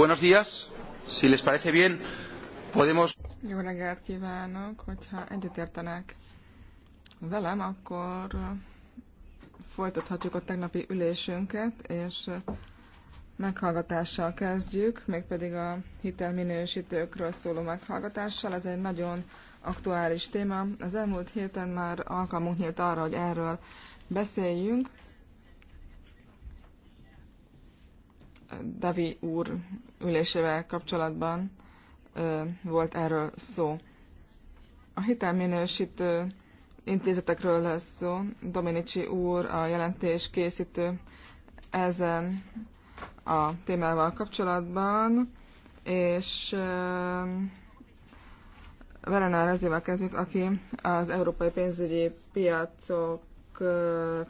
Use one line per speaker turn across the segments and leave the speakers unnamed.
Buenos días. Si les parece bien, podemos...
Jó reggelt kívánok, hogyha egyetértenek velem, akkor uh, folytathatjuk a tegnapi ülésünket, és uh, meghallgatással kezdjük, mégpedig a hitelminősítőkről szóló meghallgatással. Ez egy nagyon aktuális téma. Az elmúlt héten már alkalmunk nyílt arra, hogy erről beszéljünk. Davi úr ülésével kapcsolatban volt erről szó. A hitelminősítő intézetekről lesz szó. Dominici úr, a jelentés készítő ezen a témával kapcsolatban, és Verenár Rezével kezdjük, aki az Európai Pénzügyi Piacok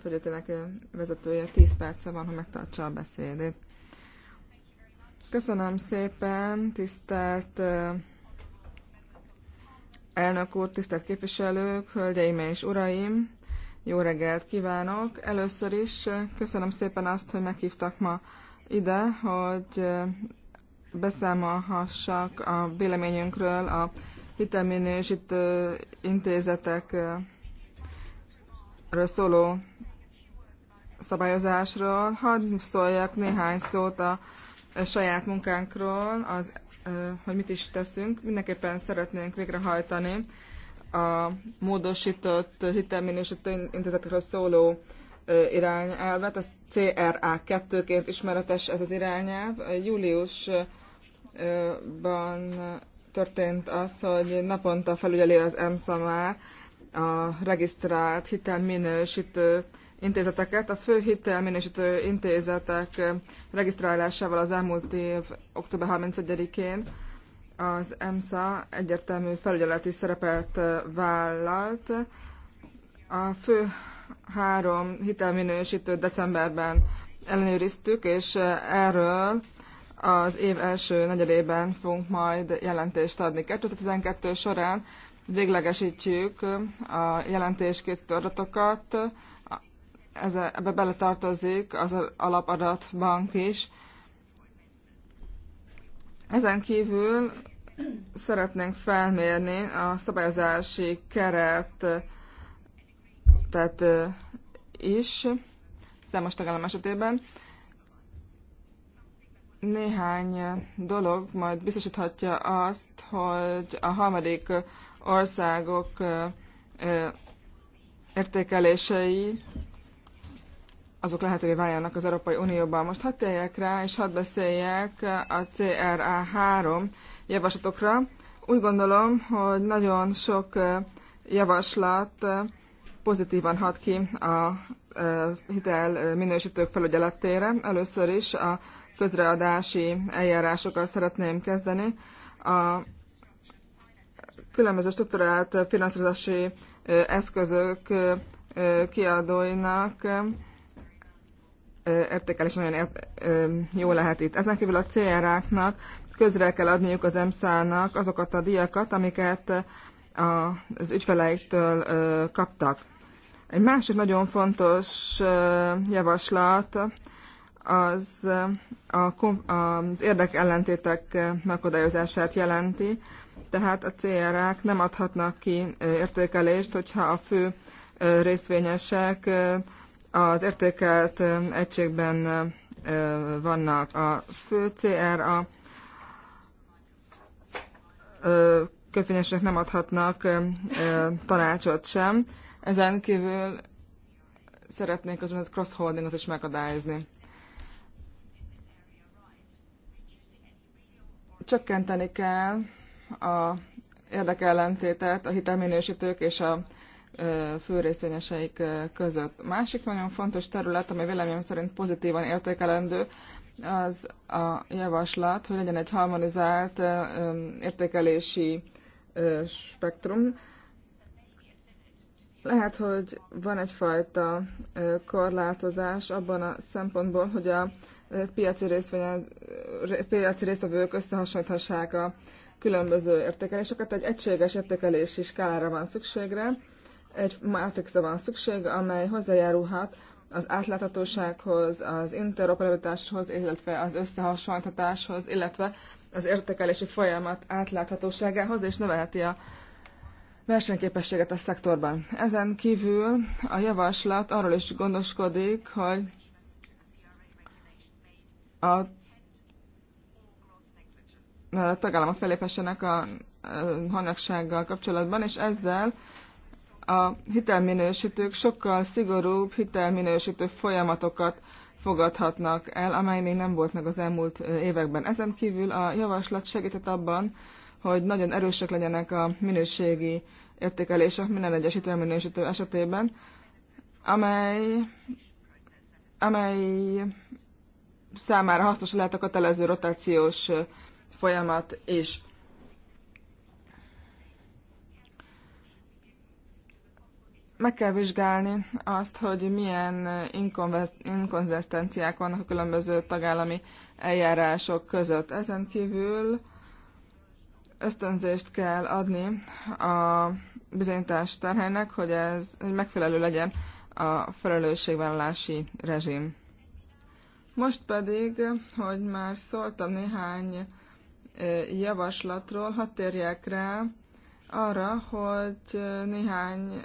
Fegyetének vezetője. 10 perce van, ha megtartsa a beszédét. Köszönöm szépen, tisztelt elnök úr, tisztelt képviselők, hölgyeim és uraim! Jó reggelt kívánok! Először is köszönöm szépen azt, hogy meghívtak ma ide, hogy beszámolhassak a véleményünkről a hitelminősítő intézetekről szóló szabályozásról. Hadd szóljak néhány szót a saját munkánkról, az, hogy mit is teszünk. Mindenképpen szeretnénk végrehajtani a módosított hitelminősítő intézetekről szóló irányelvet, az CRA 2-ként ismeretes ez az irányelv. Júliusban történt az, hogy naponta felügyeli az EMSZA már a regisztrált hitelminősítő intézeteket. A fő hitelminősítő intézetek eh, regisztrálásával az elmúlt év október 31-én az EMSA egyértelmű felügyeleti szerepet eh, vállalt. A fő három hitelminősítőt decemberben ellenőriztük, és eh, erről az év első negyedében fogunk majd jelentést adni. 2012 során véglegesítjük a jelentéskészítő adatokat, ez, ebbe beletartozik az alapadatbank is. Ezen kívül szeretnénk felmérni a szabályozási keret tehát is számos tagállam esetében. Néhány dolog majd biztosíthatja azt, hogy a harmadik országok értékelései azok lehetővé váljanak az Európai Unióban. Most hadd térjek rá, és hadd beszéljek a CRA3 javaslatokra. Úgy gondolom, hogy nagyon sok javaslat pozitívan hat ki a hitel minősítők felügyeletére. Először is a közreadási eljárásokkal szeretném kezdeni. A különböző struktúrált finanszírozási eszközök kiadóinak és nagyon jó lehet itt. Ezen kívül a CRA-knak közre kell adniuk az EMSZ-nak azokat a díjakat, amiket az ügyfeleiktől kaptak. Egy másik nagyon fontos javaslat az az érdekellentétek megakadályozását jelenti, tehát a CRA-k nem adhatnak ki értékelést, hogyha a fő részvényesek az értékelt egységben vannak a fő CRA, kötvényesek nem adhatnak tanácsot sem. Ezen kívül szeretnék az cross-holdingot is megadályozni. Csökkenteni kell a érdekellentétet a hitelminősítők és a fő között. Másik nagyon fontos terület, ami véleményem szerint pozitívan értékelendő, az a javaslat, hogy legyen egy harmonizált értékelési spektrum. Lehet, hogy van egyfajta korlátozás abban a szempontból, hogy a piaci, piaci résztvevők összehasonlíthassák a különböző értékeléseket. Egy egységes értékelési skálára van szükségre, egy matrixra van szükség, amely hozzájárulhat az átláthatósághoz, az interoperabilitáshoz, illetve az összehasonlításhoz, illetve az értékelési folyamat átláthatóságához, és növelheti a versenyképességet a szektorban. Ezen kívül a javaslat arról is gondoskodik, hogy a tagállamok felépessenek a hanyagsággal kapcsolatban, és ezzel a hitelminősítők sokkal szigorúbb hitelminősítő folyamatokat fogadhatnak el, amely még nem volt meg az elmúlt években. Ezen kívül a javaslat segített abban, hogy nagyon erősek legyenek a minőségi értékelések minden egyes hitelminősítő esetében, amely, amely számára hasznos lehet a kötelező rotációs folyamat is. meg kell vizsgálni azt, hogy milyen inkonzisztenciák vannak a különböző tagállami eljárások között. Ezen kívül ösztönzést kell adni a bizonyítás terhelynek, hogy ez hogy megfelelő legyen a felelősségvállalási rezsim. Most pedig, hogy már szóltam néhány javaslatról, hadd térjek rá arra, hogy néhány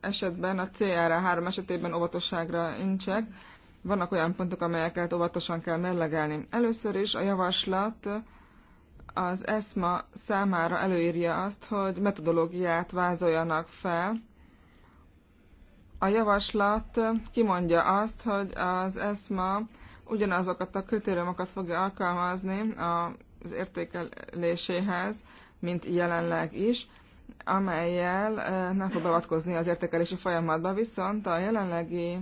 esetben, a CRA 3 esetében óvatosságra incsek. Vannak olyan pontok, amelyeket óvatosan kell mellegelni. Először is a javaslat az ESMA számára előírja azt, hogy metodológiát vázoljanak fel. A javaslat kimondja azt, hogy az ESMA ugyanazokat a kritériumokat fogja alkalmazni az értékeléséhez, mint jelenleg is amelyel eh, nem fog beavatkozni az értékelési folyamatba, viszont a jelenlegi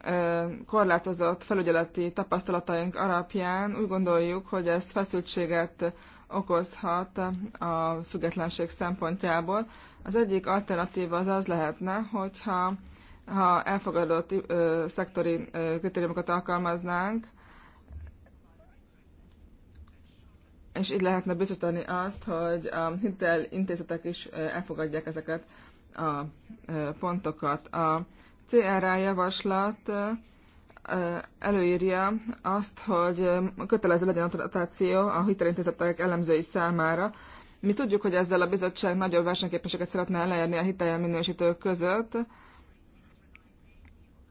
eh, korlátozott felügyeleti tapasztalataink alapján úgy gondoljuk, hogy ez feszültséget okozhat a függetlenség szempontjából. Az egyik alternatíva az az lehetne, hogyha ha elfogadott ö, eh, szektori ö, kritériumokat alkalmaznánk, és így lehetne biztosítani azt, hogy a hitel intézetek is elfogadják ezeket a pontokat. A CRA javaslat előírja azt, hogy kötelező legyen a rotáció a hitelintézetek elemzői számára. Mi tudjuk, hogy ezzel a bizottság nagyobb versenyképességet szeretne elérni a hitel minősítők között,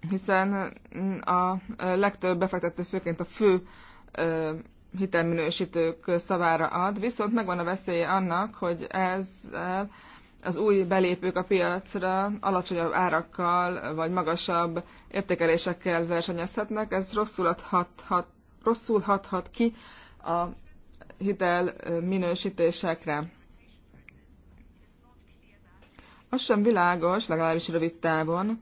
hiszen mm, a legtöbb befektető, főként a fő hitelminősítők szavára ad, viszont megvan a veszélye annak, hogy ezzel az új belépők a piacra alacsonyabb árakkal vagy magasabb értékelésekkel versenyezhetnek, ez rosszul hathat, rosszul hathat ki a hitel minősítésekre. Az sem világos, legalábbis rövid távon,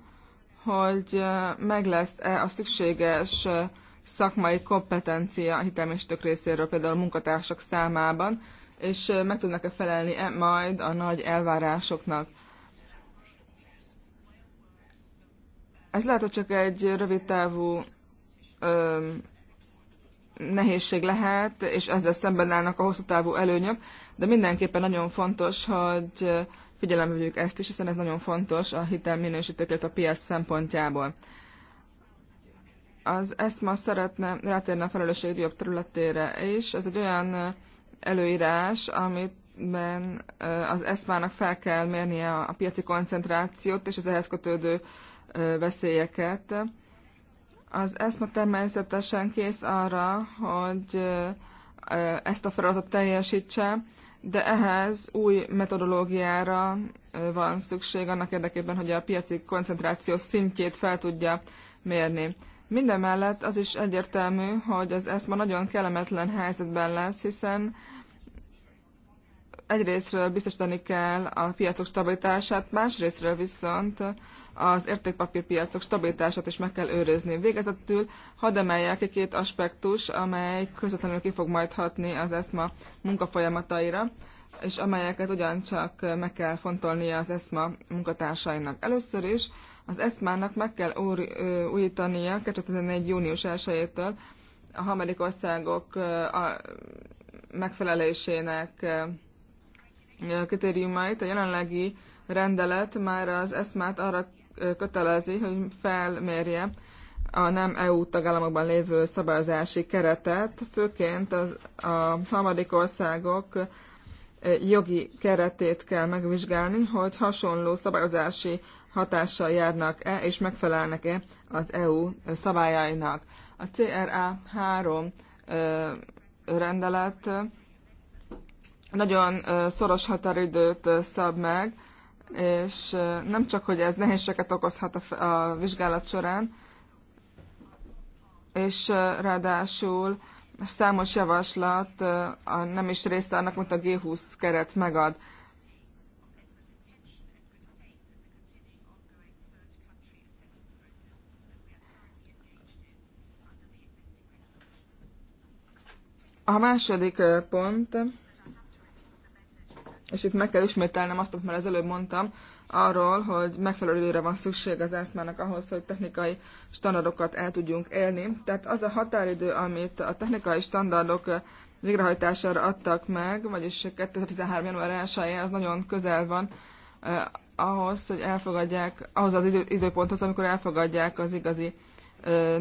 hogy meg lesz-e a szükséges szakmai kompetencia a hitelmestők részéről, például a munkatársak számában, és meg tudnak-e felelni -e majd a nagy elvárásoknak. Ez lehet, hogy csak egy rövid távú ö, nehézség lehet, és ezzel szemben állnak a hosszú távú előnyök, de mindenképpen nagyon fontos, hogy figyelembe vegyük ezt is, hiszen ez nagyon fontos a hitelminősítőket a piac szempontjából. Az ESMA szeretne rátérni a felelősség jobb területére, és ez egy olyan előírás, amit ben az ESMA-nak fel kell mérnie a piaci koncentrációt és az ehhez kötődő veszélyeket. Az ESMA természetesen kész arra, hogy ezt a feladatot teljesítse, de ehhez új metodológiára van szükség annak érdekében, hogy a piaci koncentráció szintjét fel tudja mérni. Mindemellett az is egyértelmű, hogy az ESMA nagyon kellemetlen helyzetben lesz, hiszen egyrésztről biztosítani kell a piacok stabilitását, másrésztről viszont az értékpapírpiacok stabilitását is meg kell őrizni. Végezetül hadd emeljek ki két aspektus, amely közvetlenül ki fog majd hatni az ESMA munkafolyamataira, és amelyeket ugyancsak meg kell fontolnia az ESMA munkatársainak. Először is az ESMA-nak meg kell úr, újítania 2014. június 1-től a harmadik országok a megfelelésének kritériumait. A jelenlegi rendelet már az ESMA-t arra kötelezi, hogy felmérje a nem EU tagállamokban lévő szabályozási keretet, főként az, a harmadik országok jogi keretét kell megvizsgálni, hogy hasonló szabályozási hatással járnak-e és megfelelnek-e az EU szabályainak. A CRA 3 rendelet nagyon szoros határidőt szab meg, és nem csak, hogy ez nehézséget okozhat a, a vizsgálat során, és ráadásul számos javaslat nem is része annak, amit a G20 keret megad. A második pont, és itt meg kell ismételnem azt, amit már az előbb mondtam, arról, hogy megfelelő időre van szükség az eszmá ahhoz, hogy technikai standardokat el tudjunk élni. Tehát az a határidő, amit a technikai standardok végrehajtására adtak meg, vagyis 2013. január 1 az nagyon közel van eh, ahhoz, hogy elfogadják, ahhoz az idő, időponthoz, amikor elfogadják az igazi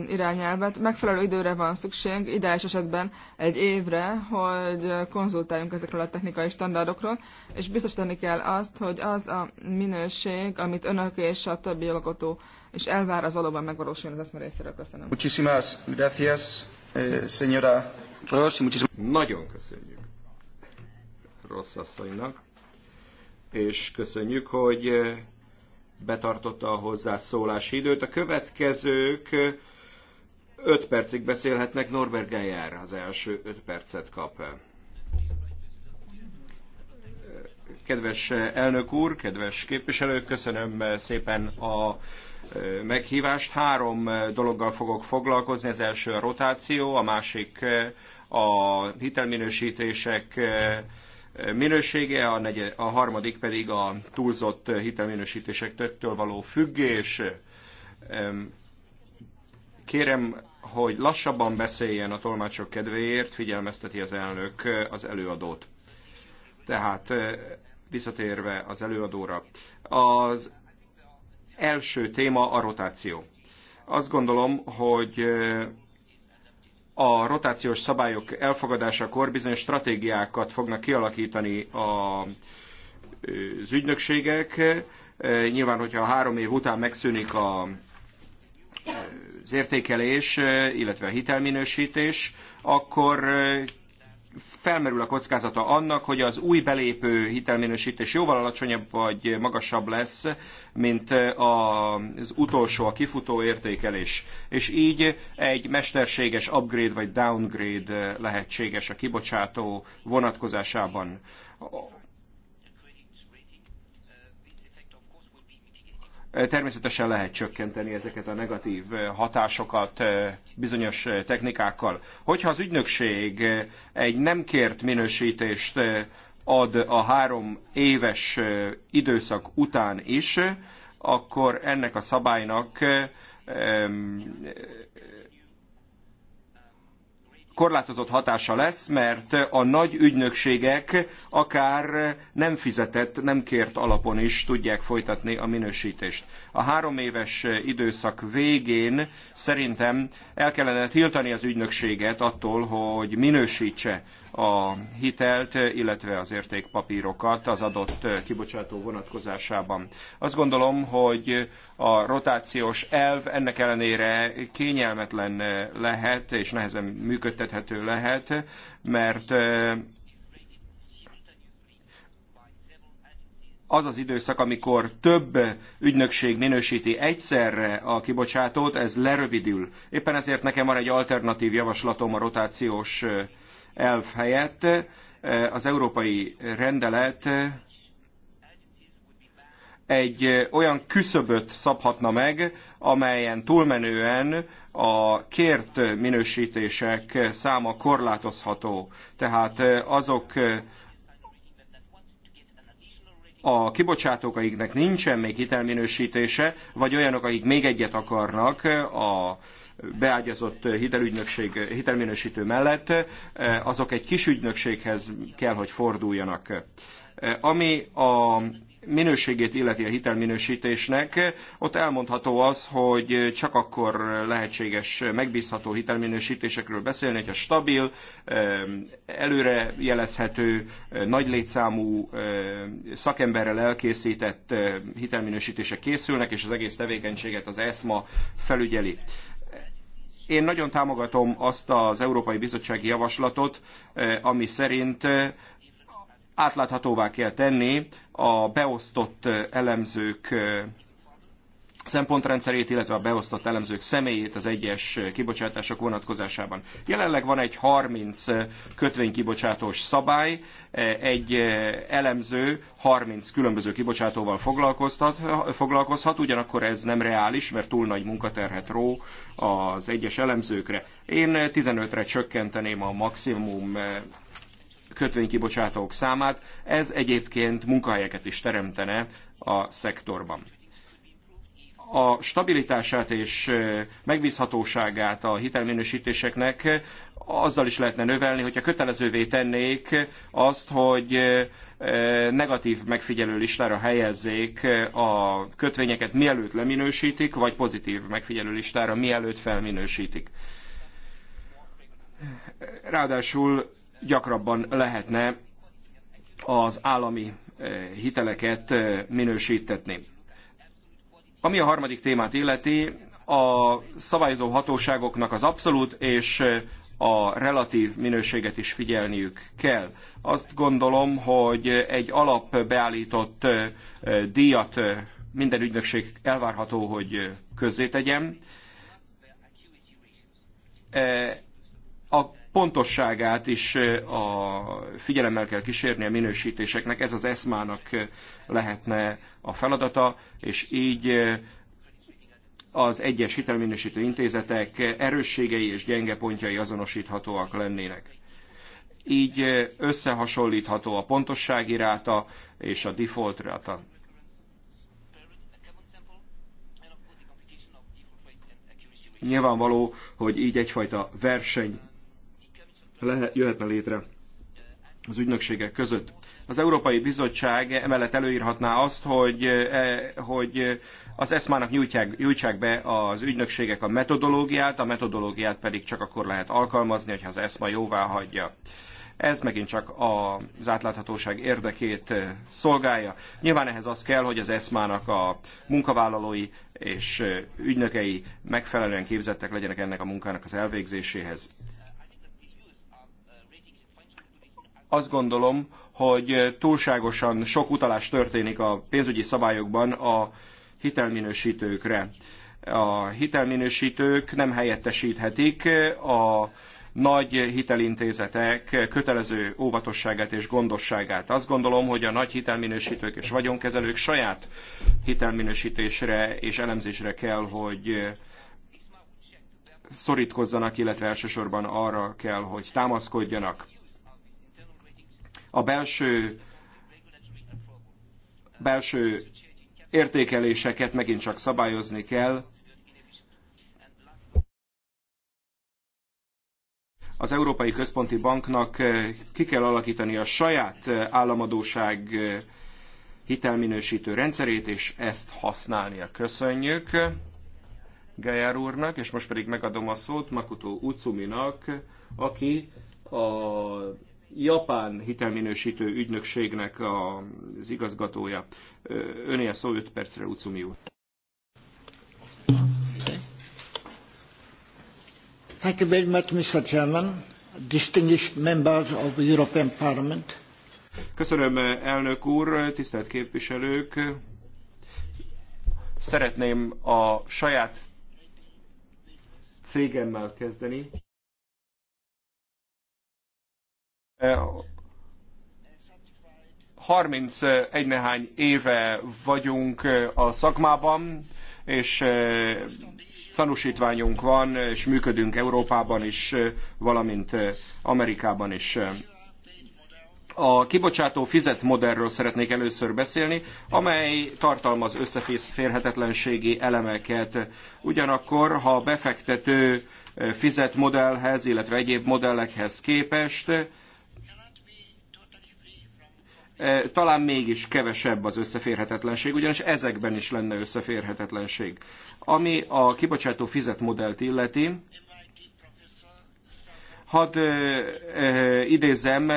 irányelvet. Megfelelő időre van szükség, ideális esetben egy évre, hogy konzultáljunk ezekről a technikai standardokról, és biztosítani kell azt, hogy az a minőség, amit önök és a többi jogalkotó és elvár, az valóban megvalósuljon az eszme részéről. Köszönöm.
Muchísimas gracias, eh, señora Rossi. Muchísimas... Nagyon köszönjük Rossz asszonynak,
és köszönjük, hogy eh, betartotta a hozzászólási időt. A következők 5 percig beszélhetnek, Norbert Geyer az első 5 percet kap. Kedves elnök úr, kedves képviselők, köszönöm szépen a meghívást. Három dologgal fogok foglalkozni, az első a rotáció, a másik a hitelminősítések minősége, a, negy, a harmadik pedig a túlzott hitelminősítésektől való függés. Kérem, hogy lassabban beszéljen a tolmácsok kedvéért, figyelmezteti az elnök az előadót. Tehát eh, visszatérve az előadóra. Az első téma a rotáció. Azt gondolom, hogy eh, a rotációs szabályok elfogadásakor bizonyos stratégiákat fognak kialakítani a, az ügynökségek. E, nyilván, hogyha három év után megszűnik a, az értékelés, e, illetve a hitelminősítés, akkor e, felmerül a kockázata annak, hogy az új belépő hitelminősítés jóval alacsonyabb vagy magasabb lesz, mint az utolsó, a kifutó értékelés. És így egy mesterséges upgrade vagy downgrade lehetséges a kibocsátó vonatkozásában Természetesen lehet csökkenteni ezeket a negatív hatásokat bizonyos technikákkal. Hogyha az ügynökség egy nem kért minősítést ad a három éves időszak után is, akkor ennek a szabálynak korlátozott hatása lesz, mert a nagy ügynökségek akár nem fizetett, nem kért alapon is tudják folytatni a minősítést. A három éves időszak végén szerintem el kellene tiltani az ügynökséget attól, hogy minősítse a hitelt, illetve az értékpapírokat az adott kibocsátó vonatkozásában. Azt gondolom, hogy a rotációs elv ennek ellenére kényelmetlen lehet, és nehezen működtethető lehet, mert az az időszak, amikor több ügynökség minősíti egyszerre a kibocsátót, ez lerövidül. Éppen ezért nekem van egy alternatív javaslatom a rotációs elv helyett eh, az európai rendelet eh, egy eh, olyan küszöböt szabhatna meg, amelyen túlmenően a kért minősítések száma korlátozható. Tehát azok a kibocsátók, akiknek nincsen még hitelminősítése, vagy olyanok, akik még egyet akarnak a beágyazott hitelügynökség, hitelminősítő mellett, eh, azok egy kis ügynökséghez kell, hogy forduljanak. Eh, ami a minőségét illeti a hitelminősítésnek, ott elmondható az, hogy csak akkor lehetséges megbízható hitelminősítésekről beszélni, hogyha stabil, eh, előre jelezhető, nagy létszámú szakemberrel elkészített hitelminősítések készülnek, és az egész tevékenységet az ESMA felügyeli. Én nagyon támogatom azt az Európai Bizottsági Javaslatot, eh, ami szerint eh, átláthatóvá kell tenni a beosztott eh, elemzők szempontrendszerét, illetve a beosztott elemzők személyét az egyes kibocsátások vonatkozásában. Jelenleg van egy 30 kötvénykibocsátós szabály, egy elemző 30 különböző kibocsátóval foglalkozhat, ugyanakkor ez nem reális, mert túl nagy munkaterhet ró az egyes elemzőkre. Én 15-re csökkenteném a maximum kötvénykibocsátók számát, ez egyébként munkahelyeket is teremtene a szektorban a stabilitását és megbízhatóságát a hitelminősítéseknek azzal is lehetne növelni, hogyha kötelezővé tennék azt, hogy negatív megfigyelő listára helyezzék a kötvényeket, mielőtt leminősítik, vagy pozitív megfigyelő listára, mielőtt felminősítik. Ráadásul gyakrabban lehetne az állami hiteleket minősítetni. Ami a harmadik témát illeti, a szabályozó hatóságoknak az abszolút és a relatív minőséget is figyelniük kell. Azt gondolom, hogy egy alap beállított díjat minden ügynökség elvárható, hogy közzétegyen. A pontosságát is a figyelemmel kell kísérni a minősítéseknek, ez az eszmának lehetne a feladata, és így az egyes hitelminősítő intézetek erősségei és gyenge pontjai azonosíthatóak lennének. Így összehasonlítható a pontossági ráta és a default ráta. Nyilvánvaló, hogy így egyfajta verseny lehet, jöhetne létre az ügynökségek között. Az Európai Bizottság emellett előírhatná azt, hogy, e, hogy az ESMA-nak nyújtják, nyújtsák be az ügynökségek a metodológiát, a metodológiát pedig csak akkor lehet alkalmazni, hogyha az ESMA jóvá hagyja. Ez megint csak az átláthatóság érdekét e, szolgálja. Nyilván ehhez az kell, hogy az ESMA-nak a munkavállalói és e, ügynökei megfelelően képzettek legyenek ennek a munkának az elvégzéséhez. azt gondolom, hogy túlságosan sok utalás történik a pénzügyi szabályokban a hitelminősítőkre. A hitelminősítők nem helyettesíthetik a nagy hitelintézetek kötelező óvatosságát és gondosságát. Azt gondolom, hogy a nagy hitelminősítők és vagyonkezelők saját hitelminősítésre és elemzésre kell, hogy szorítkozzanak, illetve elsősorban arra kell, hogy támaszkodjanak a belső, belső értékeléseket megint csak szabályozni kell. Az Európai Központi Banknak eh, ki kell alakítani a saját eh, államadóság eh, hitelminősítő rendszerét, és ezt használnia. Köszönjük Gejár úrnak, és most pedig megadom a szót Makutó Ucuminak, aki a japán hitelminősítő ügynökségnek az igazgatója. Öné a szó 5 percre, Ucumi úr.
Thank you very much, Mr. Chairman, distinguished members of the European Parliament.
Köszönöm, elnök úr, tisztelt képviselők. Szeretném a saját cégemmel kezdeni. 31 nehány éve vagyunk a szakmában, és tanúsítványunk van, és működünk Európában is, valamint Amerikában is. A kibocsátó fizet modellről szeretnék először beszélni, amely tartalmaz összeférhetetlenségi elemeket. Ugyanakkor, ha a befektető fizet modellhez, illetve egyéb modellekhez képest, E, talán mégis kevesebb az összeférhetetlenség, ugyanis ezekben is lenne összeférhetetlenség. Ami a kibocsátó fizet modellt illeti, hadd e, e, idézem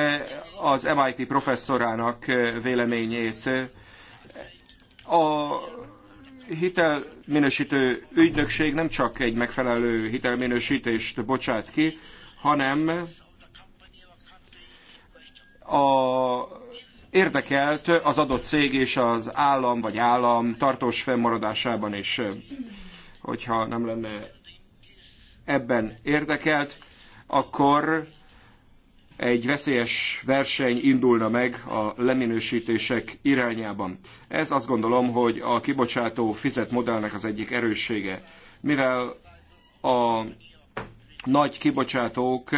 az MIT professzorának véleményét. A hitelminősítő ügynökség nem csak egy megfelelő hitelminősítést bocsát ki, hanem a érdekelt az adott cég és az állam vagy állam tartós fennmaradásában is, hogyha nem lenne ebben érdekelt, akkor egy veszélyes verseny indulna meg a leminősítések irányában. Ez azt gondolom, hogy a kibocsátó fizet modellnek az egyik erőssége. Mivel a nagy kibocsátók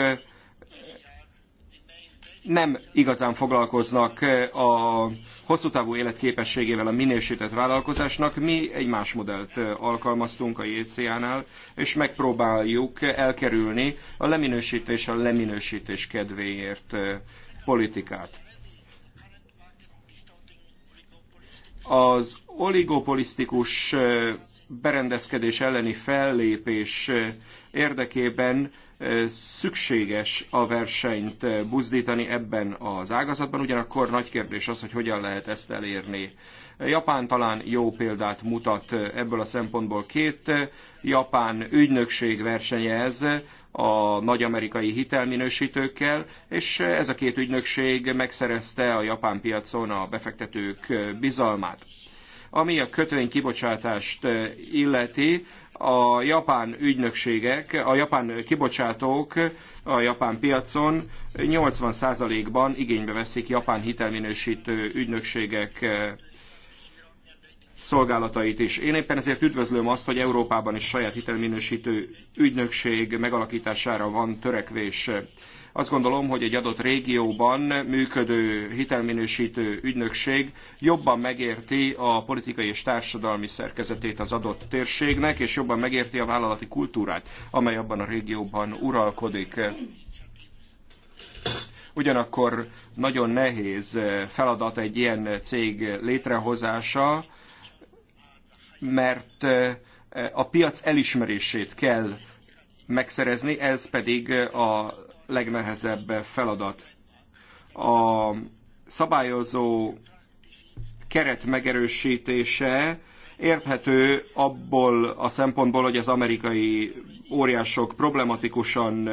nem igazán foglalkoznak a hosszú távú életképességével a minősített vállalkozásnak. Mi egy más modellt alkalmaztunk a JCA-nál, és megpróbáljuk elkerülni a leminősítés a leminősítés kedvéért politikát. Az oligopolisztikus berendezkedés elleni fellépés érdekében szükséges a versenyt buzdítani ebben az ágazatban, ugyanakkor nagy kérdés az, hogy hogyan lehet ezt elérni. Japán talán jó példát mutat ebből a szempontból. Két japán ügynökség versenyez a nagy amerikai hitelminősítőkkel, és ez a két ügynökség megszerezte a japán piacon a befektetők bizalmát. Ami a kötvény kibocsátást eh, illeti, a japán ügynökségek, a japán kibocsátók a japán piacon 80%-ban igénybe veszik japán hitelminősítő ügynökségek eh, szolgálatait is. Én éppen ezért üdvözlöm azt, hogy Európában is saját hitelminősítő ügynökség megalakítására van törekvés. Azt gondolom, hogy egy adott régióban működő hitelminősítő ügynökség jobban megérti a politikai és társadalmi szerkezetét az adott térségnek, és jobban megérti a vállalati kultúrát, amely abban a régióban uralkodik. Ugyanakkor nagyon nehéz feladat egy ilyen cég létrehozása, mert a piac elismerését kell megszerezni, ez pedig a legnehezebb feladat. A szabályozó keret megerősítése érthető abból a szempontból, hogy az amerikai óriások problematikusan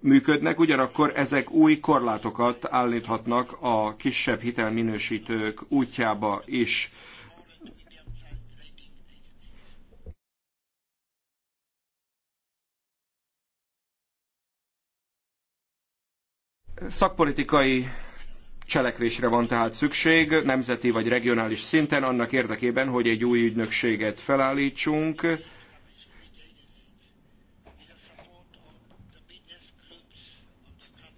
működnek, ugyanakkor ezek új korlátokat állíthatnak a kisebb hitelminősítők útjába is. Szakpolitikai cselekvésre van tehát szükség nemzeti vagy regionális szinten annak érdekében, hogy egy új ügynökséget felállítsunk.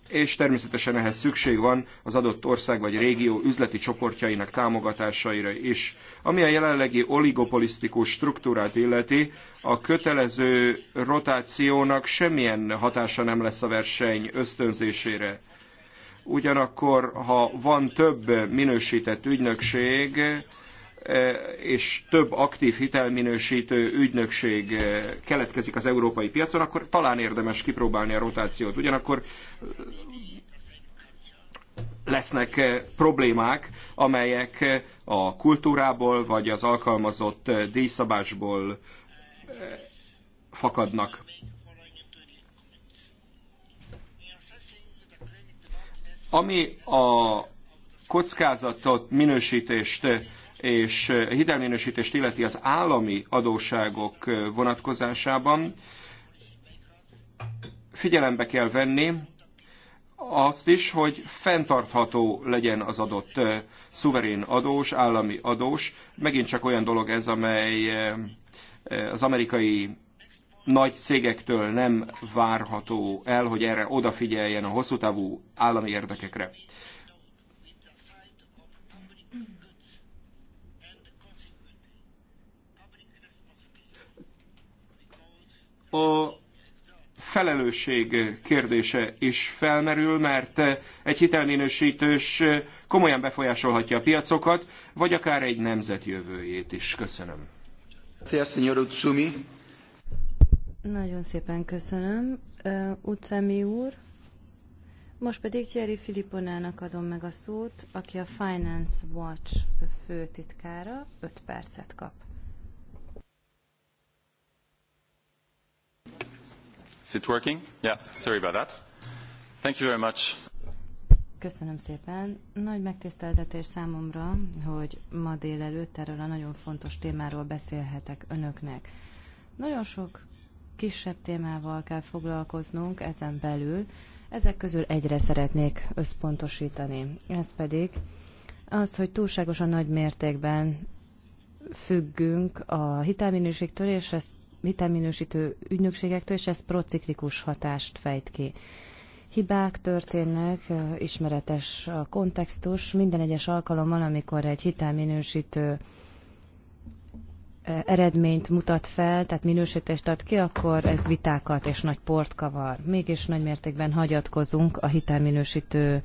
És természetesen ehhez szükség van az adott ország vagy régió üzleti csoportjainak támogatásaira is. Ami a jelenlegi oligopolisztikus struktúrát illeti, a kötelező rotációnak semmilyen hatása nem lesz a verseny ösztönzésére Ugyanakkor, ha van több minősített ügynökség, eh, és több aktív hitelminősítő ügynökség eh, keletkezik az európai piacon, akkor talán érdemes kipróbálni a rotációt. Ugyanakkor eh, lesznek problémák, amelyek a kultúrából vagy az alkalmazott díjszabásból fakadnak. Ami a kockázatot, minősítést és hitelminősítést illeti az állami adóságok vonatkozásában, figyelembe kell venni azt is, hogy fenntartható legyen az adott szuverén adós, állami adós. Megint csak olyan dolog ez, amely az amerikai nagy cégektől nem várható el, hogy erre odafigyeljen a hosszú távú állami érdekekre. a felelősség kérdése is felmerül, mert egy hitelminősítős komolyan befolyásolhatja a piacokat, vagy akár egy nemzet jövőjét is. Köszönöm.
Szia, nagyon szépen köszönöm. Utcemi úr, most pedig Jerry Filipponának adom meg a szót, aki a Finance Watch főtitkára 5 percet kap.
Is it working? Yeah, sorry about that. Thank you very much.
Köszönöm szépen. Nagy megtiszteltetés számomra, hogy ma délelőtt erről a nagyon fontos témáról beszélhetek önöknek. Nagyon sok kisebb témával kell foglalkoznunk ezen belül. Ezek közül egyre szeretnék összpontosítani. Ez pedig az, hogy túlságosan nagy mértékben függünk a hitelminőségtől és ez hitelminősítő ügynökségektől, és ez prociklikus hatást fejt ki. Hibák történnek, ismeretes a kontextus. Minden egyes alkalommal, amikor egy hitelminősítő eredményt mutat fel, tehát minősítést ad ki, akkor ez vitákat és nagy port kavar. Mégis nagy mértékben hagyatkozunk a hitelminősítő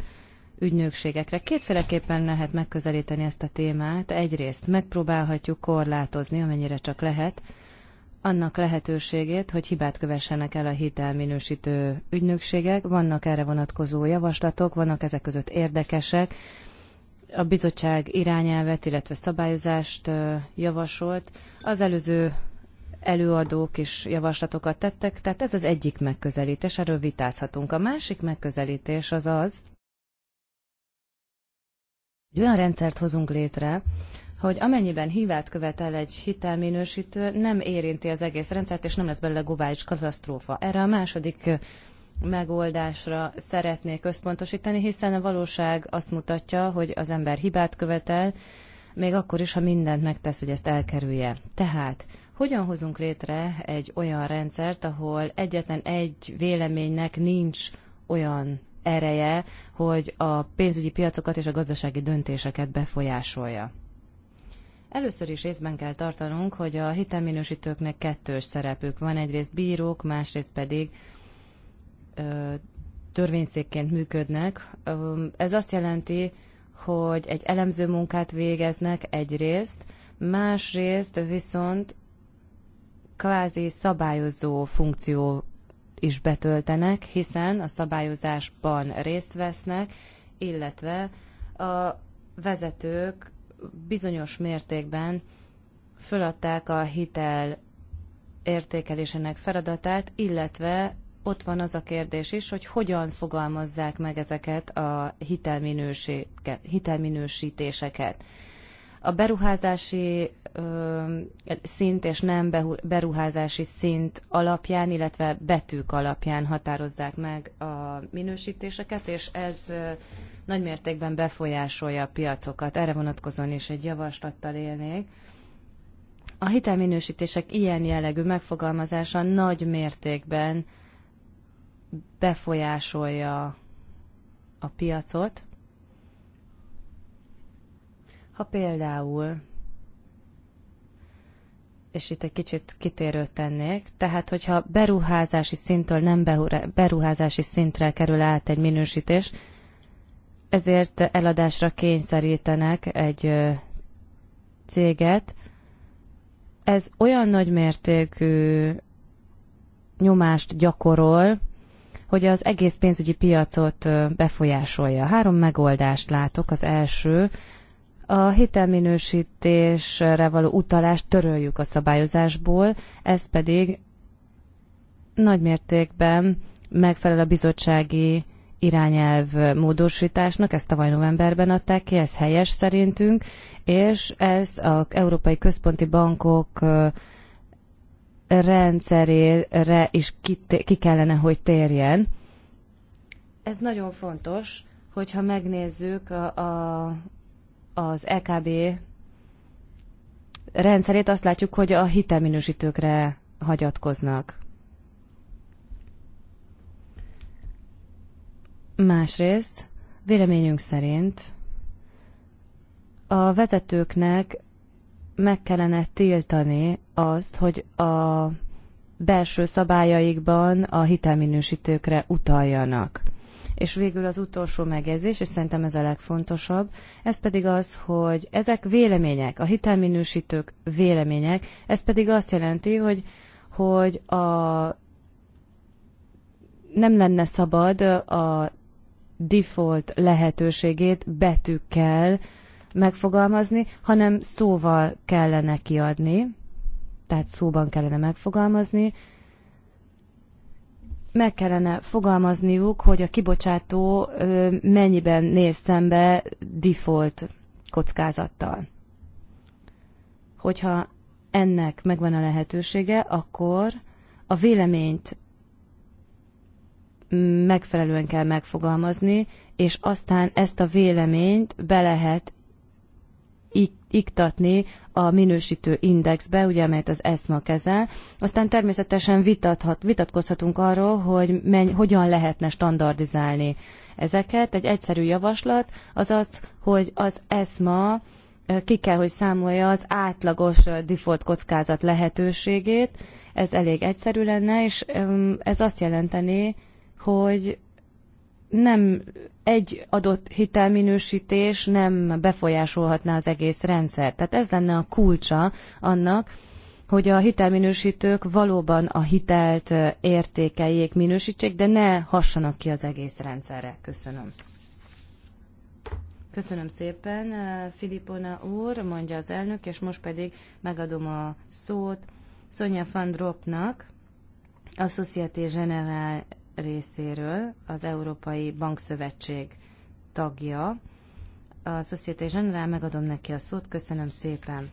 ügynökségekre. Kétféleképpen lehet megközelíteni ezt a témát. Egyrészt megpróbálhatjuk korlátozni, amennyire csak lehet, annak lehetőségét, hogy hibát kövessenek el a hitelminősítő ügynökségek. Vannak erre vonatkozó javaslatok, vannak ezek között érdekesek, a bizottság irányelvet, illetve szabályozást javasolt. Az előző előadók is javaslatokat tettek, tehát ez az egyik megközelítés, erről vitázhatunk. A másik megközelítés az az, hogy olyan rendszert hozunk létre, hogy amennyiben hívát követel egy hitelminősítő, nem érinti az egész rendszert, és nem lesz belőle globális katasztrófa. Erre a második megoldásra szeretnék összpontosítani, hiszen a valóság azt mutatja, hogy az ember hibát követel, még akkor is, ha mindent megtesz, hogy ezt elkerülje. Tehát hogyan hozunk létre egy olyan rendszert, ahol egyetlen egy véleménynek nincs olyan ereje, hogy a pénzügyi piacokat és a gazdasági döntéseket befolyásolja. Először is észben kell tartanunk, hogy a hitelminősítőknek kettős szerepük van, egyrészt bírók, másrészt pedig törvényszékként működnek. Ez azt jelenti, hogy egy elemző munkát végeznek egyrészt, másrészt viszont kvázi szabályozó funkció is betöltenek, hiszen a szabályozásban részt vesznek, illetve a vezetők bizonyos mértékben föladták a hitel értékelésének feladatát, illetve ott van az a kérdés is, hogy hogyan fogalmazzák meg ezeket a hitelminősítéseket. A beruházási ö, szint és nem beruházási szint alapján, illetve betűk alapján határozzák meg a minősítéseket, és ez nagymértékben befolyásolja a piacokat. Erre vonatkozóan is egy javaslattal élnék. A hitelminősítések ilyen jellegű megfogalmazása nagy mértékben befolyásolja a piacot. Ha például, és itt egy kicsit kitérőt tennék, tehát hogyha beruházási szintől nem beruházási szintre kerül át egy minősítés, ezért eladásra kényszerítenek egy céget. Ez olyan nagy mértékű nyomást gyakorol, hogy az egész pénzügyi piacot befolyásolja. Három megoldást látok. Az első, a hitelminősítésre való utalást töröljük a szabályozásból, ez pedig nagymértékben megfelel a bizottsági irányelv módosításnak, ezt tavaly novemberben adták ki, ez helyes szerintünk, és ez az Európai Központi Bankok rendszerére is ki, ki kellene, hogy térjen. Ez nagyon fontos, hogyha megnézzük a, a, az EKB rendszerét, azt látjuk, hogy a hitelminősítőkre hagyatkoznak. Másrészt, véleményünk szerint a vezetőknek meg kellene tiltani azt, hogy a belső szabályaikban a hitelminősítőkre utaljanak. És végül az utolsó megjegyzés, és szerintem ez a legfontosabb, ez pedig az, hogy ezek vélemények, a hitelminősítők vélemények, ez pedig azt jelenti, hogy, hogy a, nem lenne szabad a default lehetőségét betűkkel megfogalmazni, hanem szóval kellene kiadni, tehát szóban kellene megfogalmazni, meg kellene fogalmazniuk, hogy a kibocsátó mennyiben néz szembe default kockázattal. Hogyha ennek megvan a lehetősége, akkor a véleményt megfelelően kell megfogalmazni, és aztán ezt a véleményt be lehet iktatni a minősítő indexbe, ugye, amelyet az ESMA kezel. Aztán természetesen vitathat, vitatkozhatunk arról, hogy menny, hogyan lehetne standardizálni ezeket. Egy egyszerű javaslat az az, hogy az ESMA ki kell, hogy számolja az átlagos default kockázat lehetőségét. Ez elég egyszerű lenne, és ez azt jelenteni, hogy nem egy adott hitelminősítés nem befolyásolhatná az egész rendszer. Tehát ez lenne a kulcsa annak, hogy a hitelminősítők valóban a hitelt értékeljék, minősítsék, de ne hassanak ki az egész rendszerre. Köszönöm. Köszönöm szépen, Filipona úr, mondja az elnök, és most pedig megadom a szót Sonja van Dropnak, a Société Générale részéről az Európai Bankszövetség tagja. A Société General, megadom neki a szót. Köszönöm szépen.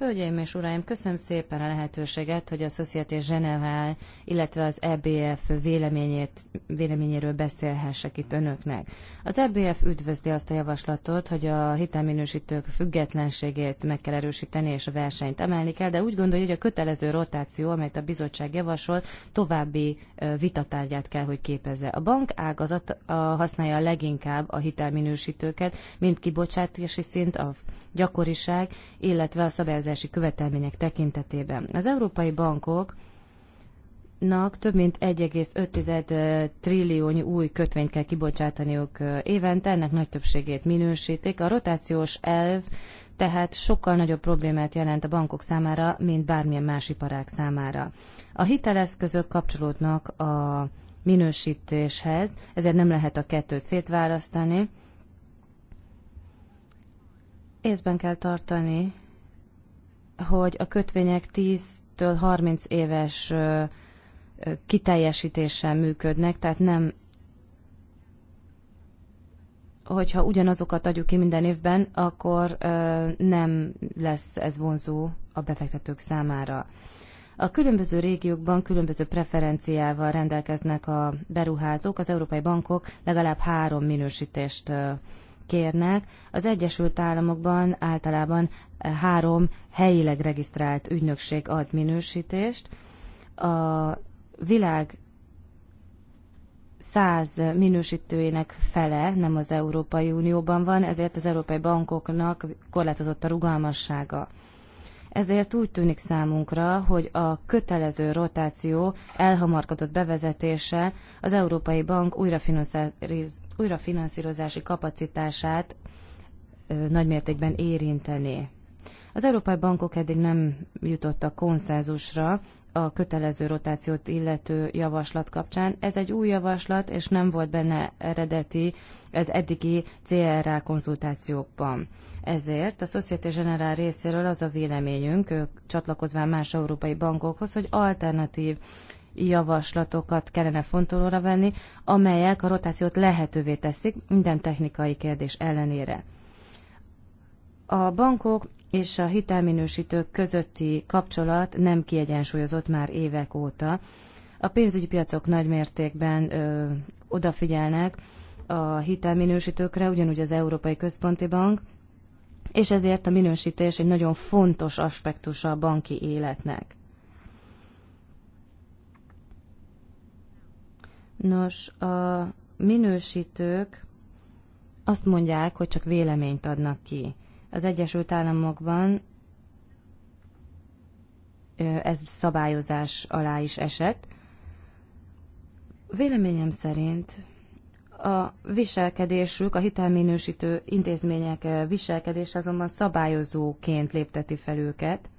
Hölgyeim és uraim, köszönöm szépen a lehetőséget, hogy a Société Générale, illetve az EBF véleményét, véleményéről beszélhessek itt önöknek. Az EBF üdvözli azt a javaslatot, hogy a hitelminősítők függetlenségét meg kell erősíteni és a versenyt emelni kell, de úgy gondolja, hogy a kötelező rotáció, amelyet a bizottság javasol, további vitatárgyát kell, hogy képezze. A bank ágazat használja leginkább a hitelminősítőket, mint kibocsátási szint, a gyakoriság, illetve a szabályozás szabályozási követelmények tekintetében. Az európai bankok több mint 1,5 trilliónyi új kötvényt kell kibocsátaniuk évente, ennek nagy többségét minősítik. A rotációs elv tehát sokkal nagyobb problémát jelent a bankok számára, mint bármilyen más iparák számára. A hiteleszközök kapcsolódnak a minősítéshez, ezért nem lehet a kettőt szétválasztani. Észben kell tartani, hogy a kötvények 10-től 30 éves kiteljesítéssel működnek, tehát nem hogyha ugyanazokat adjuk ki minden évben, akkor nem lesz ez vonzó a befektetők számára. A különböző régiókban különböző preferenciával rendelkeznek a beruházók. Az európai bankok legalább három minősítést kérnek. Az Egyesült Államokban általában eh, három helyileg regisztrált ügynökség ad minősítést. A világ száz minősítőjének fele nem az Európai Unióban van, ezért az európai bankoknak korlátozott a rugalmassága. Ezért úgy tűnik számunkra, hogy a kötelező rotáció elhamarkodott bevezetése az Európai Bank újrafinanszírozási kapacitását nagymértékben érinteni. Az európai bankok eddig nem jutottak konszenzusra a kötelező rotációt illető javaslat kapcsán. Ez egy új javaslat, és nem volt benne eredeti az eddigi CRA konzultációkban. Ezért a Société générale részéről az a véleményünk, ők csatlakozván más európai bankokhoz, hogy alternatív javaslatokat kellene fontolóra venni, amelyek a rotációt lehetővé teszik minden technikai kérdés ellenére. A bankok és a hitelminősítők közötti kapcsolat nem kiegyensúlyozott már évek óta. A pénzügyi piacok nagymértékben ö, odafigyelnek a hitelminősítőkre, ugyanúgy az Európai Központi Bank, és ezért a minősítés egy nagyon fontos aspektusa a banki életnek. Nos, a minősítők azt mondják, hogy csak véleményt adnak ki. Az Egyesült Államokban ez szabályozás alá is esett. Véleményem szerint a viselkedésük, a hitelminősítő intézmények viselkedés azonban szabályozóként lépteti fel őket.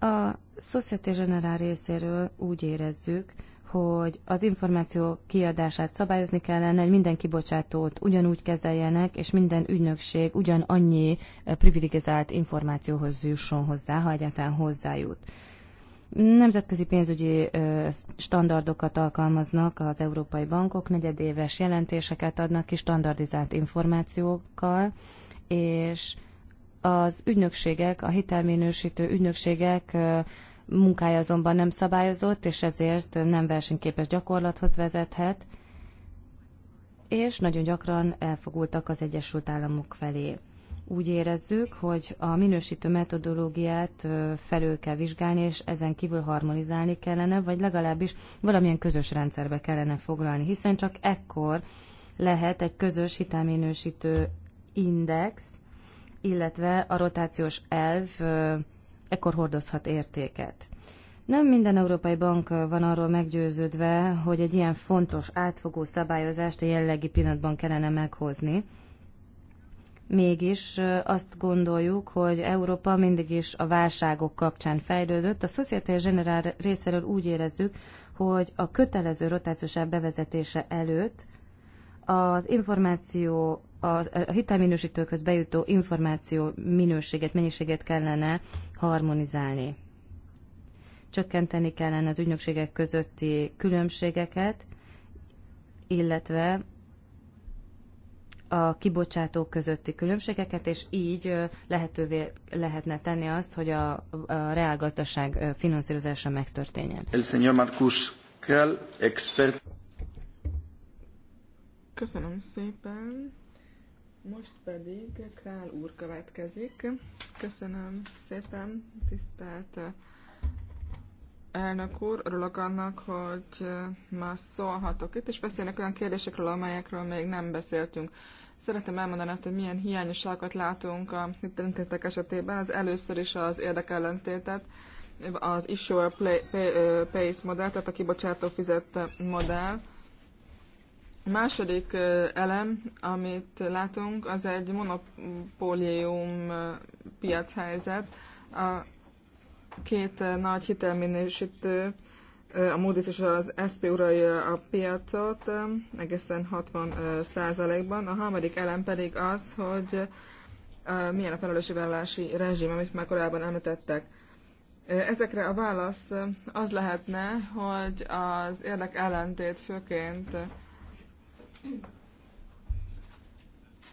A Société Générale részéről úgy érezzük, hogy az információ kiadását szabályozni kellene, hogy minden kibocsátót ugyanúgy kezeljenek, és minden ügynökség ugyanannyi eh, privilegizált információhoz jusson hozzá, ha egyáltalán hozzájut. Nemzetközi pénzügyi eh, standardokat alkalmaznak az európai bankok, negyedéves jelentéseket adnak ki standardizált információkkal, és az ügynökségek, a hitelminősítő ügynökségek eh, munkája azonban nem szabályozott, és ezért nem versenyképes gyakorlathoz vezethet, és nagyon gyakran elfogultak az Egyesült Államok felé. Úgy érezzük, hogy a minősítő metodológiát felül kell vizsgálni, és ezen kívül harmonizálni kellene, vagy legalábbis valamilyen közös rendszerbe kellene foglalni, hiszen csak ekkor lehet egy közös hitelminősítő index, illetve a rotációs elv ekkor hordozhat értéket. Nem minden európai bank van arról meggyőződve, hogy egy ilyen fontos, átfogó szabályozást a jelenlegi pillanatban kellene meghozni. Mégis azt gondoljuk, hogy Európa mindig is a válságok kapcsán fejlődött. A Société Générale részéről úgy érezzük, hogy a kötelező rotációs bevezetése előtt az információ a hitelminősítőkhöz bejutó információ minőséget, mennyiséget kellene harmonizálni. Csökkenteni kellene az ügynökségek közötti különbségeket, illetve a kibocsátók közötti különbségeket, és így lehetővé lehetne tenni azt, hogy a, a reálgazdaság finanszírozása megtörténjen.
El señor Marcus Kell, expert.
Köszönöm szépen. Most pedig Král úr következik. Köszönöm szépen, tisztelt eh, elnök úr. Örülök annak, hogy eh, ma szólhatok itt, és beszélnek olyan kérdésekről, amelyekről még nem beszéltünk. Szeretném elmondani azt, hogy milyen hiányosságokat látunk a intézetek esetében. Az először is az érdekellentétet, az issuer pay, pay, eh, pay, modell, tehát a kibocsátó fizet modell Második elem, amit látunk, az egy monopólium piachelyzet. A két nagy hitelminősítő, a Moody's és az SP uralja a piacot egészen 60 százalékban. A harmadik elem pedig az, hogy milyen a felelősségvállalási rezsim, amit már korábban említettek. Ezekre a válasz az lehetne, hogy az érdek ellentét főként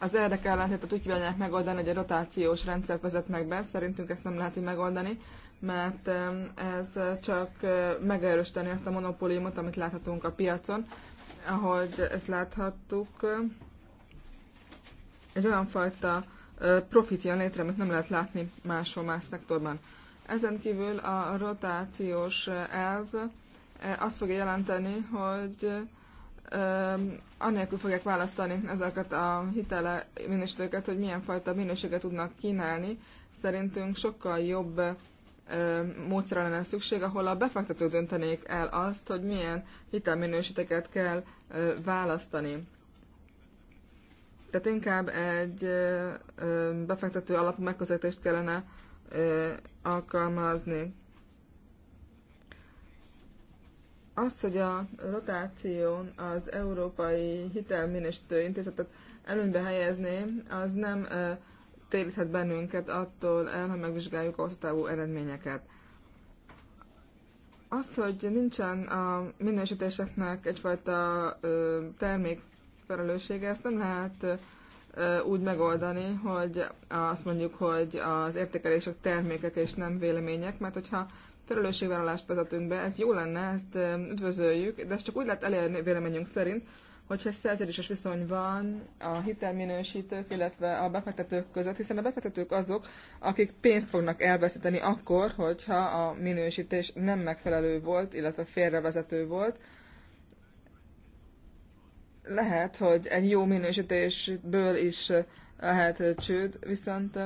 az érdekellentétet úgy kívánják megoldani, hogy egy rotációs rendszert vezetnek be, szerintünk ezt nem lehet így megoldani, mert ez csak megerősíteni azt a monopóliumot, amit láthatunk a piacon, ahogy ezt láthattuk, egy olyan fajta profit jön létre, amit nem lehet látni máshol, más szektorban. Ezen kívül a rotációs elv azt fogja jelenteni, hogy anélkül fogják választani ezeket a hitele minősítőket, hogy milyen fajta minőséget tudnak kínálni. Szerintünk sokkal jobb módszerre lenne szükség, ahol a befektetők döntenék el azt, hogy milyen hitelminősíteket kell választani. Tehát inkább egy befektető alapú megközelítést kellene alkalmazni. Az, hogy a rotáción az Európai Hitelminisztő Intézetet előnybe helyezné, az nem téríthet bennünket attól el, ha megvizsgáljuk a hosszú eredményeket. Az, hogy nincsen a minősítéseknek egyfajta termékfelelőssége, ezt nem lehet úgy megoldani, hogy azt mondjuk, hogy az értékelések termékek és nem vélemények, mert hogyha felelősségvállalást vezetünk be, ez jó lenne, ezt üdvözöljük, de ezt csak úgy lehet elérni véleményünk szerint, hogyha egy szerződéses viszony van a hitelminősítők, illetve a befektetők között, hiszen a befektetők azok, akik pénzt fognak elveszíteni akkor, hogyha a minősítés nem megfelelő volt, illetve félrevezető volt. Lehet, hogy egy jó minősítésből is lehet csőd, viszont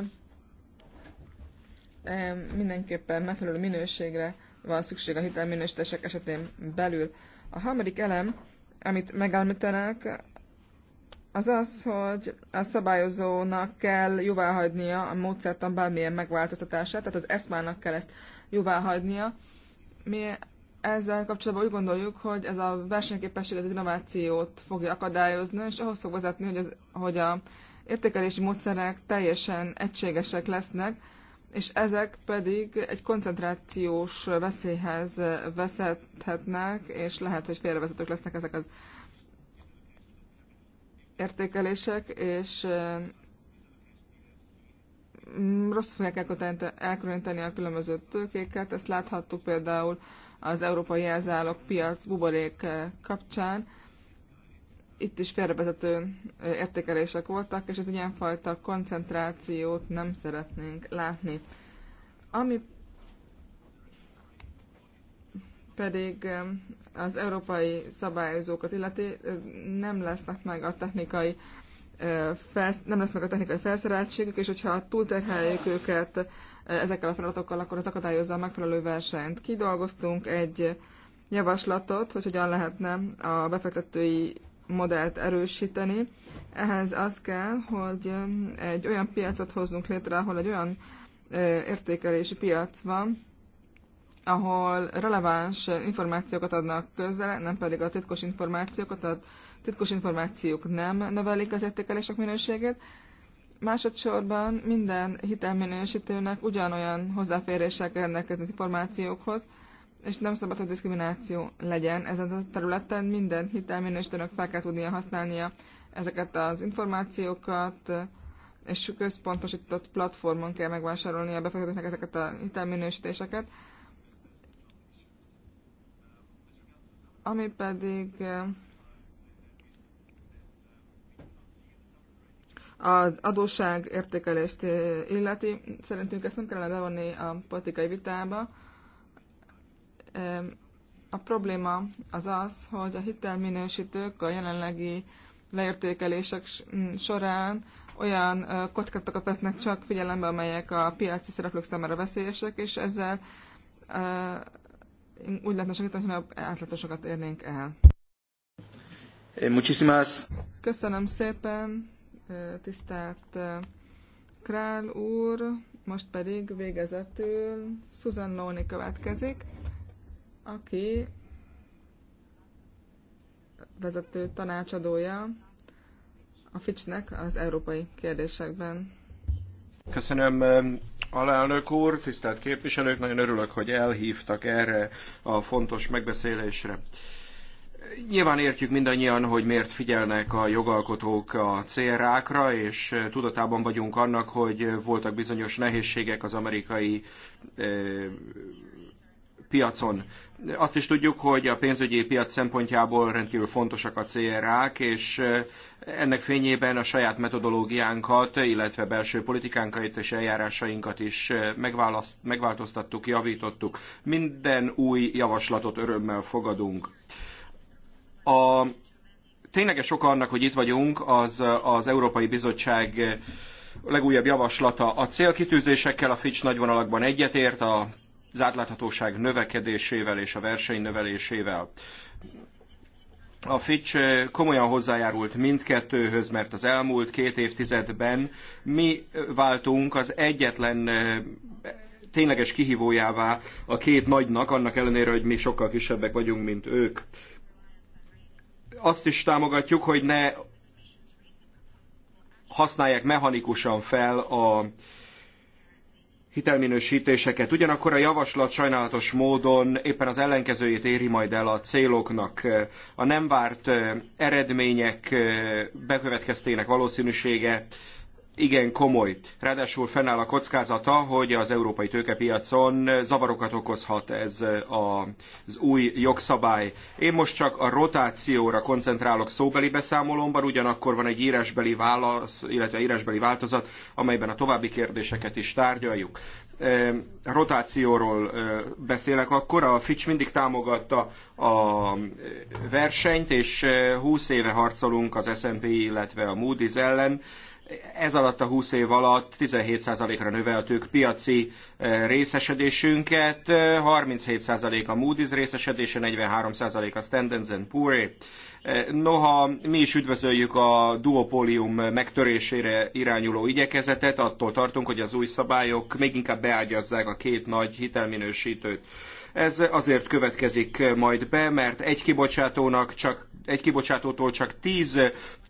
mindenképpen megfelelő minőségre van szükség a hitelminősítések esetén belül. A harmadik elem, amit megállítanak, az az, hogy a szabályozónak kell jóváhagynia a módszertan bármilyen megváltoztatását, tehát az eszmának kell ezt jóváhagynia. Mi ezzel kapcsolatban úgy gondoljuk, hogy ez a versenyképesség az innovációt fogja akadályozni, és ahhoz fog vezetni, hogy, az, hogy a értékelési módszerek teljesen egységesek lesznek, és ezek pedig egy koncentrációs veszélyhez veszethetnek, és lehet, hogy félrevezetők lesznek ezek az értékelések, és rosszul fogják elkülöníteni a különböző tőkéket. Ezt láthattuk például az európai jelzálok piac buborék kapcsán itt is félrevezető értékelések voltak, és ez ilyenfajta koncentrációt nem szeretnénk látni. Ami pedig az európai szabályozókat illeti nem lesznek meg a technikai felsz, nem lesz meg a technikai felszereltségük, és hogyha túlterheljük őket ezekkel a feladatokkal, akkor az akadályozza a megfelelő versenyt. Kidolgoztunk egy javaslatot, hogy hogyan lehetne a befektetői modellt erősíteni. Ehhez az kell, hogy egy olyan piacot hozzunk létre, ahol egy olyan értékelési piac van, ahol releváns információkat adnak közzel, nem pedig a titkos információkat, a titkos információk nem növelik az értékelések minőségét. Másodszorban minden hitelminősítőnek ugyanolyan hozzáférések kell rendelkezni az információkhoz, és nem szabad, hogy diszkrimináció legyen ezen a területen. Minden hitelminősítőnek fel kell tudnia használnia ezeket az információkat, és központosított platformon kell megvásárolni a befektetőknek ezeket a hitelminősítéseket. Ami pedig eh, az adósság értékelést eh, illeti, szerintünk ezt nem kellene bevonni a politikai vitába, a probléma az az, hogy a hitelminősítők a jelenlegi leértékelések mm, során olyan kockázatokat vesznek csak figyelembe, amelyek a piaci szereplők számára veszélyesek, és ezzel úgy lehetne segíteni, hogy átlatosokat érnénk el.
Eh,
Köszönöm szépen, tisztelt Král úr, most pedig végezetül Susan Lóni következik aki vezető tanácsadója a Fitchnek az európai kérdésekben.
Köszönöm, um, alelnök úr, tisztelt képviselők, nagyon örülök, hogy elhívtak erre a fontos megbeszélésre. Nyilván értjük mindannyian, hogy miért figyelnek a jogalkotók a CRA-kra, és uh, tudatában vagyunk annak, hogy voltak bizonyos nehézségek az amerikai uh, piacon. Azt is tudjuk, hogy a pénzügyi piac szempontjából rendkívül fontosak a CRA-k, és ennek fényében a saját metodológiánkat, illetve belső politikánkat és eljárásainkat is megváltoztattuk, javítottuk. Minden új javaslatot örömmel fogadunk. A tényleges oka annak, hogy itt vagyunk, az az Európai Bizottság legújabb javaslata. A célkitűzésekkel a Fitch nagyvonalakban egyetért, a az átláthatóság növekedésével és a verseny növelésével. A Fitch komolyan hozzájárult mindkettőhöz, mert az elmúlt két évtizedben mi váltunk az egyetlen eh, tényleges kihívójává a két nagynak, annak ellenére, hogy mi sokkal kisebbek vagyunk, mint ők. Azt is támogatjuk, hogy ne használják mechanikusan fel a hitelminősítéseket. Ugyanakkor a javaslat sajnálatos módon éppen az ellenkezőjét éri majd el a céloknak. A nem várt eredmények bekövetkeztének valószínűsége igen komoly. Ráadásul fennáll a kockázata, hogy az európai tőkepiacon zavarokat okozhat ez az új jogszabály. Én most csak a rotációra koncentrálok szóbeli beszámolomban, ugyanakkor van egy írásbeli válasz, illetve írásbeli változat, amelyben a további kérdéseket is tárgyaljuk. Rotációról beszélek akkor. A Fitch mindig támogatta a versenyt, és 20 éve harcolunk az S&P, illetve a Moody's ellen ez alatt a 20 év alatt 17%-ra növeltük piaci eh, részesedésünket, 37% eh, a Moody's részesedése, 43% a Standard Poor's. Eh, noha mi is üdvözöljük a duopólium megtörésére irányuló igyekezetet, attól tartunk, hogy az új szabályok még inkább beágyazzák a két nagy hitelminősítőt. Ez azért következik majd be, mert egy kibocsátónak csak, egy kibocsátótól csak 10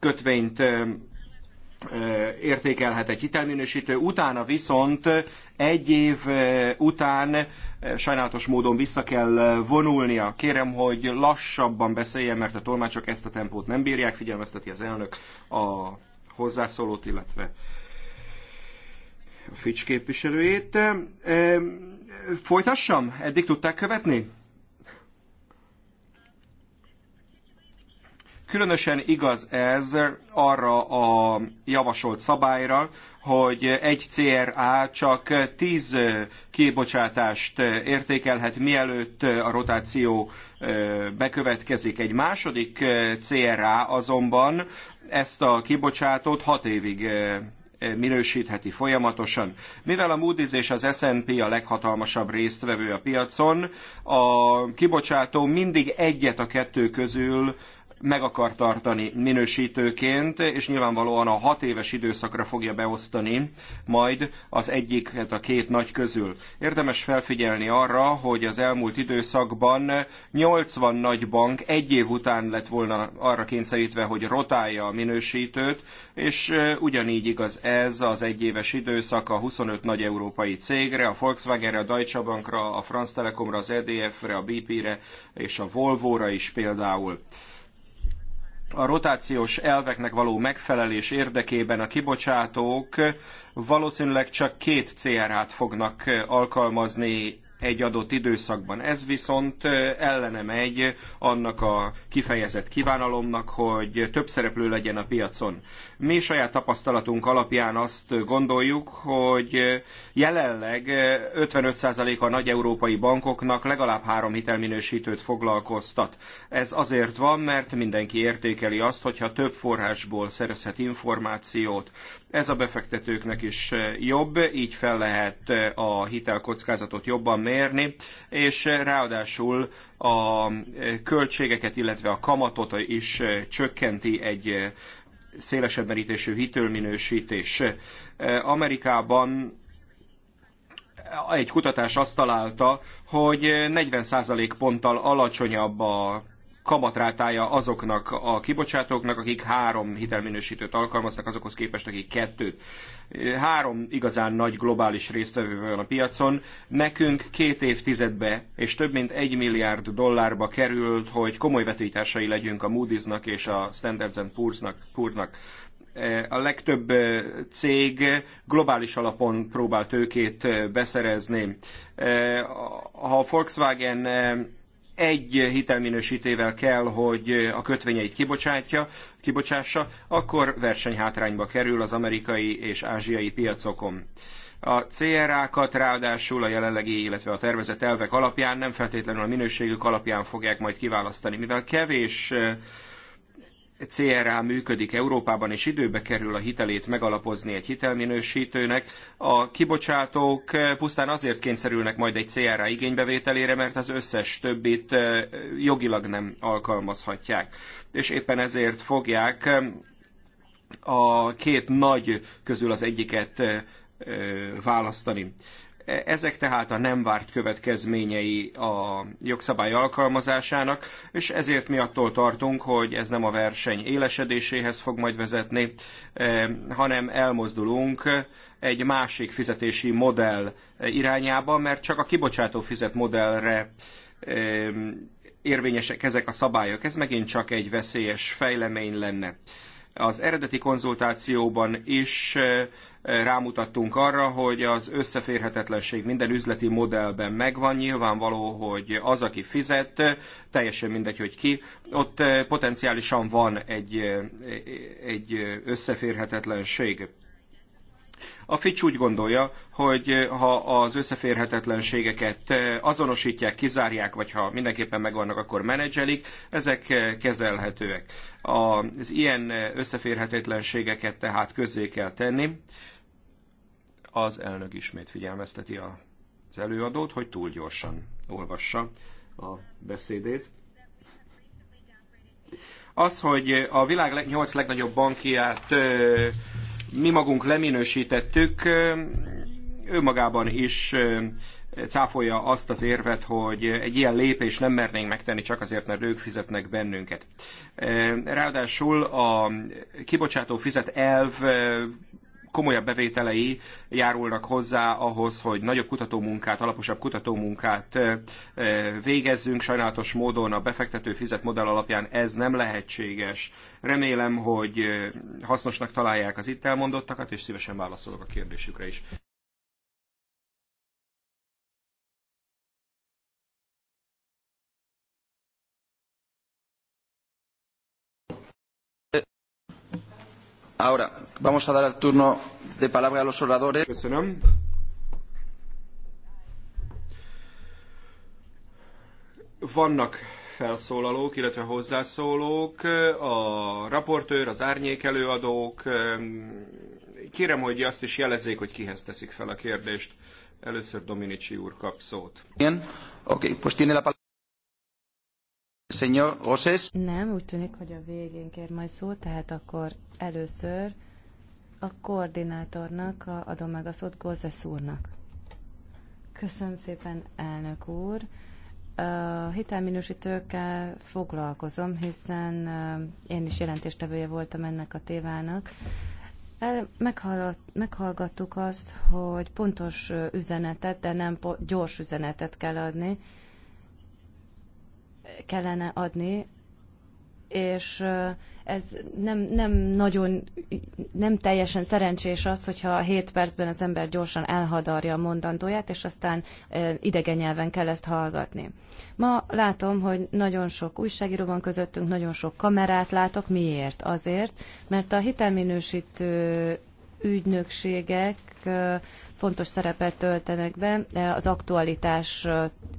kötvényt értékelhet egy hitelminősítő, utána viszont egy év után sajnálatos módon vissza kell vonulnia. Kérem, hogy lassabban beszéljen, mert a tolmácsok ezt a tempót nem bírják, figyelmezteti az elnök a hozzászólót, illetve a Fitch képviselőjét. Folytassam? Eddig tudták követni? Különösen igaz ez arra a javasolt szabályra, hogy egy CRA csak 10 kibocsátást értékelhet, mielőtt a rotáció bekövetkezik. Egy második CRA azonban ezt a kibocsátót 6 évig minősítheti folyamatosan. Mivel a Moody's és az S&P a leghatalmasabb résztvevő a piacon, a kibocsátó mindig egyet a kettő közül meg akar tartani minősítőként, és nyilvánvalóan a hat éves időszakra fogja beosztani majd az egyiket hát a két nagy közül. Érdemes felfigyelni arra, hogy az elmúlt időszakban 80 nagy bank egy év után lett volna arra kényszerítve, hogy rotálja a minősítőt, és ugyanígy igaz ez az egyéves időszak a 25 nagy európai cégre, a Volkswagenre, a Deutsche Bankra, a France Telekomra, az EDF-re, a BP-re és a Volvo-ra is például a rotációs elveknek való megfelelés érdekében a kibocsátók valószínűleg csak két CRH-t fognak alkalmazni egy adott időszakban. Ez viszont ellene megy annak a kifejezett kívánalomnak, hogy több szereplő legyen a piacon. Mi saját tapasztalatunk alapján azt gondoljuk, hogy jelenleg 55% a nagy európai bankoknak legalább három hitelminősítőt foglalkoztat. Ez azért van, mert mindenki értékeli azt, hogyha több forrásból szerezhet információt. Ez a befektetőknek is jobb, így fel lehet a hitelkockázatot jobban mérni, és ráadásul a költségeket, illetve a kamatot is csökkenti egy szélesebb merítésű hitelminősítés. Amerikában egy kutatás azt találta, hogy 40% ponttal alacsonyabb a kamatrátája azoknak a kibocsátóknak, akik három hitelminősítőt alkalmaznak, azokhoz képest, akik kettőt. Három igazán nagy globális résztvevő van a piacon. Nekünk két évtizedbe és több mint egy milliárd dollárba került, hogy komoly vetításai legyünk a Moody's-nak és a Standards Poor's-nak. Poor-nak e, a legtöbb e, cég globális alapon próbál tőkét e, beszerezni. Ha a Volkswagen egy hitelminősítével kell, hogy a kötvényeit kibocsátja, kibocsássa, akkor versenyhátrányba kerül az amerikai és ázsiai piacokon. A CRA-kat ráadásul a jelenlegi, illetve a tervezett elvek alapján, nem feltétlenül a minőségük alapján fogják majd kiválasztani, mivel kevés CRA működik Európában, és időbe kerül a hitelét megalapozni egy hitelminősítőnek, a kibocsátók pusztán azért kényszerülnek majd egy CRA igénybevételére, mert az összes többit jogilag nem alkalmazhatják. És éppen ezért fogják a két nagy közül az egyiket választani. Ezek tehát a nem várt következményei a jogszabály alkalmazásának, és ezért mi attól tartunk, hogy ez nem a verseny élesedéséhez fog majd vezetni, eh, hanem elmozdulunk egy másik fizetési modell irányába, mert csak a kibocsátó fizet modellre eh, érvényesek ezek a szabályok. Ez megint csak egy veszélyes fejlemény lenne. Az eredeti konzultációban is eh, eh, rámutattunk arra, hogy az összeférhetetlenség minden üzleti modellben megvan. Nyilvánvaló, hogy az, aki fizet, teljesen mindegy, hogy ki, ott eh, potenciálisan van egy, egy összeférhetetlenség. A Fitch úgy gondolja, hogy eh, ha az összeférhetetlenségeket eh, azonosítják, kizárják, vagy ha mindenképpen megvannak, akkor menedzselik, ezek eh, kezelhetőek. Az ilyen összeférhetetlenségeket tehát közzé kell tenni. Az elnök ismét figyelmezteti az előadót, hogy túl gyorsan olvassa a beszédét. Az, hogy a világ nyolc legnagyobb bankját mi magunk leminősítettük, ő magában is cáfolja azt az érvet, hogy egy ilyen lépést nem mernénk megtenni csak azért, mert ők fizetnek bennünket. Ráadásul a kibocsátó fizet elv komolyabb bevételei járulnak hozzá ahhoz, hogy nagyobb kutatómunkát, alaposabb kutatómunkát végezzünk. Sajnálatos módon a befektető fizet modell alapján ez nem lehetséges. Remélem, hogy hasznosnak találják az itt elmondottakat, és szívesen válaszolok a kérdésükre is.
Ahora, vamos a dar el turno de palabra a los oradores. Köszönöm.
Vannak felszólalók, illetve hozzászólók, a raportőr, az árnyék előadók. Kérem, hogy azt is jelezzék, hogy kihez teszik fel a kérdést. Először Dominici úr kap szót.
Bien. Okay, tiene la Señor Nem,
úgy tűnik, hogy a végén kér majd szót, tehát akkor először a koordinátornak adom meg a szót Gózes úrnak. Köszönöm szépen, elnök úr. A hitelminősítőkkel foglalkozom, hiszen én is jelentéstevője voltam ennek a tévának. El, meghallgattuk azt, hogy pontos üzenetet, de nem gyors üzenetet kell adni, kellene adni, és ez nem, nem nagyon, nem teljesen szerencsés az, hogyha 7 percben az ember gyorsan elhadarja a mondandóját, és aztán idegen nyelven kell ezt hallgatni. Ma látom, hogy nagyon sok újságíró van közöttünk, nagyon sok kamerát látok. Miért? Azért, mert a hitelminősítő ügynökségek fontos szerepet töltenek be, az aktualitás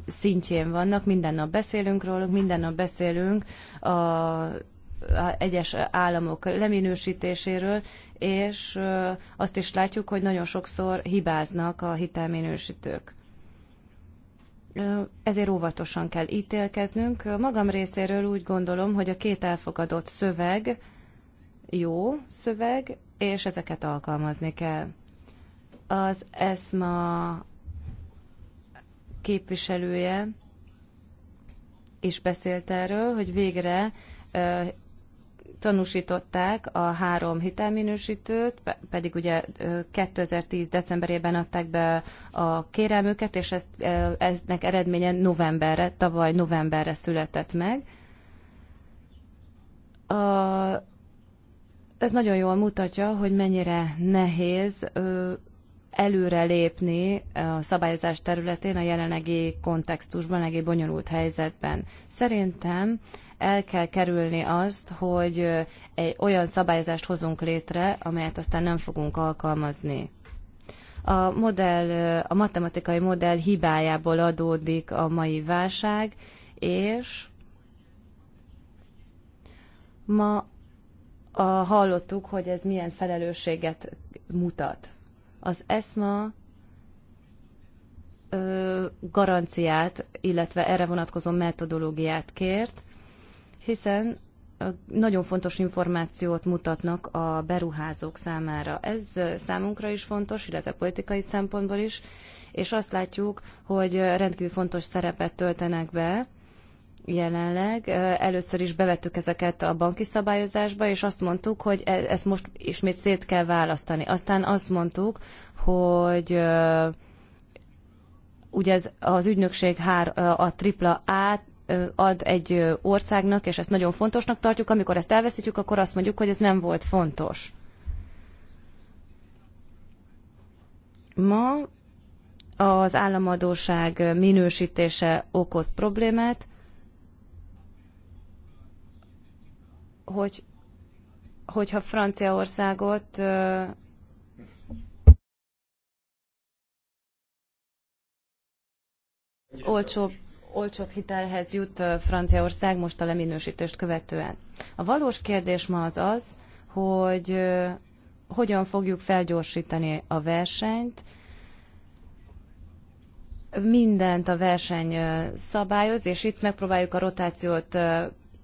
szintjén vannak, minden nap beszélünk róluk, minden nap beszélünk a, a egyes államok leminősítéséről, és azt is látjuk, hogy nagyon sokszor hibáznak a hitelminősítők. Ezért óvatosan kell ítélkeznünk. Magam részéről úgy gondolom, hogy a két elfogadott szöveg jó szöveg, és ezeket alkalmazni kell az ESMA képviselője is beszélt erről, hogy végre tanúsították a három hitelminősítőt, pedig ugye 2010. decemberében adták be a kérelmüket, és ezt, eznek eredménye novemberre, tavaly novemberre született meg. A, ez nagyon jól mutatja, hogy mennyire nehéz előrelépni a szabályozás területén a jelenlegi kontextusban, egy bonyolult helyzetben. Szerintem el kell kerülni azt, hogy egy olyan szabályozást hozunk létre, amelyet aztán nem fogunk alkalmazni. A, modell, a matematikai modell hibájából adódik a mai válság, és ma a, hallottuk, hogy ez milyen felelősséget mutat. Az ESMA garanciát, illetve erre vonatkozó metodológiát kért, hiszen nagyon fontos információt mutatnak a beruházók számára. Ez számunkra is fontos, illetve politikai szempontból is, és azt látjuk, hogy rendkívül fontos szerepet töltenek be, jelenleg. Először is bevettük ezeket a banki szabályozásba, és azt mondtuk, hogy e, ezt most ismét szét kell választani. Aztán azt mondtuk, hogy ugye az, az ügynökség hár, a tripla A ad egy országnak, és ezt nagyon fontosnak tartjuk, amikor ezt elveszítjük, akkor azt mondjuk, hogy ez nem volt fontos. Ma az államadóság minősítése okoz problémát, hogy, hogyha Franciaországot olcsóbb, olcsóbb hitelhez jut Franciaország most a leminősítést követően. A valós kérdés ma az az, hogy hogyan fogjuk felgyorsítani a versenyt, mindent a verseny szabályoz, és itt megpróbáljuk a rotációt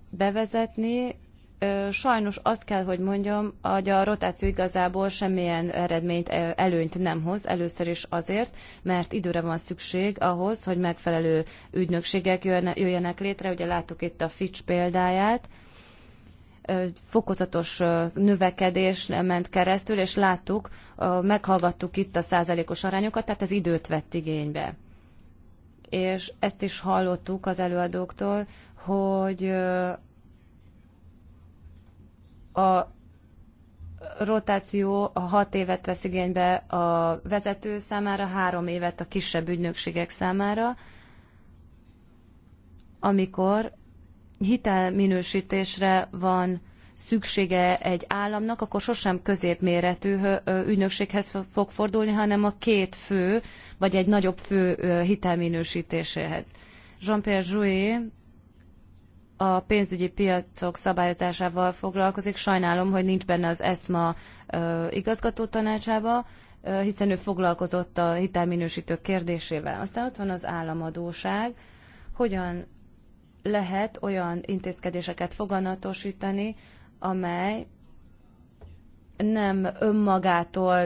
bevezetni, sajnos azt kell, hogy mondjam, hogy a rotáció igazából semmilyen eredményt, előnyt nem hoz, először is azért, mert időre van szükség ahhoz, hogy megfelelő ügynökségek jöjjenek létre, ugye láttuk itt a Fitch példáját, fokozatos növekedés ment keresztül, és láttuk, meghallgattuk itt a százalékos arányokat, tehát ez időt vett igénybe. És ezt is hallottuk az előadóktól, hogy a rotáció a hat évet vesz igénybe a vezető számára, három évet a kisebb ügynökségek számára, amikor hitelminősítésre van szüksége egy államnak, akkor sosem középméretű ügynökséghez fog fordulni, hanem a két fő, vagy egy nagyobb fő hitelminősítéséhez. Jean-Pierre Jouy a pénzügyi piacok szabályozásával foglalkozik. Sajnálom, hogy nincs benne az ESMA igazgató tanácsába, hiszen ő foglalkozott a hitelminősítő kérdésével. Aztán ott van az államadóság, hogyan lehet olyan intézkedéseket foganatosítani, amely nem önmagától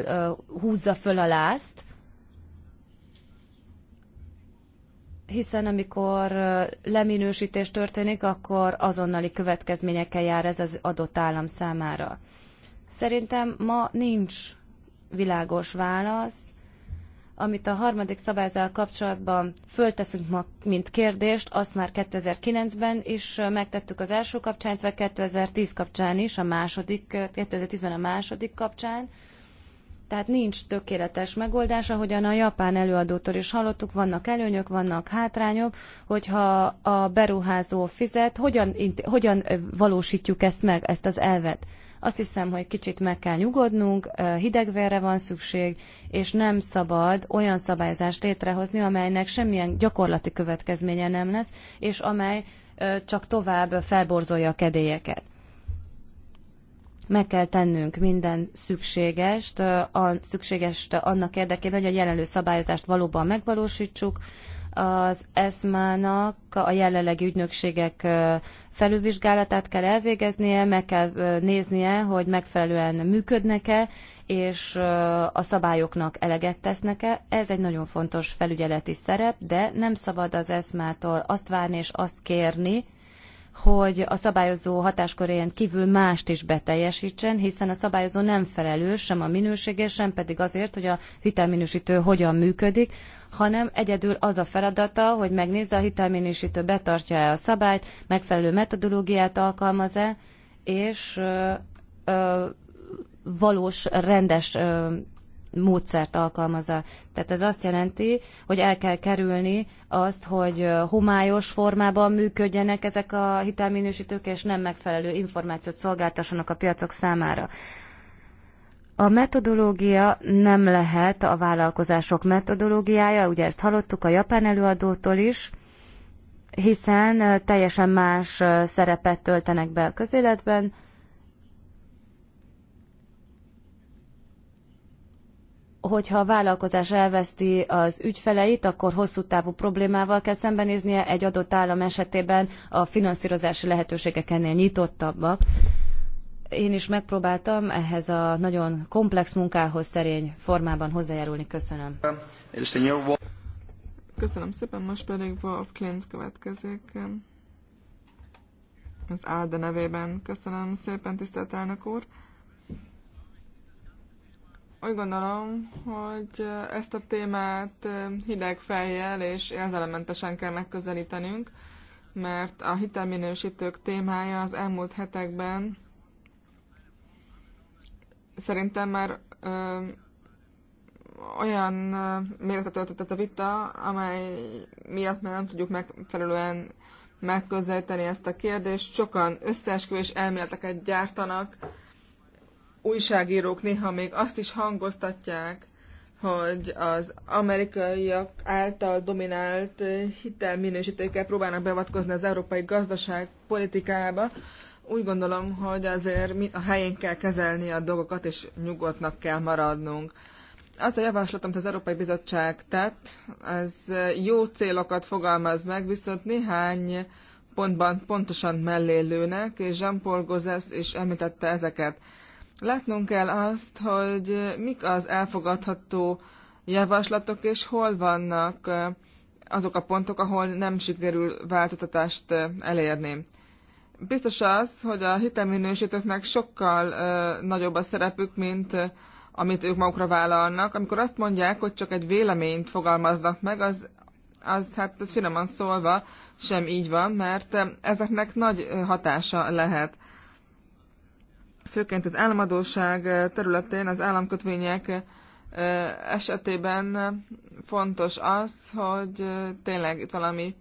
húzza föl a lázt, hiszen amikor leminősítés történik, akkor azonnali következményekkel jár ez az adott állam számára. Szerintem ma nincs világos válasz, amit a harmadik szabályzal kapcsolatban fölteszünk ma, mint kérdést, azt már 2009-ben is megtettük az első kapcsán, vagy 2010 kapcsán is, a második, 2010-ben a második kapcsán. Tehát nincs tökéletes megoldás, ahogyan a japán előadótól is hallottuk, vannak előnyök, vannak hátrányok, hogyha a beruházó fizet, hogyan, hogyan valósítjuk ezt meg, ezt az elvet. Azt hiszem, hogy kicsit meg kell nyugodnunk, hidegvérre van szükség, és nem szabad olyan szabályzást létrehozni, amelynek semmilyen gyakorlati következménye nem lesz, és amely csak tovább felborzolja a kedélyeket meg kell tennünk minden szükségest, a, szükségest annak érdekében, hogy a jelenlő szabályozást valóban megvalósítsuk. Az ESMA-nak a jelenlegi ügynökségek felülvizsgálatát kell elvégeznie, meg kell néznie, hogy megfelelően működnek-e, és a szabályoknak eleget tesznek-e. Ez egy nagyon fontos felügyeleti szerep, de nem szabad az ESMA-tól azt várni és azt kérni, hogy a szabályozó hatáskörén kívül mást is beteljesítsen, hiszen a szabályozó nem felelős sem a minőségért, sem pedig azért, hogy a hitelminősítő hogyan működik, hanem egyedül az a feladata, hogy megnézze a hitelminősítő betartja-e a szabályt, megfelelő metodológiát alkalmaz-e, és ö, ö, valós, rendes ö, módszert alkalmazza. Tehát ez azt jelenti, hogy el kell kerülni azt, hogy homályos formában működjenek ezek a hitelminősítők, és nem megfelelő információt szolgáltassanak a piacok számára. A metodológia nem lehet a vállalkozások metodológiája, ugye ezt hallottuk a japán előadótól is, hiszen teljesen más szerepet töltenek be a közéletben, hogyha a vállalkozás elveszti az ügyfeleit, akkor hosszú távú problémával kell szembenéznie. Egy adott állam esetében a finanszírozási lehetőségek ennél nyitottabbak. Én is megpróbáltam ehhez a nagyon komplex munkához
szerény formában hozzájárulni. Köszönöm. Köszönöm szépen, most pedig Wolf Klintz következik. Az Álda nevében köszönöm szépen, tisztelt elnök úr. Úgy gondolom, hogy ezt a témát hideg fejjel és érzelementesen kell megközelítenünk, mert a hitelminősítők témája az elmúlt hetekben szerintem már ö, olyan méretet öltött a vita, amely miatt már nem tudjuk megfelelően megközelíteni ezt a kérdést. Sokan összeesküvés elméleteket gyártanak újságírók néha még azt is hangoztatják, hogy az amerikaiak által dominált hitelminősítőkkel próbálnak beavatkozni az európai gazdaság politikába. Úgy gondolom, hogy azért mi a helyén kell kezelni a dolgokat, és nyugodtnak kell maradnunk. Az a javaslat, amit az Európai Bizottság tett, az jó célokat fogalmaz meg, viszont néhány pontban pontosan mellélőnek, és Jean-Paul Gozes is említette ezeket. Látnunk kell azt, hogy mik az elfogadható javaslatok, és hol vannak azok a pontok, ahol nem sikerül változtatást elérni. Biztos az, hogy a hitelminősítőknek sokkal ö, nagyobb a szerepük, mint amit ők magukra vállalnak. Amikor azt mondják, hogy csak egy véleményt fogalmaznak meg, az, az hát ez finoman szólva sem így van, mert ezeknek nagy hatása lehet főként az államadóság eh, területén az államkötvények eh, esetében fontos az, hogy eh, tényleg itt valami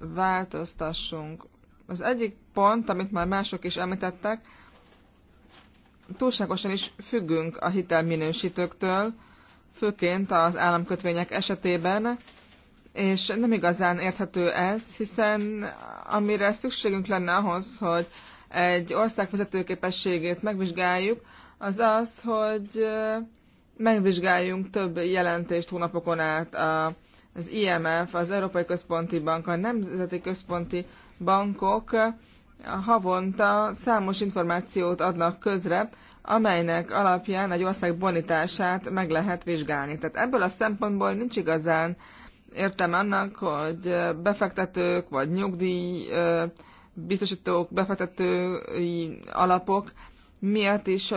változtassunk. Az egyik pont, amit már mások is említettek, túlságosan is függünk a hitelminősítőktől, főként az államkötvények esetében, és nem igazán érthető ez, hiszen amire szükségünk lenne ahhoz, hogy egy ország vezetőképességét megvizsgáljuk, az az, hogy megvizsgáljunk több jelentést hónapokon át a, az IMF, az Európai Központi Bank, a Nemzeti Központi Bankok havonta számos információt adnak közre, amelynek alapján egy ország bonitását meg lehet vizsgálni. Tehát ebből a szempontból nincs igazán értem annak, hogy befektetők vagy nyugdíj biztosítók, befektetői alapok miatt is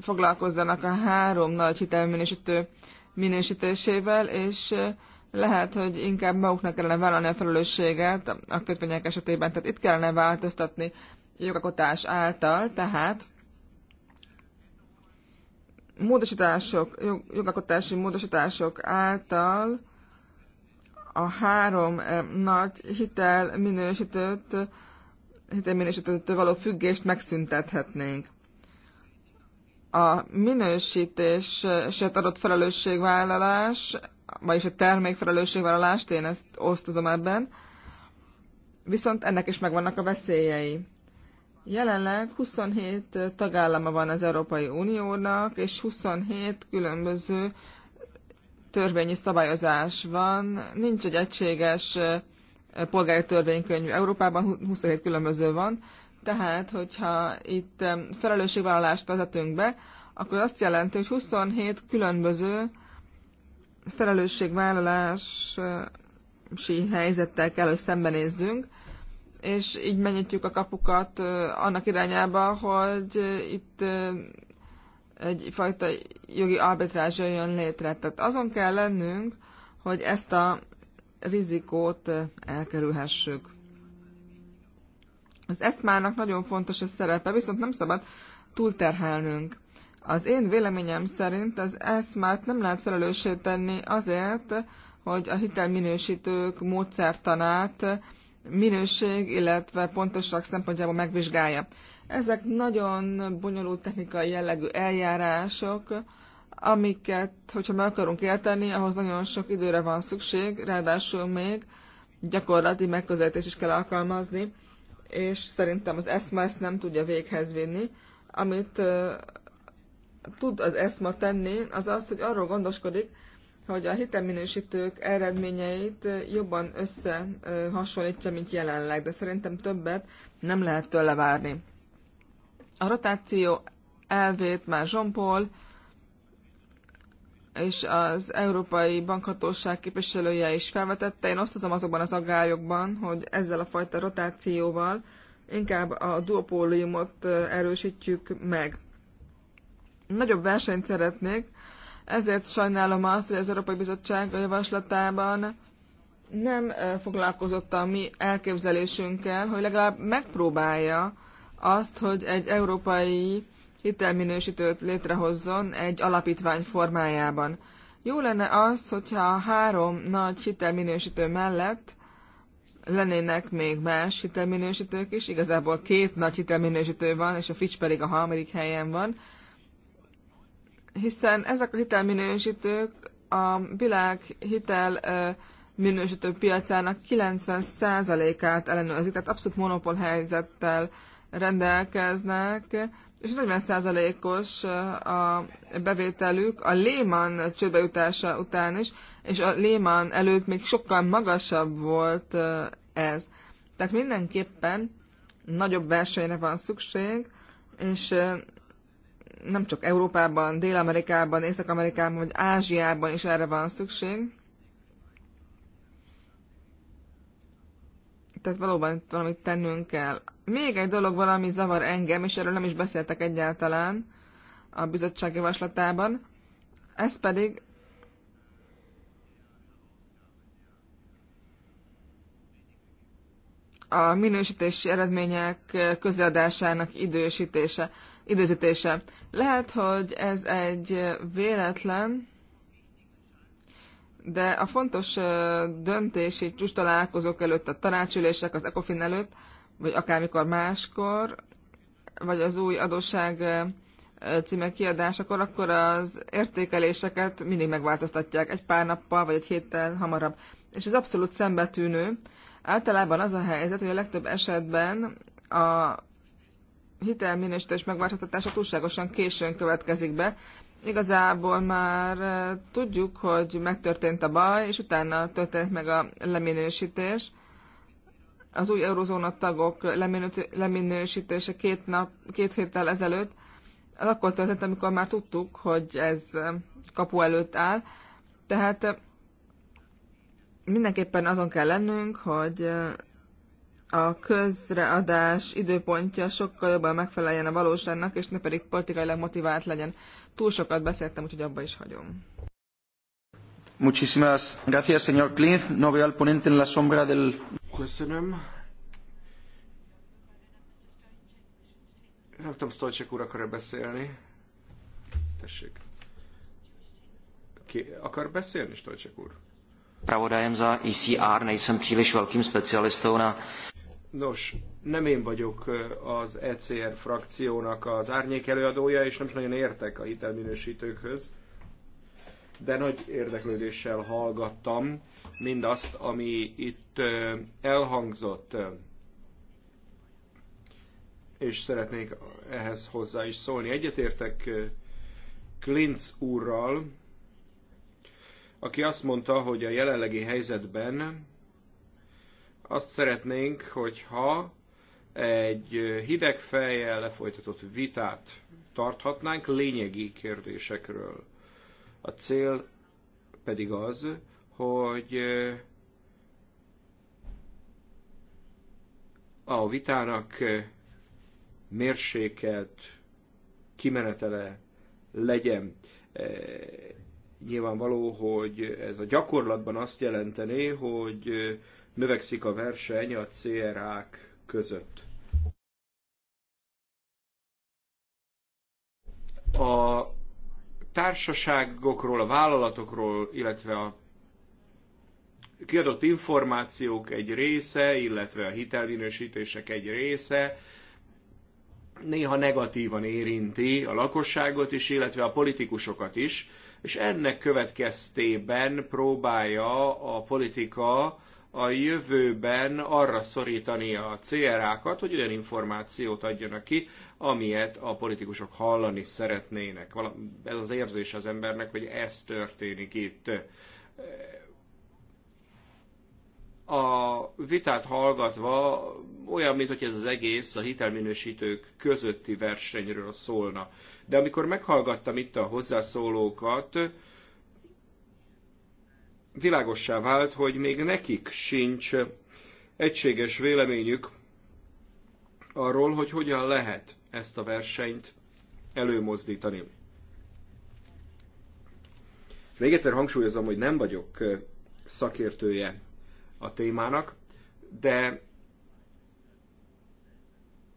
foglalkozzanak a három nagy hitelminősítő minősítésével, és lehet, hogy inkább maguknak kellene vállalni a felelősséget a kötvények esetében, tehát itt kellene változtatni jogakotás által, tehát módosítások, jogakotási módosítások által a három nagy hitel minősítőt hitelminősítőtől való függést megszüntethetnénk. A minősítésért adott felelősségvállalás, vagyis a termékfelelősségvállalást, én ezt osztozom ebben, viszont ennek is megvannak a veszélyei. Jelenleg 27 tagállama van az Európai Uniónak, és 27 különböző törvényi szabályozás van. Nincs egy egységes polgári törvénykönyv. Európában 27 különböző van, tehát hogyha itt felelősségvállalást vezetünk be, akkor azt jelenti, hogy 27 különböző felelősségvállalási helyzettel kell, hogy szembenézzünk, és így mennyitjük a kapukat annak irányába, hogy itt egyfajta jogi arbitrázs jön létre. Tehát azon kell lennünk, hogy ezt a rizikót eh, elkerülhessük. Az eszmának nagyon fontos a szerepe, viszont nem szabad túlterhelnünk. Az én véleményem szerint az eszmát nem lehet felelőssé tenni azért, hogy a hitelminősítők módszertanát minőség, illetve pontosak szempontjából megvizsgálja. Ezek nagyon bonyolult technikai jellegű eljárások, amiket, hogyha meg akarunk érteni, ahhoz nagyon sok időre van szükség, ráadásul még gyakorlati megközelítés is kell alkalmazni, és szerintem az eszma ezt nem tudja véghez vinni. Amit uh, tud az eszma tenni, az az, hogy arról gondoskodik, hogy a hitelminősítők eredményeit jobban összehasonlítja, mint jelenleg, de szerintem többet nem lehet tőle várni. A rotáció elvét már Jean Paul és az Európai Bankhatóság képviselője is felvetette. Én osztozom azokban az aggályokban, hogy ezzel a fajta rotációval inkább a duopóliumot erősítjük meg. Nagyobb versenyt szeretnék, ezért sajnálom azt, hogy az Európai Bizottság a javaslatában nem foglalkozott a mi elképzelésünkkel, hogy legalább megpróbálja azt, hogy egy európai hitelminősítőt létrehozzon egy alapítvány formájában. Jó lenne az, hogyha a három nagy hitelminősítő mellett lennének még más hitelminősítők is. Igazából két nagy hitelminősítő van, és a Fitch pedig a harmadik helyen van. Hiszen ezek a hitelminősítők a világ hitel minősítő piacának 90%-át ellenőrzik, tehát abszolút monopól helyzettel rendelkeznek, és 40%-os a bevételük a Lehman csődbe jutása után is, és a Lehman előtt még sokkal magasabb volt ez. Tehát mindenképpen nagyobb versenyre van szükség, és nem csak Európában, Dél-Amerikában, Észak-Amerikában vagy Ázsiában is erre van szükség. Tehát valóban itt valamit tennünk kell. Még egy dolog valami zavar engem, és erről nem is beszéltek egyáltalán a bizottság javaslatában, ez pedig a minősítési eredmények közeadásának idősítése, időzítése. Lehet, hogy ez egy véletlen, de a fontos döntési csúcs találkozók előtt, a tanácsülések, az ECOFIN előtt vagy akármikor máskor, vagy az új adósság címek kiadásakor, akkor az értékeléseket mindig megváltoztatják egy pár nappal, vagy egy héttel hamarabb. És ez abszolút szembetűnő. Általában az a helyzet, hogy a legtöbb esetben a hitelminősítés megváltoztatása túlságosan későn következik be. Igazából már tudjuk, hogy megtörtént a baj, és utána történt meg a leminősítés az új eurozóna tagok leminősítése két, nap, két héttel ezelőtt, az akkor történt, amikor már tudtuk, hogy ez kapu előtt áll. Tehát mindenképpen azon kell lennünk, hogy a közreadás időpontja sokkal jobban megfeleljen a valóságnak, és ne pedig politikailag motivált legyen. Túl sokat beszéltem, úgyhogy abba is hagyom.
Muchísimas gracias, señor Klinz. No veo al ponente en la sombra del... Köszönöm. Nem tudom, Stolcsek úr akar-e beszélni? Tessék.
Ki akar beszélni, Stolcsek úr? Pravodajem za ECR,
nejsem příliš velkým specialistou na...
Nos, nem én vagyok az ECR frakciónak az árnyék előadója, és nem is nagyon értek a hitelminősítőkhöz de nagy érdeklődéssel hallgattam mindazt, ami itt elhangzott, és szeretnék ehhez hozzá is szólni. Egyetértek Klintz úrral, aki azt mondta, hogy a jelenlegi helyzetben azt szeretnénk, hogyha egy hideg fejjel lefolytatott vitát tarthatnánk lényegi kérdésekről. A cél pedig az, hogy a vitának mérsékelt kimenetele legyen. Nyilvánvaló, hogy ez a gyakorlatban azt jelentené, hogy növekszik a verseny a CRA-k er között. A társaságokról, a vállalatokról, illetve a kiadott információk egy része, illetve a hitelminősítések egy része néha negatívan érinti a lakosságot is, illetve a politikusokat is, és ennek következtében próbálja a politika a jövőben arra szorítani a CRA-kat, hogy olyan információt adjanak ki, amilyet a politikusok hallani szeretnének. Ez az érzés az embernek, hogy ez történik itt. A vitát hallgatva olyan, mint hogy ez az egész a hitelminősítők közötti versenyről szólna. De amikor meghallgattam itt a hozzászólókat, világossá vált, hogy még nekik sincs egységes véleményük arról, hogy hogyan lehet ezt a versenyt előmozdítani. Még egyszer hangsúlyozom, hogy nem vagyok szakértője a témának, de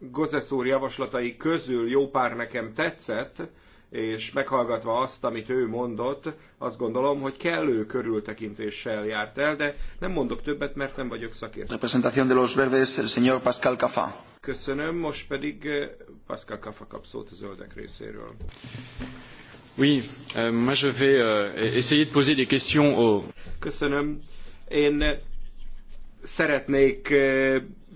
Gozesz javaslatai közül jó pár nekem tetszett, és meghallgatva azt, amit ő mondott, azt gondolom, hogy kellő körültekintéssel járt el, de nem mondok többet, mert nem vagyok szakértő.
Representación de los Verdes, el señor Pascal Cafá.
Köszönöm, most pedig eh, Pascal Cafá kap szót a zöldek részéről.
Oui, euh, moi je vais euh, essayer de poser des questions au...
Köszönöm. Én eh, szeretnék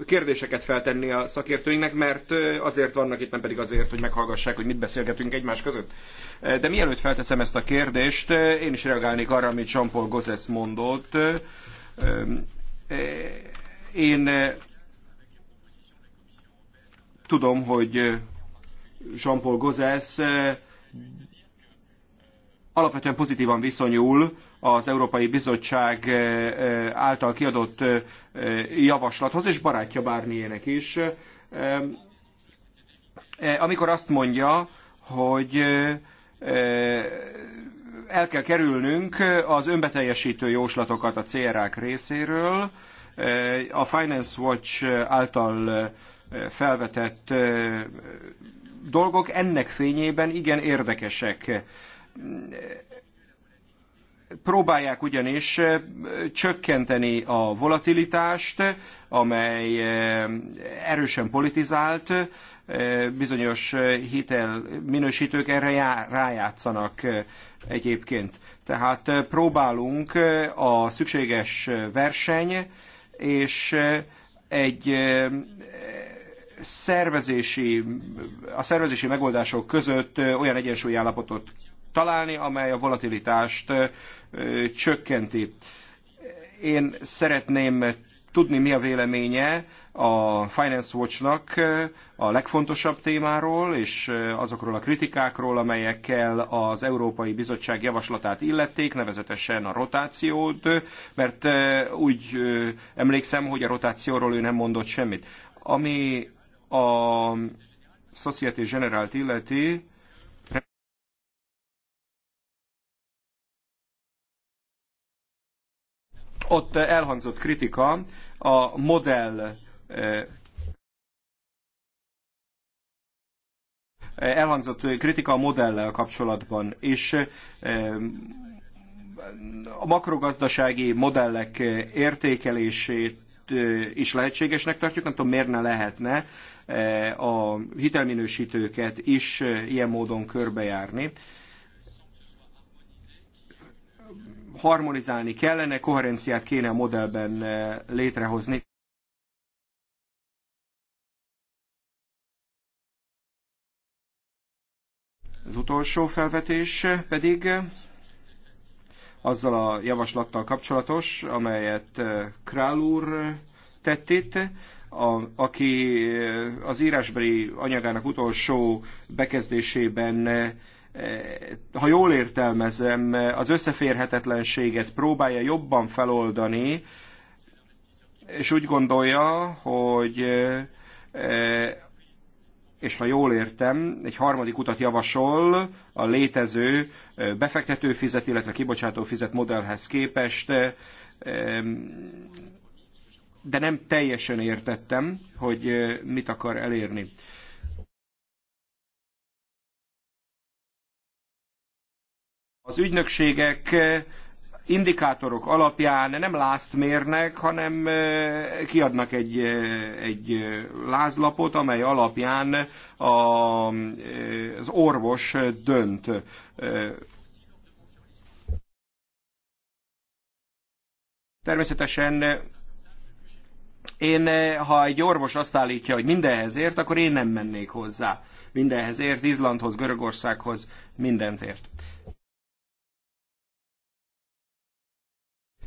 kérdéseket feltenni a szakértőinknek, mert azért vannak itt, nem pedig azért, hogy meghallgassák, hogy mit beszélgetünk egymás között. De mielőtt felteszem ezt a kérdést, én is reagálnék arra, amit Jean-Paul Gozes mondott. Én tudom, hogy Jean-Paul Gozes alapvetően pozitívan viszonyul az Európai Bizottság eh, eh, által kiadott eh, javaslathoz, és barátja bármilyenek is, amikor azt mondja, hogy el kell kerülnünk az önbeteljesítő jóslatokat a CRA-k részéről. A Finance Watch által felvetett dolgok ennek fényében igen érdekesek. Próbálják ugyanis csökkenteni a volatilitást, amely erősen politizált, bizonyos hitel minősítők erre rájátszanak egyébként. Tehát próbálunk a szükséges verseny és egy szervezési, a szervezési megoldások között olyan állapotot találni, amely a volatilitást csökkenti. Én szeretném tudni, mi a véleménye a Finance Watch-nak a legfontosabb témáról, és azokról a kritikákról, amelyekkel az Európai Bizottság javaslatát illették, nevezetesen a rotációt, mert úgy emlékszem, hogy a rotációról ő nem mondott semmit. Ami a Société Generált illeti, Ott elhangzott kritika a modell eh, elhangzott kritika a modellel kapcsolatban, és eh, a makrogazdasági modellek értékelését eh, is lehetségesnek tartjuk, nem tudom, miért ne lehetne a hitelminősítőket is ilyen módon körbejárni. harmonizálni kellene, koherenciát kéne a modellben eh, létrehozni. Az utolsó felvetés pedig eh, azzal a javaslattal kapcsolatos, amelyet eh, Král úr tett itt, a, aki az írásbeli anyagának utolsó bekezdésében Eh, ha jól értelmezem, az összeférhetetlenséget próbálja jobban feloldani, és úgy gondolja, hogy eh, és ha jól értem, egy harmadik utat javasol a létező eh, befektető fizet, illetve kibocsátó fizet modellhez képest, de nem teljesen értettem, hogy mit akar elérni. Az ügynökségek eh, indikátorok alapján nem lázt mérnek, hanem eh, kiadnak egy, eh, egy lázlapot, amely alapján a, az orvos dönt. Természetesen én, ha egy orvos azt állítja, hogy mindenhez ért, akkor én nem mennék hozzá. Mindenhez ért, Izlandhoz, Görögországhoz, mindent ért.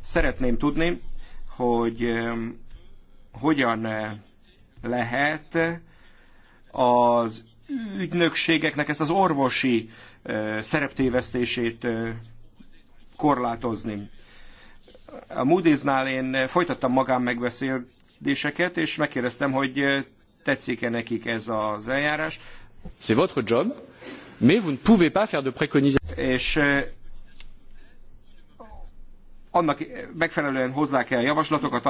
Szeretném tudni, hogy hogyan eh, lehet az ügynökségeknek ezt az orvosi eh, szereptévesztését eh, korlátozni. A Moody'snál én folytattam magán megbeszéléseket, és megkérdeztem, hogy tetszik-e nekik ez az eljárás. C'est votre job, mais vous ne pouvez pas faire de És annak megfelelően hozzá kell javaslatokat,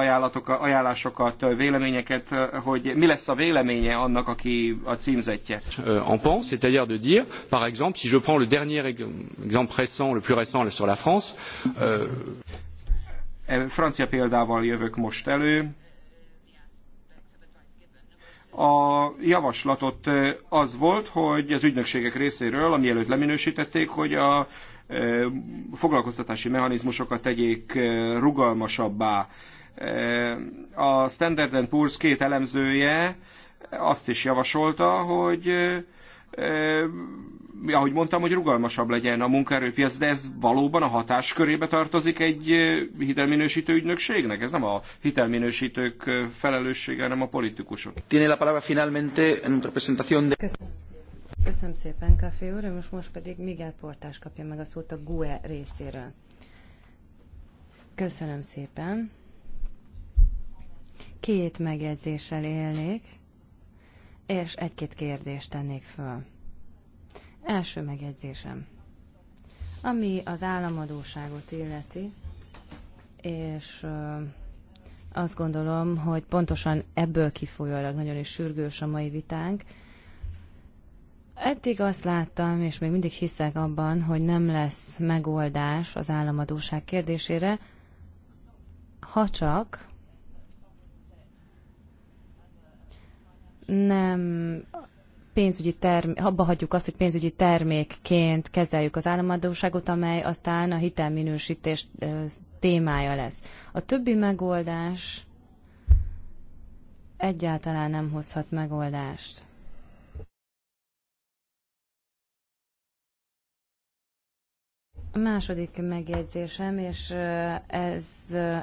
ajánlásokat, véleményeket, hogy mi lesz a véleménye annak, aki a címzetje. Euh, en pense, c'est-à-dire de dire, par exemple, si je prends le dernier exemple récent, le plus récent sur la France, euh, e, Francia példával jövök most elő. A javaslatot az volt, hogy az ügynökségek részéről, amielőtt leminősítették, hogy a foglalkoztatási mechanizmusokat tegyék rugalmasabbá. A Standard Poor's két elemzője azt is javasolta, hogy ahogy mondtam, hogy rugalmasabb legyen a munkaerőpiac, de ez valóban a hatáskörébe tartozik egy hitelminősítő ügynökségnek? Ez nem a
hitelminősítők felelőssége, hanem a politikusok. Tiene la palabra finalmente en presentación
de... Köszönöm. Köszönöm szépen, Kafé úr, most, most pedig Miguel Portás kapja meg a szót a GUE részéről. Köszönöm szépen. Két megjegyzéssel élnék, és egy-két kérdést tennék föl. Első megjegyzésem. Ami az államadóságot illeti, és azt gondolom, hogy pontosan ebből kifolyólag nagyon is sürgős a mai vitánk, Eddig azt láttam, és még mindig hiszek abban, hogy nem lesz megoldás az államadóság kérdésére, ha csak nem pénzügyi term, abba hagyjuk azt, hogy pénzügyi termékként kezeljük az államadóságot, amely aztán a hitelminősítés témája lesz. A többi megoldás egyáltalán nem hozhat megoldást. A második megjegyzésem, és ez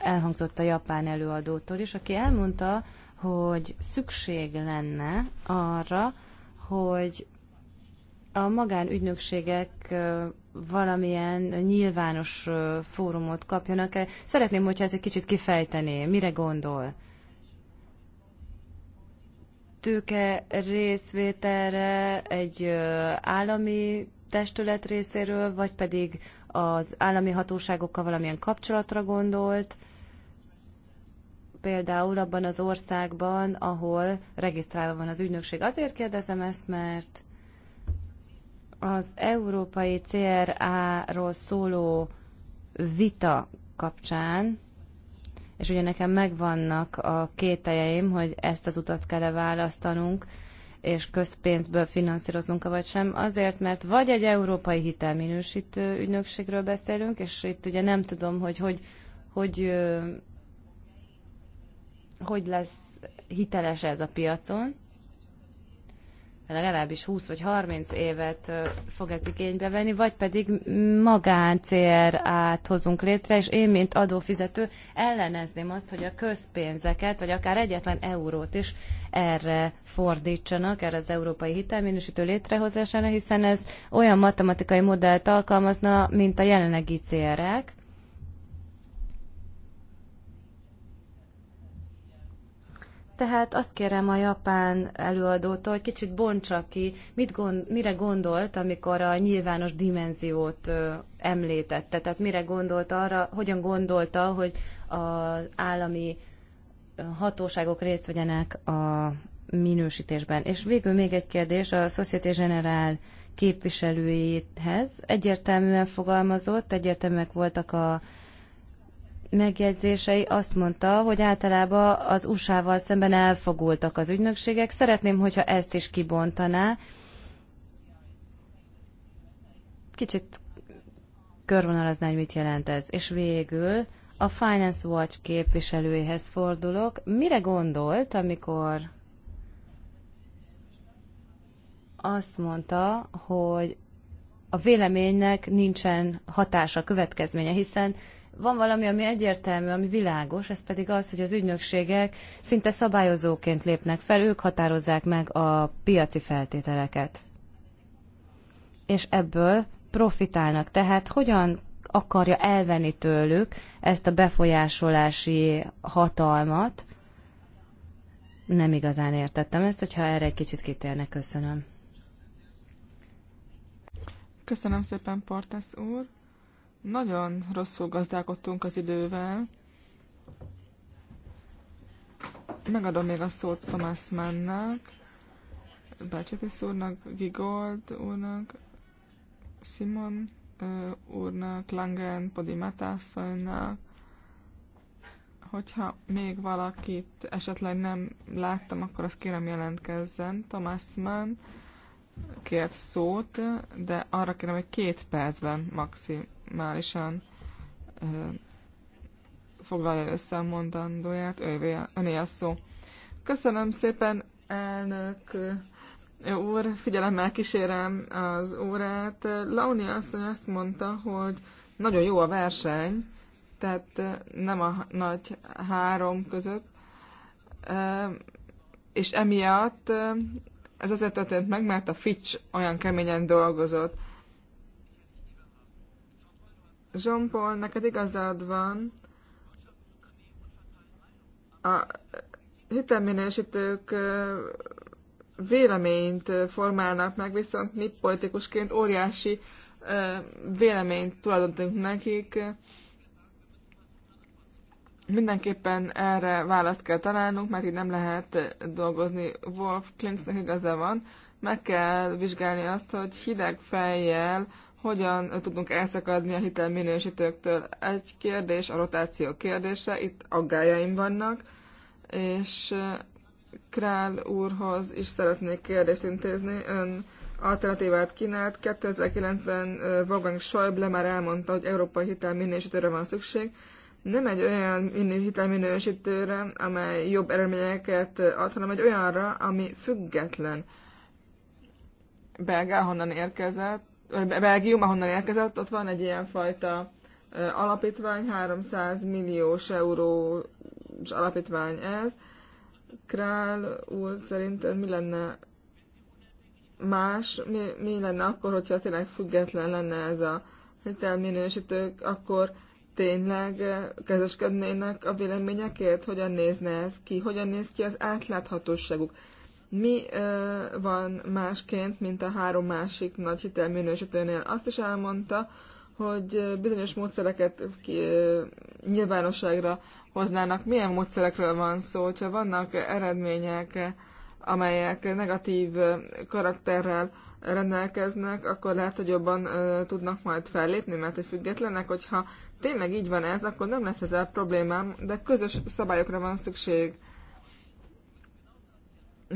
elhangzott a japán előadótól is, aki elmondta, hogy szükség lenne arra, hogy a magánügynökségek valamilyen nyilvános fórumot kapjanak. Szeretném, hogyha ez egy kicsit kifejtené, mire gondol? Tőke részvételre egy állami testület részéről, vagy pedig az állami hatóságokkal valamilyen kapcsolatra gondolt, például abban az országban, ahol regisztrálva van az ügynökség. Azért kérdezem ezt, mert az európai CRA-ról szóló vita kapcsán, és ugye nekem megvannak a kételjeim, hogy ezt az utat kell-e választanunk, és közpénzből finanszíroznunk, vagy sem. Azért, mert vagy egy európai hitelminősítő ügynökségről beszélünk, és itt ugye nem tudom, hogy hogy, hogy, hogy lesz hiteles ez a piacon, legalábbis 20 vagy 30 évet fog ez igénybe venni, vagy pedig magán CRA-t hozunk létre, és én, mint adófizető ellenezném azt, hogy a közpénzeket, vagy akár egyetlen eurót is erre fordítsanak, erre az európai hitelminősítő létrehozására, hiszen ez olyan matematikai modellt alkalmazna, mint a jelenlegi CRA-k, Tehát azt kérem a japán előadótól, hogy kicsit bontsa ki, mit gond, mire gondolt, amikor a nyilvános dimenziót ö, említette. Tehát mire gondolt arra, hogyan gondolta, hogy az állami hatóságok részt vegyenek a minősítésben. És végül még egy kérdés a Société Générale képviselőjéhez. Egyértelműen fogalmazott, egyértelműek voltak a megjegyzései azt mondta, hogy általában az USA-val szemben elfogultak az ügynökségek. Szeretném, hogyha ezt is kibontaná. Kicsit körvonalazná, hogy mit jelent ez. És végül a Finance Watch képviselőjéhez fordulok. Mire gondolt, amikor azt mondta, hogy a véleménynek nincsen hatása, következménye, hiszen van valami, ami egyértelmű, ami világos, ez pedig az, hogy az ügynökségek szinte szabályozóként lépnek fel, ők határozzák meg a piaci feltételeket. És ebből profitálnak. Tehát hogyan akarja elvenni tőlük ezt a befolyásolási hatalmat? Nem igazán értettem ezt, hogyha erre egy kicsit kitérnek, köszönöm.
Köszönöm szépen, Portes úr. Nagyon rosszul gazdálkodtunk az idővel. Megadom még a szót Thomas Mannnak, Bácsatis úrnak, Gigold úrnak, Simon úrnak, Langen, Podimatászonynak, hogyha még valakit esetleg nem láttam, akkor azt kérem jelentkezzen. Thomas Mann kért szót, de arra kérem, hogy két percben maximum maximálisan foglalja össze a mondandóját, övé, öné a szó. Köszönöm szépen, elnök úr, figyelemmel kísérem az órát. Launi asszony azt mondta, hogy nagyon jó a verseny, tehát nem a nagy három között, és emiatt ez azért történt meg, mert a Fitch olyan keményen dolgozott. Jean-Paul, neked igazad van. A hitelminősítők véleményt formálnak meg, viszont mi politikusként óriási véleményt tulajdonítunk nekik. Mindenképpen erre választ kell találnunk, mert így nem lehet dolgozni. Wolf Klinznek igaza van, meg kell vizsgálni azt, hogy hideg fejjel hogyan tudunk elszakadni a hitelminősítőktől. Egy kérdés, a rotáció kérdése, itt aggájaim vannak, és eh, Král úrhoz is szeretnék kérdést intézni. Ön alternatívát kínált. 2009-ben eh, Wolfgang Schäuble már elmondta, hogy európai hitelminősítőre van szükség. Nem egy olyan hitelminősítőre, amely jobb eredményeket eh, ad, hanem egy olyanra, ami független. Belgá honnan érkezett, Belgium, ahonnan érkezett, ott van egy ilyen fajta alapítvány, 300 milliós eurós alapítvány ez. Král úr szerint mi lenne más, mi, mi lenne akkor, hogyha tényleg független lenne ez a hitelminősítők, akkor tényleg kezeskednének a véleményekért? Hogyan nézne ez ki? Hogyan néz ki az átláthatóságuk? mi ö, van másként, mint a három másik nagy hitelminősítőnél. Azt is elmondta, hogy bizonyos módszereket ki, ö, nyilvánosságra hoznának. Milyen módszerekről van szó? Hogyha vannak eredmények, amelyek negatív karakterrel rendelkeznek, akkor lehet, hogy jobban ö, tudnak majd fellépni, mert hogy függetlenek, hogyha tényleg így van ez, akkor nem lesz ez a problémám, de közös szabályokra van szükség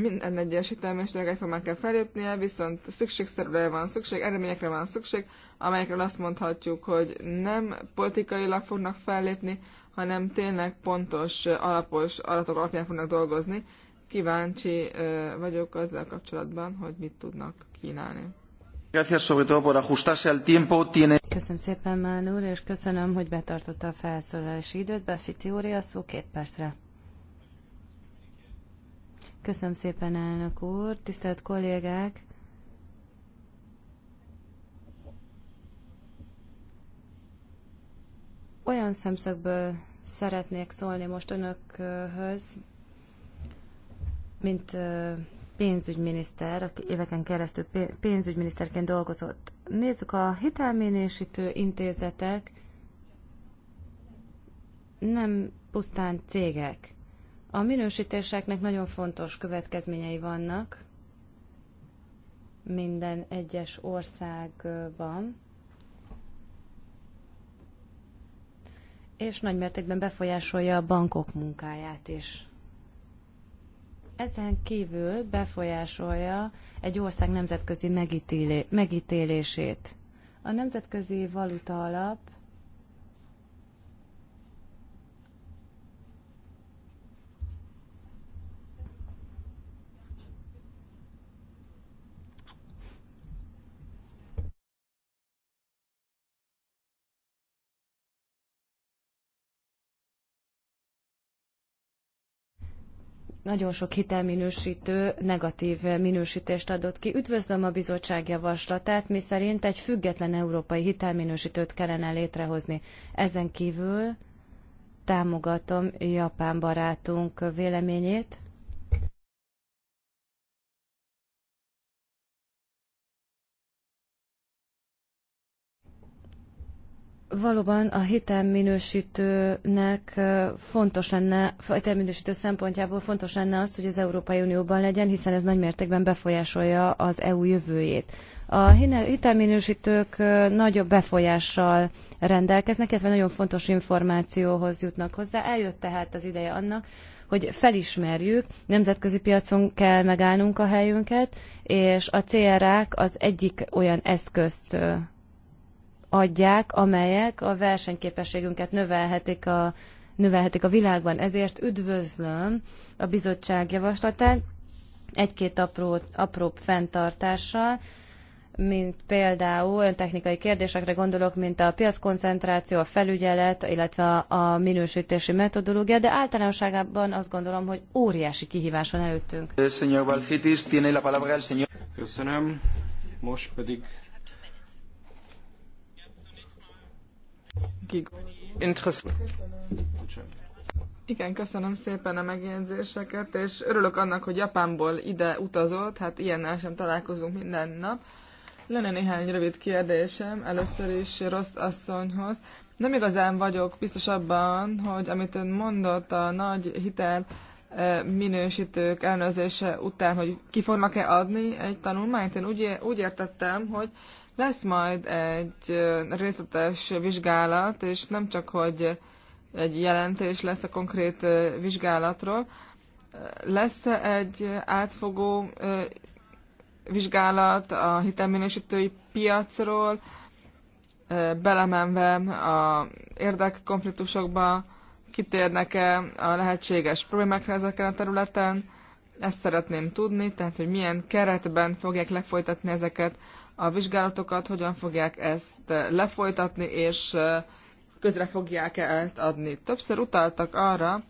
minden egyes hitelminiszternek egyformán kell felépnie, viszont szükségszerűre van szükség, eredményekre van szükség, amelyekről azt mondhatjuk, hogy nem politikailag fognak fellépni, hanem tényleg pontos, alapos adatok alapján fognak dolgozni. Kíváncsi vagyok azzal kapcsolatban, hogy mit tudnak kínálni.
Köszönöm szépen, Mánúr, és köszönöm, hogy betartotta a felszólalási időt. Befiti úr, a szó két percre. Köszönöm szépen, elnök úr. Tisztelt kollégák! Olyan szemszögből szeretnék szólni most önökhöz, mint pénzügyminiszter, aki éveken keresztül pénzügyminiszterként dolgozott. Nézzük a hitelminősítő intézetek, nem pusztán cégek. A minősítéseknek nagyon fontos következményei vannak minden egyes országban, és nagymértékben befolyásolja a bankok munkáját is. Ezen kívül befolyásolja egy ország nemzetközi megítélését. A nemzetközi valuta alap nagyon sok hitelminősítő negatív minősítést adott ki. Üdvözlöm a bizottság javaslatát, szerint egy független európai hitelminősítőt kellene létrehozni. Ezen kívül támogatom japán barátunk véleményét, valóban a hitelminősítőnek fontos lenne, a hitelminősítő szempontjából fontos lenne az, hogy az Európai Unióban legyen, hiszen ez nagy mértékben befolyásolja az EU jövőjét. A hitelminősítők nagyobb befolyással rendelkeznek, illetve nagyon fontos információhoz jutnak hozzá. Eljött tehát az ideje annak, hogy felismerjük, nemzetközi piacon kell megállnunk a helyünket, és a CRA-k az egyik olyan eszközt adják, amelyek a versenyképességünket növelhetik a, növelhetik a világban. Ezért üdvözlöm a bizottság javaslatát egy-két apró, apróbb fenntartással, mint például olyan technikai kérdésekre gondolok, mint a piackoncentráció, a felügyelet, illetve a minősítési metodológia, de általánosságában azt gondolom, hogy óriási kihívás van előttünk.
Köszönöm. Most pedig
Gig. Igen, köszönöm szépen a megjegyzéseket, és örülök annak, hogy Japánból ide utazott, hát ilyennel sem találkozunk minden nap. Lenne néhány rövid kérdésem, először is rossz asszonyhoz. Nem igazán vagyok biztos abban, hogy amit ön mondott a nagy hitel eh, minősítők ellenőrzése után, hogy ki fognak-e adni egy tanulmányt. Én úgy, úgy értettem, hogy lesz majd egy részletes vizsgálat, és nem csak, hogy egy jelentés lesz a konkrét vizsgálatról, lesz egy átfogó vizsgálat a hitelminősítői piacról, belemenve a érdekkonfliktusokba, kitérnek-e a lehetséges problémákra ezeken a területen. Ezt szeretném tudni, tehát hogy milyen keretben fogják lefolytatni ezeket a vizsgálatokat, hogyan fogják ezt eh, lefolytatni, és eh, közre fogják-e ezt adni. Többször utaltak arra,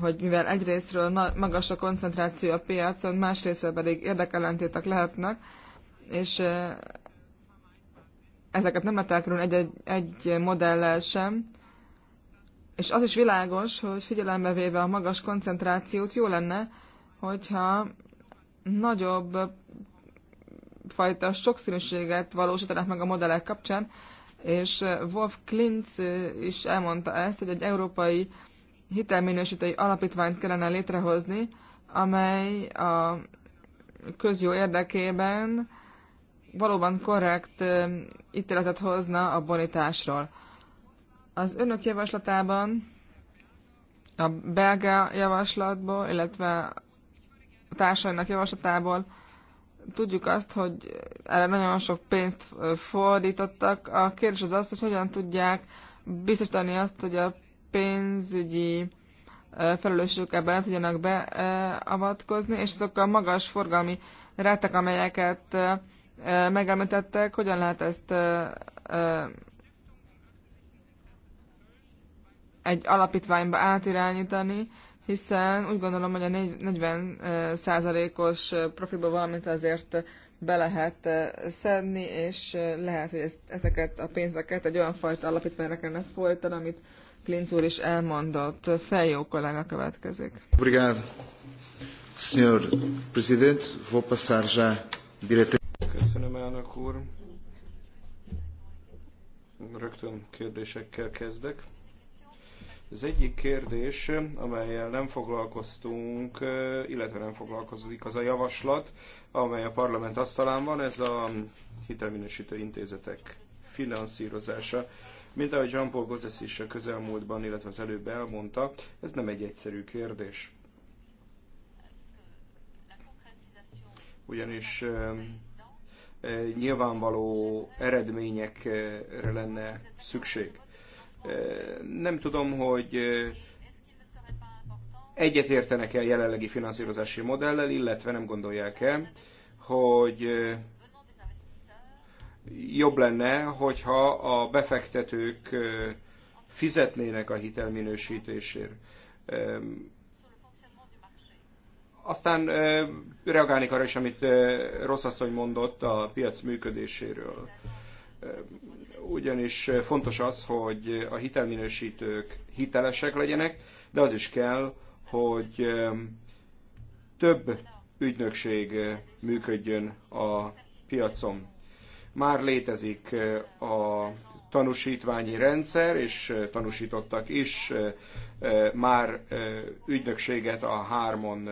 hogy mivel egyrésztről magas a koncentráció a piacon, másrésztről pedig érdekellentétek lehetnek, és eh, ezeket nem lehet elkerülni egy, egy, egy modellel sem. És az is világos, hogy figyelembe véve a magas koncentrációt, jó lenne, hogyha nagyobb fajta sokszínűséget valósítanak meg a modellek kapcsán, és eh, Wolf Klintz eh, is elmondta ezt, hogy egy európai hitelminősítői alapítványt kellene létrehozni, amely a közjó érdekében valóban korrekt eh, ítéletet hozna a bonitásról. Az önök javaslatában, a belga javaslatból, illetve a társainak javaslatából tudjuk azt, hogy erre nagyon sok pénzt fordítottak. A kérdés az az, hogy hogyan tudják biztosítani azt, hogy a pénzügyi felelősségük ebben nem tudjanak beavatkozni, és azok a magas forgalmi rátek, amelyeket megemlítettek, hogyan lehet ezt egy alapítványba átirányítani, hiszen úgy gondolom, hogy a 40%-os profilba valamit azért be lehet szedni, és lehet, hogy ezeket a pénzeket egy olyan fajta alapítványra kellene folytani, amit Klinc úr is elmondott. Feljó kollega következik.
Obrigado, senhor presidente. Vou passar já diretamente. Köszönöm, elnök úr. Rögtön kérdésekkel kezdek. Az egyik kérdés, amelyel nem foglalkoztunk, illetve nem foglalkozik az a javaslat, amely a parlament asztalán van, ez a hitelminősítő intézetek finanszírozása. Mint ahogy Jean-Paul Gozes is a közelmúltban, illetve az előbb elmondta, ez nem egy egyszerű kérdés. Ugyanis nyilvánvaló eredményekre lenne szükség. Nem tudom, hogy egyetértenek-e a jelenlegi finanszírozási modellel, illetve nem gondolják-e, hogy jobb lenne, hogyha a befektetők fizetnének a hitelminősítésért. Aztán reagálnék arra is, amit Rosszasszony mondott a piac működéséről ugyanis fontos az, hogy a hitelminősítők hitelesek legyenek, de az is kell, hogy több ügynökség eh, működjön a piacon. Már létezik eh, a tanúsítványi rendszer, és eh, tanúsítottak is már ügynökséget a hármon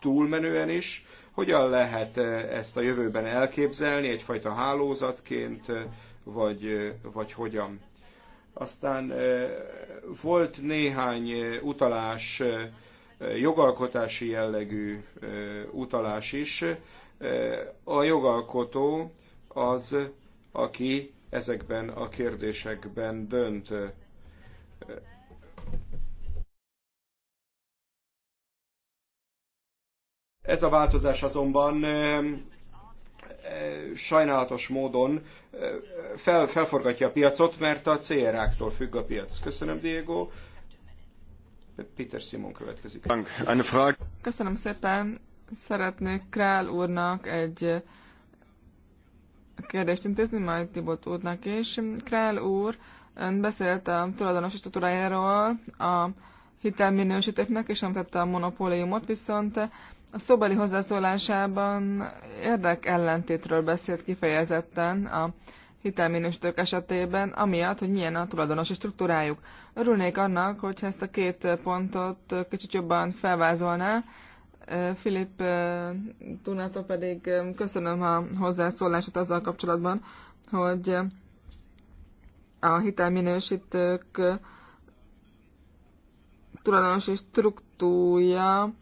túlmenően is. Hogyan lehet ezt a jövőben elképzelni egyfajta hálózatként, vagy, vagy hogyan. Aztán volt néhány utalás, jogalkotási jellegű utalás is. A jogalkotó az, aki ezekben a kérdésekben dönt. Ez a változás azonban sajnálatos módon eh, fel, felforgatja a piacot, mert a CR-áktól függ a piac. Köszönöm, Diego. Peter Simon következik.
Köszönöm szépen. Szeretnék Král úrnak egy kérdést intézni, majd Tibot úrnak is. Král úr ön beszélt a tulajdonos struktúrájáról, a hitelminősítőknek, és tette a monopóliumot, viszont a szóbeli hozzászólásában érdek ellentétről beszélt kifejezetten a hitelminősítők esetében, amiatt, hogy milyen a tulajdonosi struktúrájuk. Örülnék annak, hogyha ezt a két pontot kicsit jobban felvázolná. Filip Tunától pedig köszönöm a hozzászólását azzal kapcsolatban, hogy a hitelminősítők tulajdonosi struktúrája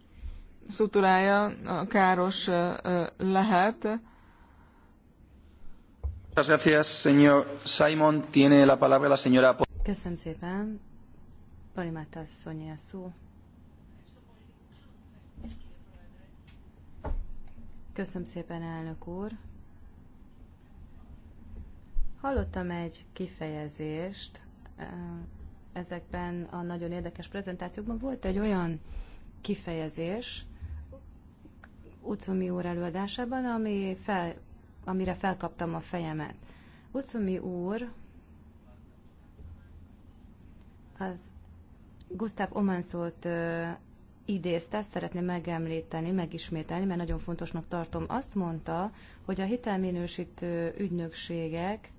struktúrája káros lehet.
Köszönöm szépen. Palimata asszony a szó. Köszönöm szépen, elnök úr. Hallottam egy kifejezést ezekben a nagyon érdekes prezentációkban. Volt egy olyan kifejezés, Utsumi úr előadásában, ami fel, amire felkaptam a fejemet. Utsumi úr az Gustav Omanszót idézte, ezt szeretném megemlíteni, megismételni, mert nagyon fontosnak tartom. Azt mondta, hogy a hitelminősítő ügynökségek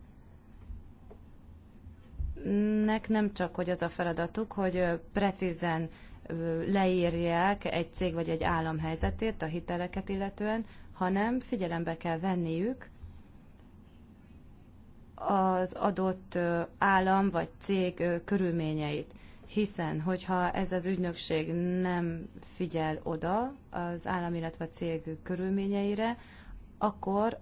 nek nem csak hogy az a feladatuk, hogy precízen leírják egy cég vagy egy állam helyzetét a hiteleket illetően, hanem figyelembe kell venniük az adott állam vagy cég körülményeit. Hiszen, hogyha ez az ügynökség nem figyel oda az állam, illetve a cég körülményeire, akkor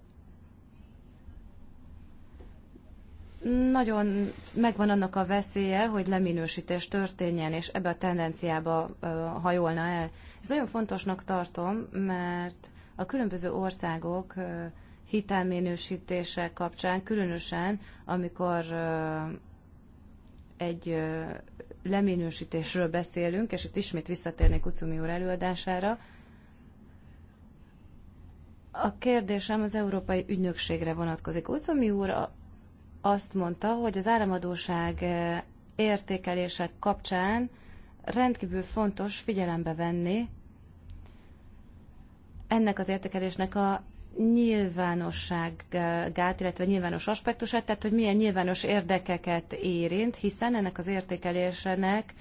nagyon megvan annak a veszélye, hogy leminősítés történjen, és ebbe a tendenciába hajolna el. Ez nagyon fontosnak tartom, mert a különböző országok hitelminősítése kapcsán, különösen amikor egy leminősítésről beszélünk, és itt ismét visszatérnék Ucumi úr előadására, a kérdésem az Európai Ügynökségre vonatkozik. Ucumi úr azt mondta, hogy az áramadóság eh, értékelések kapcsán rendkívül fontos figyelembe venni ennek az értékelésnek a nyilvánosságát, illetve nyilvános aspektusát, tehát hogy milyen nyilvános érdekeket érint, hiszen ennek az értékelésnek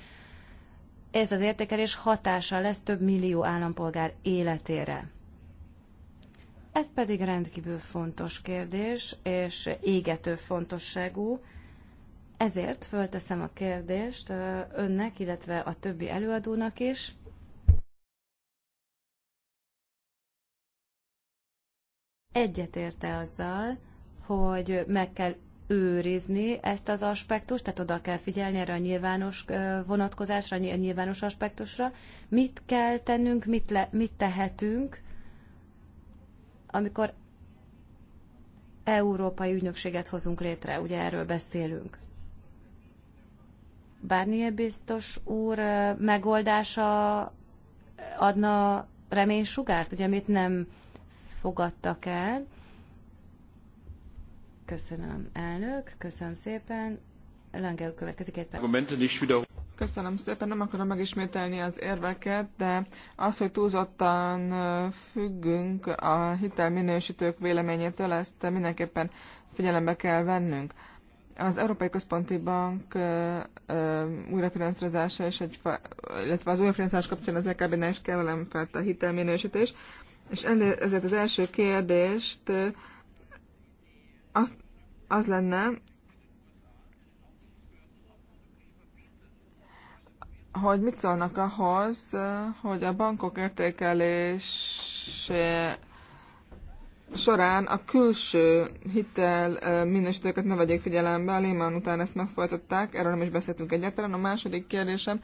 ez az értékelés hatása lesz több millió állampolgár életére. Ez pedig rendkívül fontos kérdés, és égető fontosságú. Ezért fölteszem a kérdést önnek, illetve a többi előadónak is. Egyetérte azzal, hogy meg kell őrizni ezt az aspektust, tehát oda kell figyelni erre a nyilvános vonatkozásra, a nyilvános aspektusra. Mit kell tennünk, mit, le, mit tehetünk amikor európai ügynökséget hozunk létre, ugye erről beszélünk. Barnier biztos úr megoldása adna reménysugárt, ugye amit nem fogadtak el.
Köszönöm, elnök, köszönöm szépen. Lange következik egy perc. Köszönöm szépen, nem akarom megismételni az érveket, de az, hogy túlzottan függünk a hitelminősítők véleményétől, ezt mindenképpen figyelembe kell vennünk. Az Európai Központi Bank újrafinanszírozása, és egy, illetve az újrafinanszírozás kapcsán az LKB-nál e is kell fel a hitelminősítés, és ezért az első kérdést az, az lenne, hogy mit szólnak ahhoz, hogy a bankok értékelése során a külső hitel minősítőket ne vegyék figyelembe, a Lehman után ezt megfolytották, erről nem is beszéltünk egyáltalán. A második kérdésem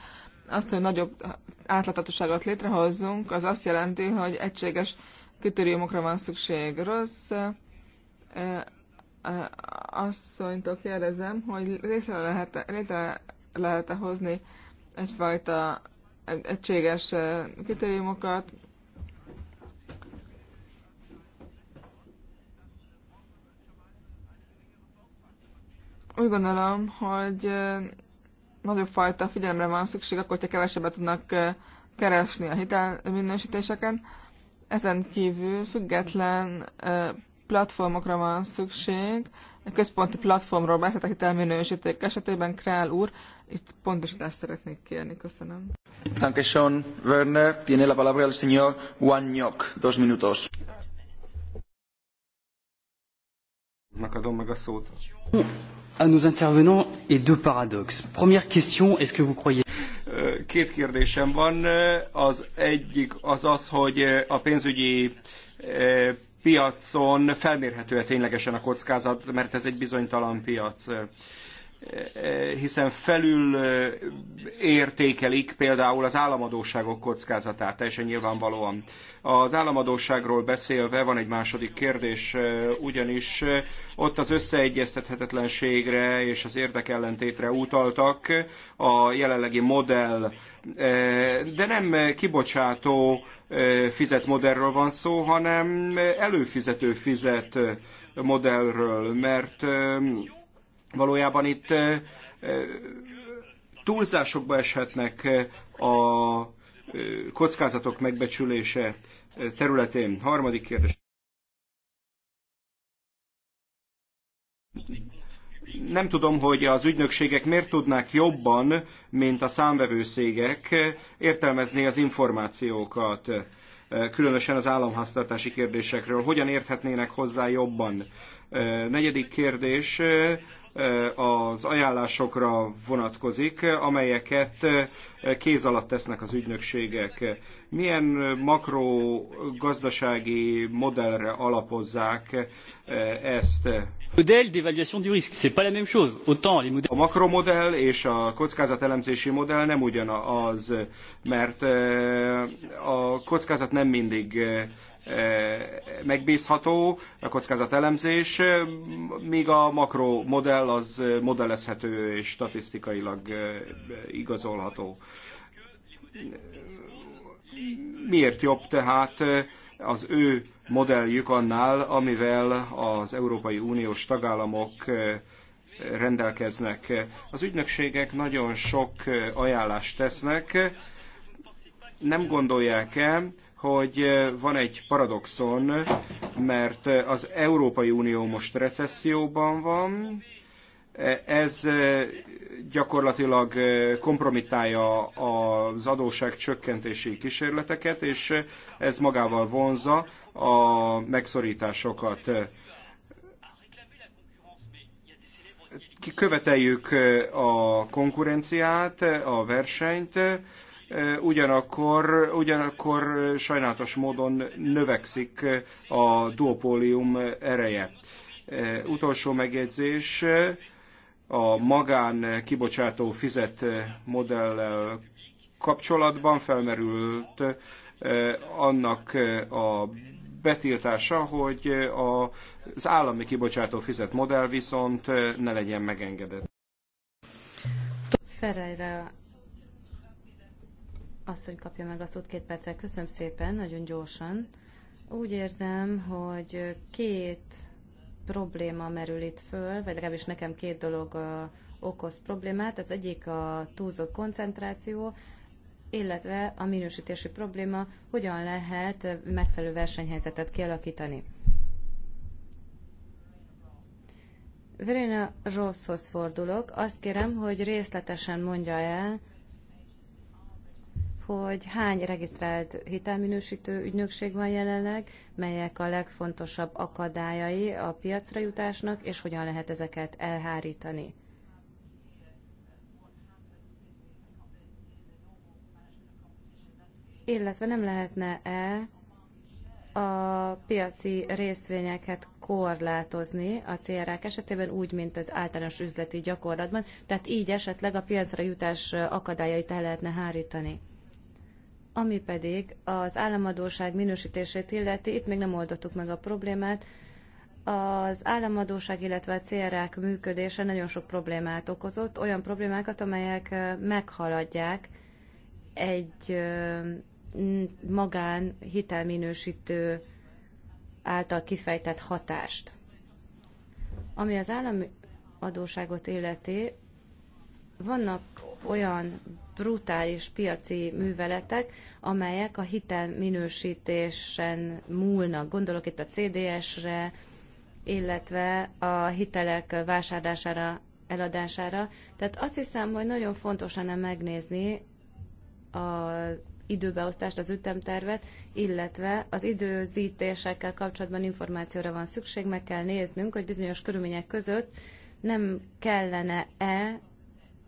az, hogy nagyobb átláthatóságot létrehozzunk, az azt jelenti, hogy egységes kritériumokra van szükség. Rossz asszonytól kérdezem, hogy létre lehet-e lehet -e hozni egyfajta egységes kritériumokat. Úgy gondolom, hogy nagyobb fajta figyelemre van szükség, akkor, hogyha kevesebbet tudnak keresni a hitelminősítéseken. Ezen kívül független platformokra van szükség, a központi platformról beszélt a elminősíték esetében. Král úr, itt pontosítást szeretnék kérni. Köszönöm.
Dankeschön, Werner. Tiene la palabra el señor Wanyok. Dos minutos. Megadom meg a szót.
À nos intervenants et deux paradoxes. Première question, est-ce que vous croyez
Két kérdésem van. Az egyik az az, hogy a pénzügyi piacon felmérhető-e ténylegesen a kockázat, mert ez egy bizonytalan piac hiszen felül értékelik például az államadóságok kockázatát, teljesen nyilvánvalóan. Az államadóságról beszélve van egy második kérdés, ugyanis ott az összeegyeztethetetlenségre és az érdekellentétre utaltak a jelenlegi modell, de nem kibocsátó fizet modellről van szó, hanem előfizető fizet modellről, mert Valójában itt túlzásokba eshetnek a kockázatok megbecsülése területén. Harmadik kérdés. nem tudom, hogy az ügynökségek miért tudnák jobban, mint a számvevőszégek értelmezni az információkat, különösen az államháztartási kérdésekről. Hogyan érthetnének hozzá jobban? Negyedik kérdés, az ajánlásokra vonatkozik, amelyeket kéz alatt tesznek az ügynökségek. Milyen makrogazdasági modellre alapozzák ezt? Modell A makromodell és a kockázatelemzési modell nem ugyanaz, mert a kockázat nem mindig megbízható, a kockázatelemzés, míg a makro modell az modellezhető és statisztikailag igazolható. Miért jobb tehát az ő modelljük annál, amivel az Európai Uniós tagállamok rendelkeznek. Az ügynökségek nagyon sok ajánlást tesznek, nem gondolják e hogy van egy paradoxon, mert az Európai Unió most recesszióban van, ez gyakorlatilag kompromittálja az adóság csökkentési kísérleteket, és ez magával vonza a megszorításokat. Követeljük a konkurenciát, a versenyt, Eh, ugyanakkor, ugyanakkor eh, sajnálatos módon növekszik eh, a duopólium ereje. Utolsó megjegyzés, a magán kibocsátó fizet modellel kapcsolatban felmerült annak a betiltása, hogy az állami kibocsátó fizet modell viszont ne legyen megengedett.
Ferreira asszony kapja meg a szót két perccel. Köszönöm szépen, nagyon gyorsan. Úgy érzem, hogy két probléma merül itt föl, vagy legalábbis nekem két dolog okoz problémát. Az egyik a túlzott koncentráció, illetve a minősítési probléma, hogyan lehet megfelelő versenyhelyzetet kialakítani. Verena Rosshoz fordulok. Azt kérem, hogy részletesen mondja el, hogy hány regisztrált hitelminősítő ügynökség van jelenleg, melyek a legfontosabb akadályai a piacra jutásnak, és hogyan lehet ezeket elhárítani. Illetve nem lehetne-e a piaci részvényeket korlátozni a CRK esetében úgy, mint az általános üzleti gyakorlatban, tehát így esetleg a piacra jutás akadályait el lehetne hárítani. Ami pedig az államadóság minősítését illeti, itt még nem oldottuk meg a problémát. Az államadóság, illetve a CRák működése nagyon sok problémát okozott, olyan problémákat, amelyek meghaladják egy magán hitelminősítő által kifejtett hatást. Ami az állami adóságot illeti, vannak olyan brutális piaci műveletek, amelyek a hitelminősítésen múlnak. Gondolok itt a CDS-re, illetve a hitelek vásárlására, eladására. Tehát azt hiszem, hogy nagyon fontos lenne megnézni az időbeosztást, az ütemtervet, illetve az időzítésekkel kapcsolatban információra van szükség, meg kell néznünk, hogy bizonyos körülmények között nem kellene-e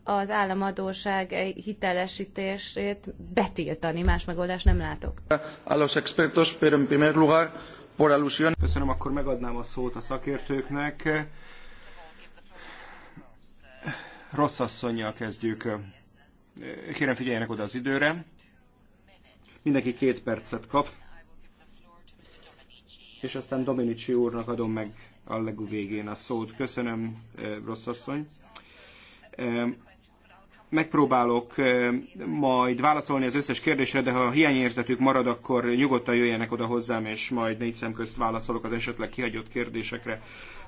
az államadóság hitelesítését betiltani. Más megoldást nem látok.
A los expertos, pero en primer lugar, por alusión... Köszönöm, akkor megadnám a szót a szakértőknek. Rossz
asszonynal kezdjük. Kérem figyeljenek oda az időre. Mindenki két percet kap. És aztán Dominici úrnak adom meg a végén a szót. Köszönöm, eh, rossz asszony. Eh, megpróbálok majd válaszolni az összes kérdésre, de ha a hiányérzetük marad, akkor nyugodtan jöjjenek oda hozzám, és majd négy szem közt válaszolok az esetleg kihagyott kérdésekre.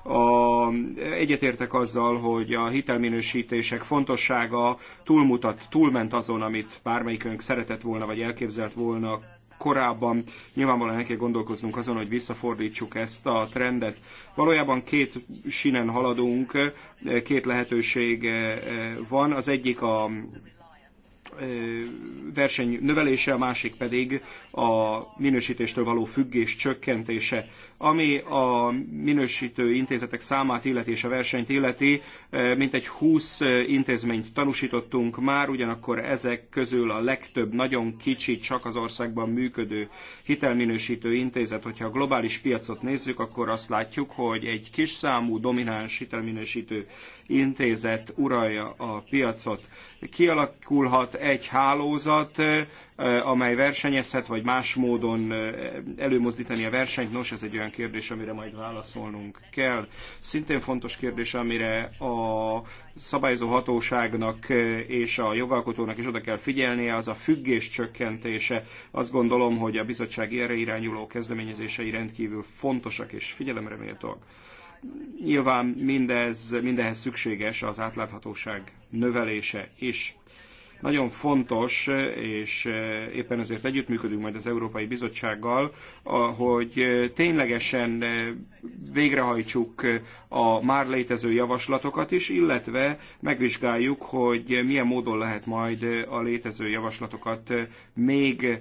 A, egyetértek azzal, hogy a hitelminősítések fontossága túlmutat, túlment azon, amit bármelyikünk szeretett volna, vagy elképzelt volna korábban. Nyilvánvalóan el kell gondolkoznunk azon, hogy visszafordítsuk ezt a trendet. Valójában két sinen haladunk, két lehetőség eh, van. Az egyik a verseny növelése, a másik pedig a minősítéstől való függés csökkentése. Ami a minősítő intézetek számát illeti és a versenyt illeti, mintegy 20 intézményt tanúsítottunk már, ugyanakkor ezek közül a legtöbb nagyon kicsi, csak az országban működő hitelminősítő intézet. Hogyha a globális piacot nézzük, akkor azt látjuk, hogy egy kis számú domináns hitelminősítő intézet uralja a piacot. Kialakulhat egy hálózat, amely versenyezhet, vagy más módon előmozdítani a versenyt. Nos, ez egy olyan kérdés, amire majd válaszolnunk kell. Szintén fontos kérdés, amire a szabályozó hatóságnak és a jogalkotónak is oda kell figyelnie, az a függés csökkentése. Azt gondolom, hogy a bizottság erre irányuló kezdeményezései rendkívül fontosak és figyelemre méltóak. Nyilván mindez, mindehez szükséges az átláthatóság növelése is nagyon fontos, és eh, éppen ezért együttműködünk majd az Európai Bizottsággal, hogy eh, ténylegesen eh, végrehajtsuk a már létező javaslatokat is, illetve megvizsgáljuk, hogy milyen módon lehet majd a létező javaslatokat még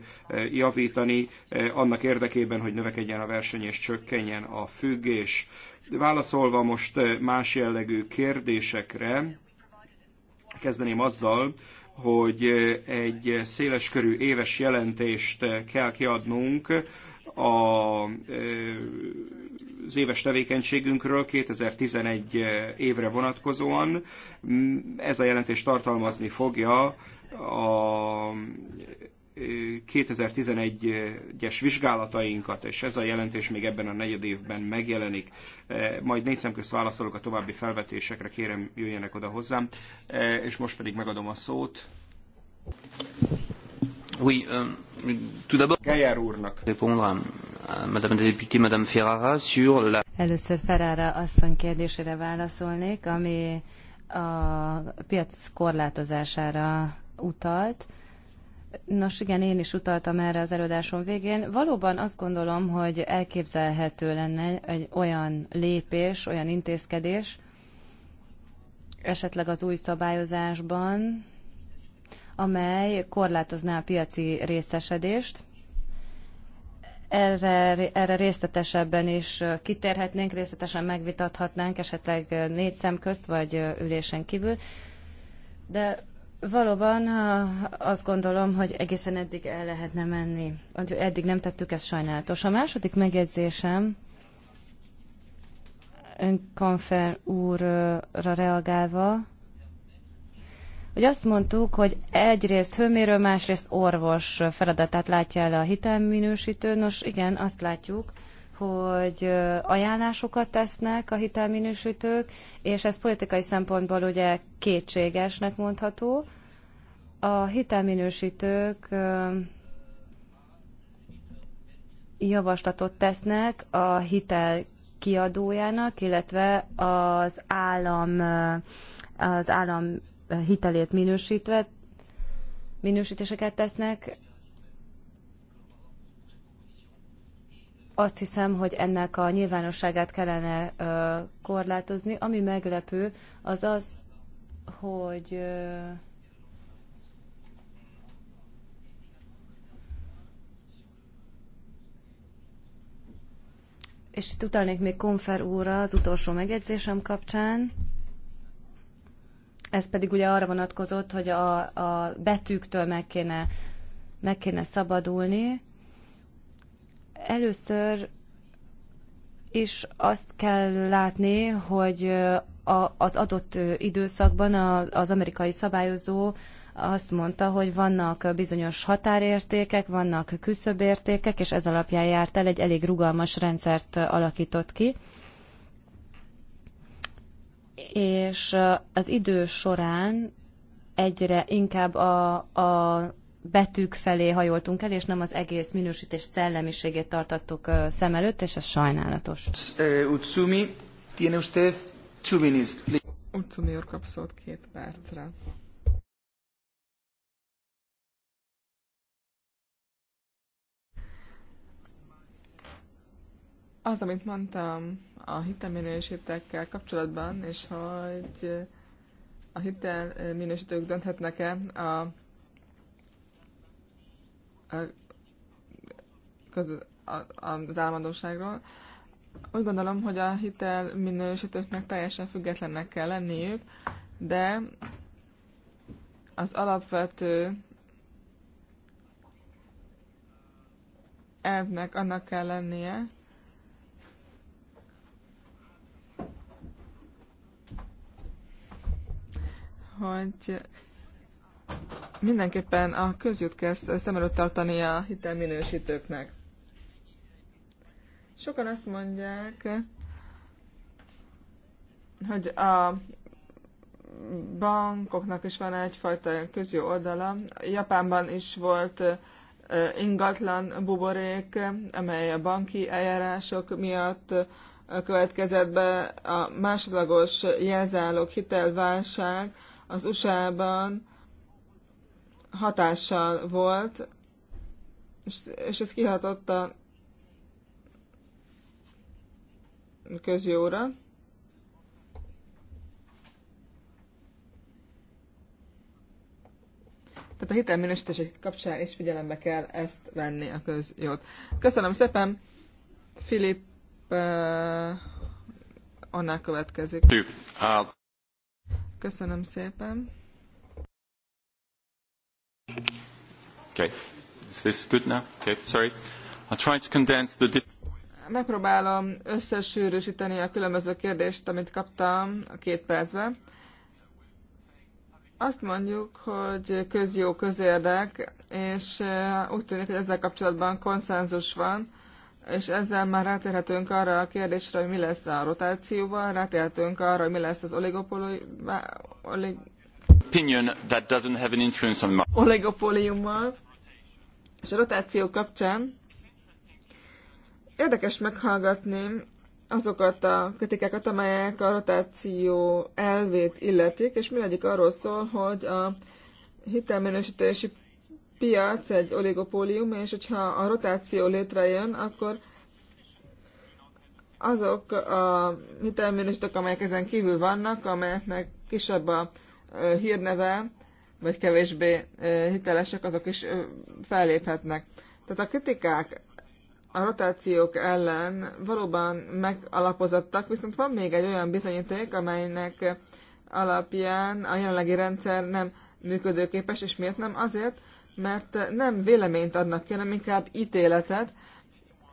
javítani annak érdekében, hogy növekedjen a verseny és csökkenjen a függés. Válaszolva most más jellegű kérdésekre, kezdeném azzal, hogy egy széleskörű éves jelentést kell kiadnunk a, az éves tevékenységünkről 2011 évre vonatkozóan. Ez a jelentés tartalmazni fogja a 2011-es vizsgálatainkat, és ez a jelentés még ebben a negyed évben megjelenik. E, majd négy szemközt válaszolok a további felvetésekre, kérem jöjjenek oda hozzám, e, és most pedig megadom a szót. Oui, euh, tout d'abord, úrnak. Répondre à Madame la députée, Madame Ferrara sur la...
Először Ferrara asszony kérdésére válaszolnék, ami a piac korlátozására utalt Nos igen, én is utaltam erre az előadásom végén. Valóban azt gondolom, hogy elképzelhető lenne egy olyan lépés, olyan intézkedés, esetleg az új szabályozásban, amely korlátozná a piaci részesedést. Erre, erre részletesebben is kitérhetnénk, részletesen megvitathatnánk, esetleg négy szem közt vagy ülésen kívül. De Valóban azt gondolom, hogy egészen eddig el lehetne menni. Eddig nem tettük, ezt sajnálatos. A második megjegyzésem, Önkonfer úrra reagálva, hogy azt mondtuk, hogy egyrészt hőmérő, másrészt orvos feladatát látja el a hitelminősítő. Nos, igen, azt látjuk, hogy ajánlásokat tesznek a hitelminősítők, és ez politikai szempontból ugye kétségesnek mondható. A hitelminősítők javaslatot tesznek a hitel kiadójának, illetve az állam, az állam hitelét minősítve minősítéseket tesznek, Azt hiszem, hogy ennek a nyilvánosságát kellene korlátozni. Ami meglepő, az az, hogy és itt utalnék még Konfer úrra az utolsó megjegyzésem kapcsán. Ez pedig ugye arra vonatkozott, hogy a, a betűktől meg kéne, meg kéne szabadulni. Először is azt kell látni, hogy a, az adott időszakban a, az amerikai szabályozó azt mondta, hogy vannak bizonyos határértékek, vannak küszöbértékek, és ez alapján járt el, egy elég rugalmas rendszert alakított ki. És az idő során egyre inkább a, a betűk felé hajoltunk el, és nem az egész minősítés szellemiségét tartottuk szem előtt, és ez sajnálatos.
Utsumi, tiene usted two
Utsumi úr kap szót két percre. Az, amit mondtam a hitelminősítőkkel kapcsolatban, és hogy a hitelminősítők dönthetnek-e a közül, az államadóságról. Úgy gondolom, hogy a hitel minősítőknek teljesen függetlennek kell lenniük, de az alapvető elvnek annak kell lennie, hogy mindenképpen a közjut kell szem előtt tartani a hitelminősítőknek. Sokan azt mondják, hogy a bankoknak is van egyfajta közjó oldala. Japánban is volt ingatlan buborék, amely a banki eljárások miatt következett be a másodlagos jelzálók hitelválság az USA-ban hatással volt, és, és ez kihatott a közjóra. Tehát a hitelminősítések kapcsán is figyelembe kell ezt venni a közjót. Köszönöm szépen, Filip, uh, eh, annál következik. Hát. Köszönöm szépen. Okay. Is this good now? Okay, sorry. I'll try to condense the... Megpróbálom összesűrűsíteni a különböző kérdést, amit kaptam a két percbe. Azt mondjuk, hogy közjó, közérdek, és eh, úgy tűnik, hogy ezzel kapcsolatban konszenzus van, és ezzel már rátérhetünk arra a kérdésre, hogy mi lesz a rotációval, rátérhetünk arra, hogy mi lesz az oligopoli, olig, Oligopóliummal és a rotáció kapcsán érdekes meghallgatni azokat a kritikákat, amelyek a rotáció elvét illetik, és mindegyik arról szól, hogy a hitelminősítési piac egy oligopólium, és hogyha a rotáció létrejön, akkor azok a hitelminősítők, amelyek ezen kívül vannak, amelyeknek kisebb a hírneve, vagy kevésbé hitelesek, azok is felléphetnek. Tehát a kritikák a rotációk ellen valóban megalapozottak, viszont van még egy olyan bizonyíték, amelynek alapján a jelenlegi rendszer nem működőképes, és miért nem? Azért, mert nem véleményt adnak ki, hanem inkább ítéletet,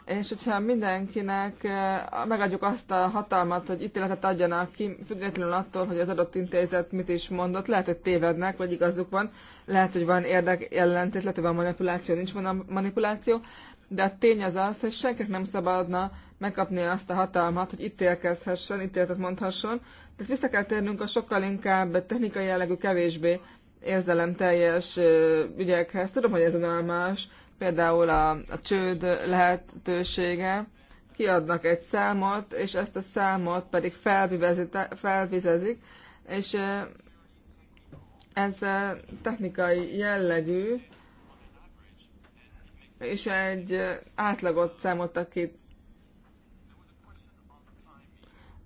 és hogyha mindenkinek eh, megadjuk azt a hatalmat, hogy ítéletet adjanak ki, függetlenül attól, hogy az adott intézet mit is mondott, lehet, hogy tévednek, vagy igazuk van, lehet, hogy van érdek ellentét, lehet, hogy van manipuláció, nincs manipuláció, de a tény az az, hogy senkinek nem szabadna megkapni azt a hatalmat, hogy ítélkezhessen, ítéletet mondhasson, tehát vissza kell térnünk a sokkal inkább technikai jellegű, kevésbé érzelemteljes eh, ügyekhez. Tudom, hogy ez unalmas, például a, a csőd lehetősége, kiadnak egy számot, és ezt a számot pedig felvizezik, és ez technikai jellegű, és egy átlagot számoltak ki.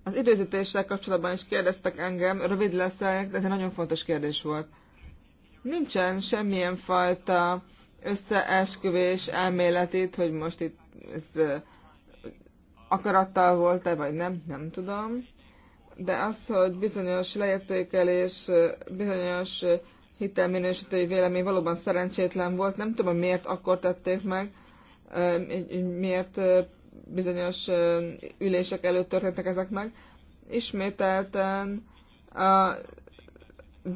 Az időzítéssel kapcsolatban is kérdeztek engem, rövid leszek, de ez egy nagyon fontos kérdés volt. Nincsen semmilyen fajta összeesküvés elméletét, hogy most itt ez akarattal volt-e, vagy nem, nem tudom. De az, hogy bizonyos leértékelés, bizonyos hitelminősítői vélemény valóban szerencsétlen volt, nem tudom, miért akkor tették meg, miért bizonyos ülések előtt történtek ezek meg. Ismételten a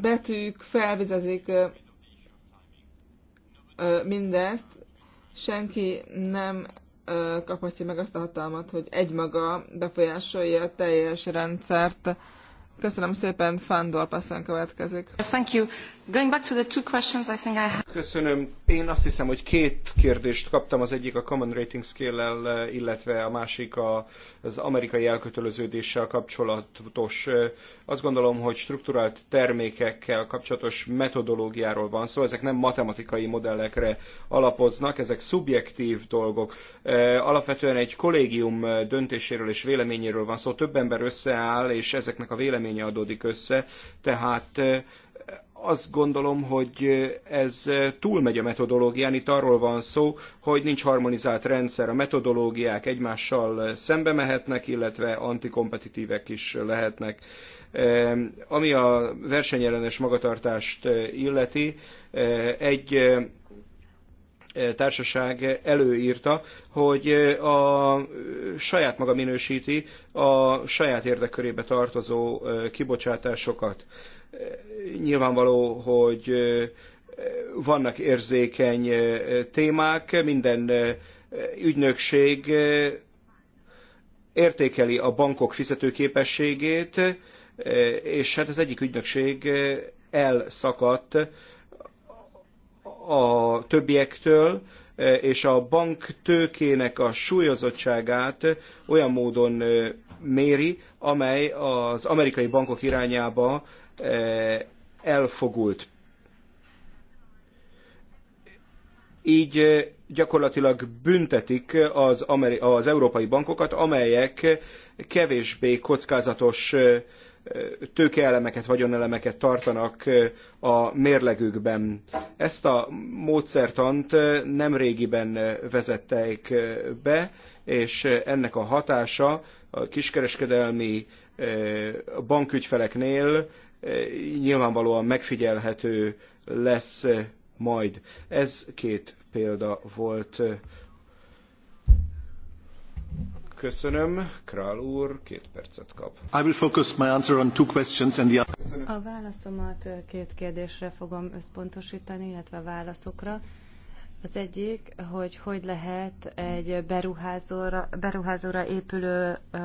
betűk felvizezik mindezt, senki nem kaphatja meg azt a hatalmat, hogy egymaga befolyásolja a teljes rendszert. Köszönöm szépen, Fandor Passan következik. Thank you. Going back to the two questions, I think I have...
Köszönöm. Én azt hiszem, hogy két kérdést kaptam, az egyik a Common Rating Scale-lel, illetve a másik a, az amerikai elköteleződéssel kapcsolatos. Azt gondolom, hogy strukturált termékekkel kapcsolatos metodológiáról van szó, szóval ezek nem matematikai modellekre alapoznak, ezek szubjektív dolgok. Alapvetően egy kollégium döntéséről és véleményéről van szó, szóval több ember összeáll, és ezeknek a véleménye adódik össze, tehát azt gondolom, hogy ez túlmegy a metodológián, itt arról van szó, hogy nincs harmonizált rendszer, a metodológiák egymással szembe mehetnek, illetve antikompetitívek is lehetnek. Ami a versenyellenes magatartást illeti, eh, egy eh, társaság előírta, hogy eh, a saját maga minősíti a saját érdekkörébe tartozó kibocsátásokat. Nyilvánvaló, hogy vannak érzékeny témák, minden ügynökség értékeli a bankok fizetőképességét, és hát az egyik ügynökség elszakadt a többiektől, és a bank tőkének a súlyozottságát olyan módon méri, amely az amerikai bankok irányába Eh, elfogult. Így eh, gyakorlatilag büntetik az, ameri- az európai bankokat, amelyek kevésbé kockázatos eh, tőkeelemeket, vagyonelemeket tartanak a mérlegükben. Ezt a módszertant nem régiben vezették be, és ennek a hatása a kiskereskedelmi bankügyfeleknél Eh, nyilvánvalóan megfigyelhető lesz eh, majd. Ez két példa volt. Köszönöm. Král úr két percet kap.
I will focus my answer on two questions and the other. A válaszomat eh, két kérdésre fogom összpontosítani, illetve válaszokra. Az egyik, hogy hogy lehet egy beruházóra, beruházóra épülő ö,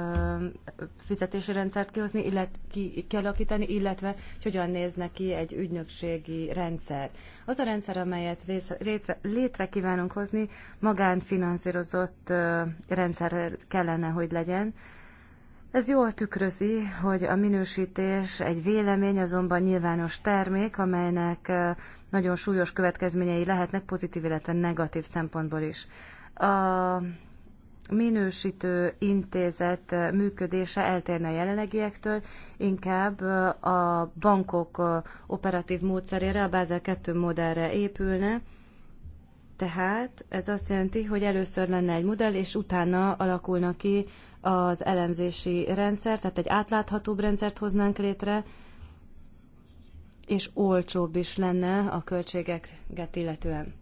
fizetési rendszert kihozni, illet, ki, kialakítani, illetve hogy hogyan néz neki egy ügynökségi rendszer. Az a rendszer, amelyet rész, létre, létre kívánunk hozni, magánfinanszírozott ö, rendszer kellene, hogy legyen, ez jól tükrözi, hogy a minősítés egy vélemény, azonban nyilvános termék, amelynek nagyon súlyos következményei lehetnek pozitív, illetve negatív szempontból is. A minősítő intézet működése eltérne a jelenlegiektől, inkább a bankok operatív módszerére, a Bázel 2 modellre épülne, tehát ez azt jelenti, hogy először lenne egy modell, és utána alakulna ki az elemzési rendszer, tehát egy átláthatóbb rendszert hoznánk létre, és olcsóbb is lenne a költségeket illetően.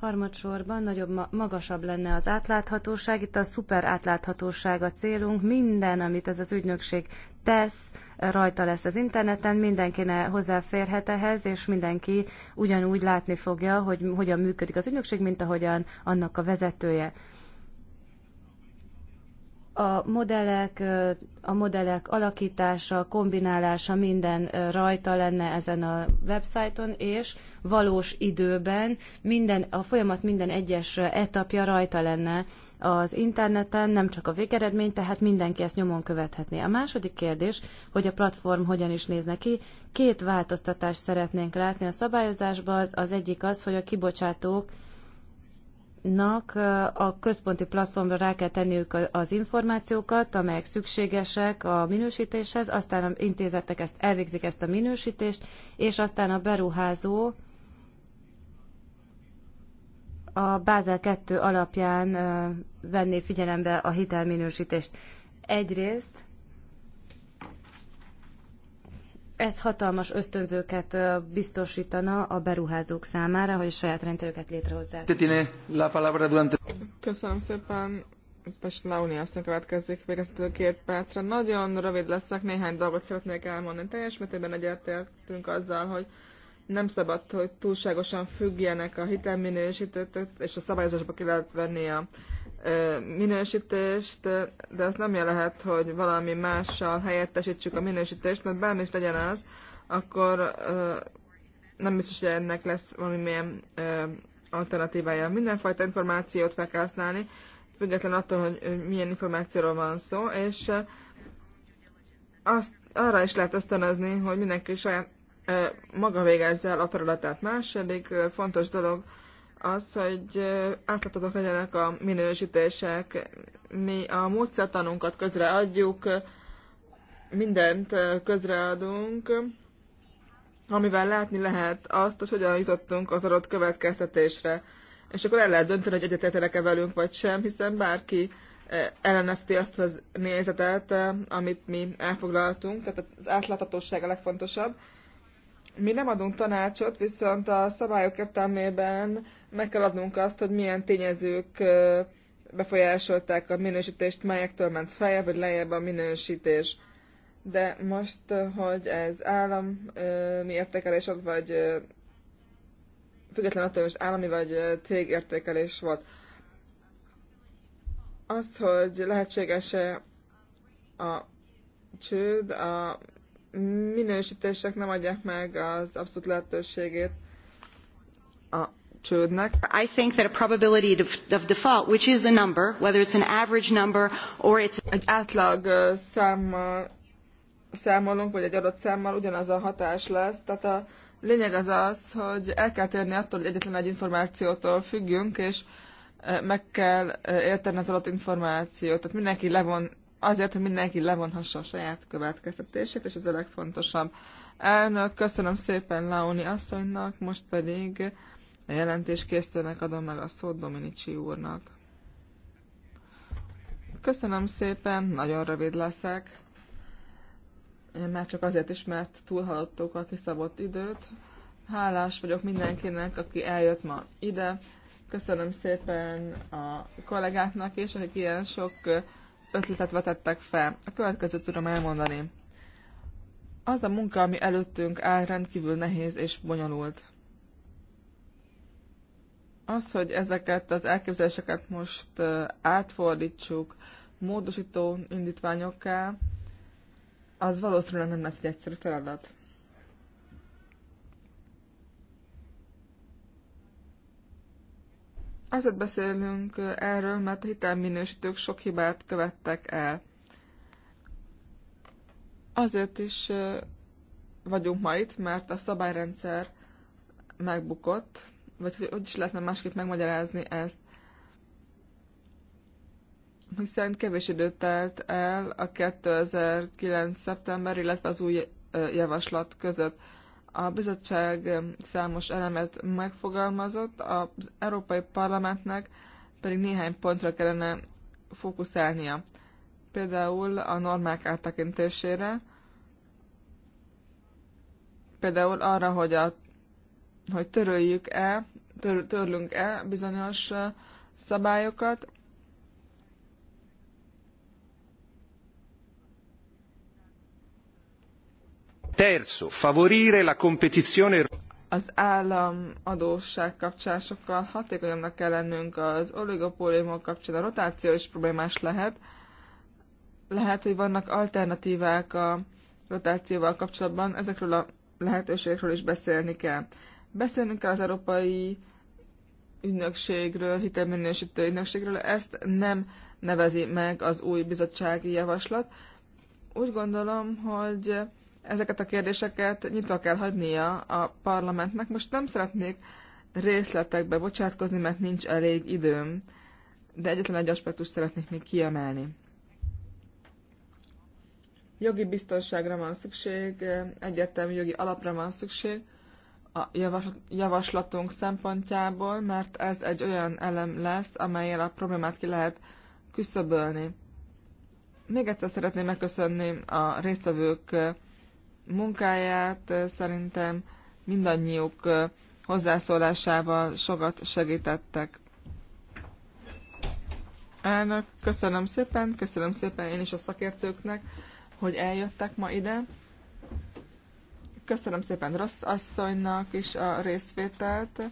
Harmadsorban nagyobb, magasabb lenne az átláthatóság. Itt a szuper átláthatóság a célunk. Minden, amit ez az ügynökség tesz, rajta lesz az interneten, ne hozzáférhet ehhez, és mindenki ugyanúgy látni fogja, hogy hogyan működik az ügynökség, mint ahogyan annak a vezetője a modellek, a modellek alakítása, kombinálása minden rajta lenne ezen a websájton, és valós időben minden, a folyamat minden egyes etapja rajta lenne az interneten, nem csak a végeredmény, tehát mindenki ezt nyomon követhetné. A második kérdés, hogy a platform hogyan is néz ki. Két változtatást szeretnénk látni a szabályozásban, az, az egyik az, hogy a kibocsátók nak a központi platformra rá kell tenniük az információkat, amelyek szükségesek a minősítéshez, aztán az intézetek ezt elvégzik ezt a minősítést, és aztán a beruházó a Bázel 2 alapján venné figyelembe a hitelminősítést. Egyrészt ez hatalmas ösztönzőket biztosítana a beruházók számára, hogy a saját rendszerüket létrehozzák.
Köszönöm szépen. Pest Launi aztán következik végeztető két percre. Nagyon rövid leszek, néhány dolgot szeretnék elmondani. Teljes mértékben egyetértünk azzal, hogy nem szabad, hogy túlságosan függjenek a hitelminősítőt, és a szabályozásba ki lehet venni a minősítést, de azt nem jelent, hogy valami mással helyettesítsük a minősítést, mert bármi is legyen az, akkor nem biztos, hogy ennek lesz valamilyen alternatívája. Mindenfajta információt fel kell használni, független attól, hogy milyen információról van szó, és azt, arra is lehet ösztönözni, hogy mindenki saját maga végezze el a feladatát. Második fontos dolog az, hogy átláthatók legyenek a minősítések. Mi a módszertanunkat közreadjuk, mindent közreadunk, amivel látni lehet azt, hogy hogyan jutottunk az adott következtetésre. És akkor el lehet dönteni, hogy egyetértenek-e velünk, vagy sem, hiszen bárki ellenezti azt az nézetet, amit mi elfoglaltunk, tehát az átláthatóság a legfontosabb, mi nem adunk tanácsot, viszont a szabályok értelmében meg kell adnunk azt, hogy milyen tényezők befolyásolták a minősítést, melyektől ment feljebb vagy lejjebb a minősítés. De most, hogy ez állami értékelés volt, vagy független attól, hogy állami vagy cég értékelés volt, az, hogy lehetséges-e a csőd, a minősítések nem adják meg az abszolút lehetőségét a csődnek. I think that a probability of default, which is a number, whether it's an average number or it's... Egy átlag számmal számolunk, vagy egy adott számmal ugyanaz a hatás lesz. Tehát a lényeg az az, hogy el kell térni attól, hogy egyetlen egy információtól függünk, és meg kell érteni az adott információt. Tehát mindenki levon azért, hogy mindenki levonhassa a saját következtetését, és ez a legfontosabb. Elnök, köszönöm szépen Launi asszonynak, most pedig a jelentéskészítőnek adom meg a szót Dominici úrnak. Köszönöm szépen, nagyon rövid leszek. Már csak azért is, mert túlhaladtuk a kiszabott időt. Hálás vagyok mindenkinek, aki eljött ma ide. Köszönöm szépen a kollégáknak is, akik ilyen sok ötletet vetettek fel. A következőt tudom elmondani. Az a munka, ami előttünk áll, rendkívül nehéz és bonyolult. Az, hogy ezeket az elképzeléseket most átfordítsuk módosító indítványokká, az valószínűleg nem lesz egy egyszerű feladat. Azért beszélünk erről, mert a hitelminősítők sok hibát követtek el. Azért is vagyunk ma itt, mert a szabályrendszer megbukott, vagy hogy, hogy is lehetne másképp megmagyarázni ezt. Hiszen kevés idő telt el a 2009. szeptember, illetve az új javaslat között. A bizottság számos elemet megfogalmazott, az Európai Parlamentnek pedig néhány pontra kellene fókuszálnia. Például a normák áttekintésére, például arra, hogy, a, hogy töröljük-e, tör, törlünk-e bizonyos eh, szabályokat,
Terzo, favorire la competizione...
Az állam adósság kapcsán sokkal hatékonyabbnak kell lennünk az oligopóliumok kapcsán. A rotáció is problémás lehet. Lehet, hogy vannak alternatívák a rotációval kapcsolatban. Ezekről a lehetőségekről is beszélni kell. Beszélnünk kell az európai ügynökségről, hitelminősítő ügynökségről, ezt nem nevezi meg az új bizottsági javaslat. Úgy gondolom, hogy ezeket a kérdéseket nyitva kell hagynia a parlamentnek. Most nem szeretnék részletekbe bocsátkozni, mert nincs elég időm, de egyetlen egy aspektust szeretnék még kiemelni. Jogi biztonságra van szükség, egyértelmű jogi alapra van szükség a javaslatunk szempontjából, mert ez egy olyan elem lesz, amelyel a problémát ki lehet küszöbölni. Még egyszer szeretném megköszönni a résztvevők munkáját szerintem mindannyiuk hozzászólásával sokat segítettek. Elnök, köszönöm szépen, köszönöm szépen én is a szakértőknek, hogy eljöttek ma ide. Köszönöm szépen Rossz asszonynak is a részvételt.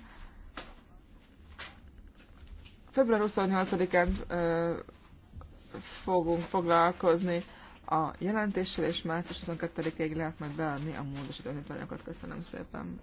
Február 28-án fogunk foglalkozni a jelentéssel, és március 22-ig lehet majd beadni a módosító anyagokat. Köszönöm szépen!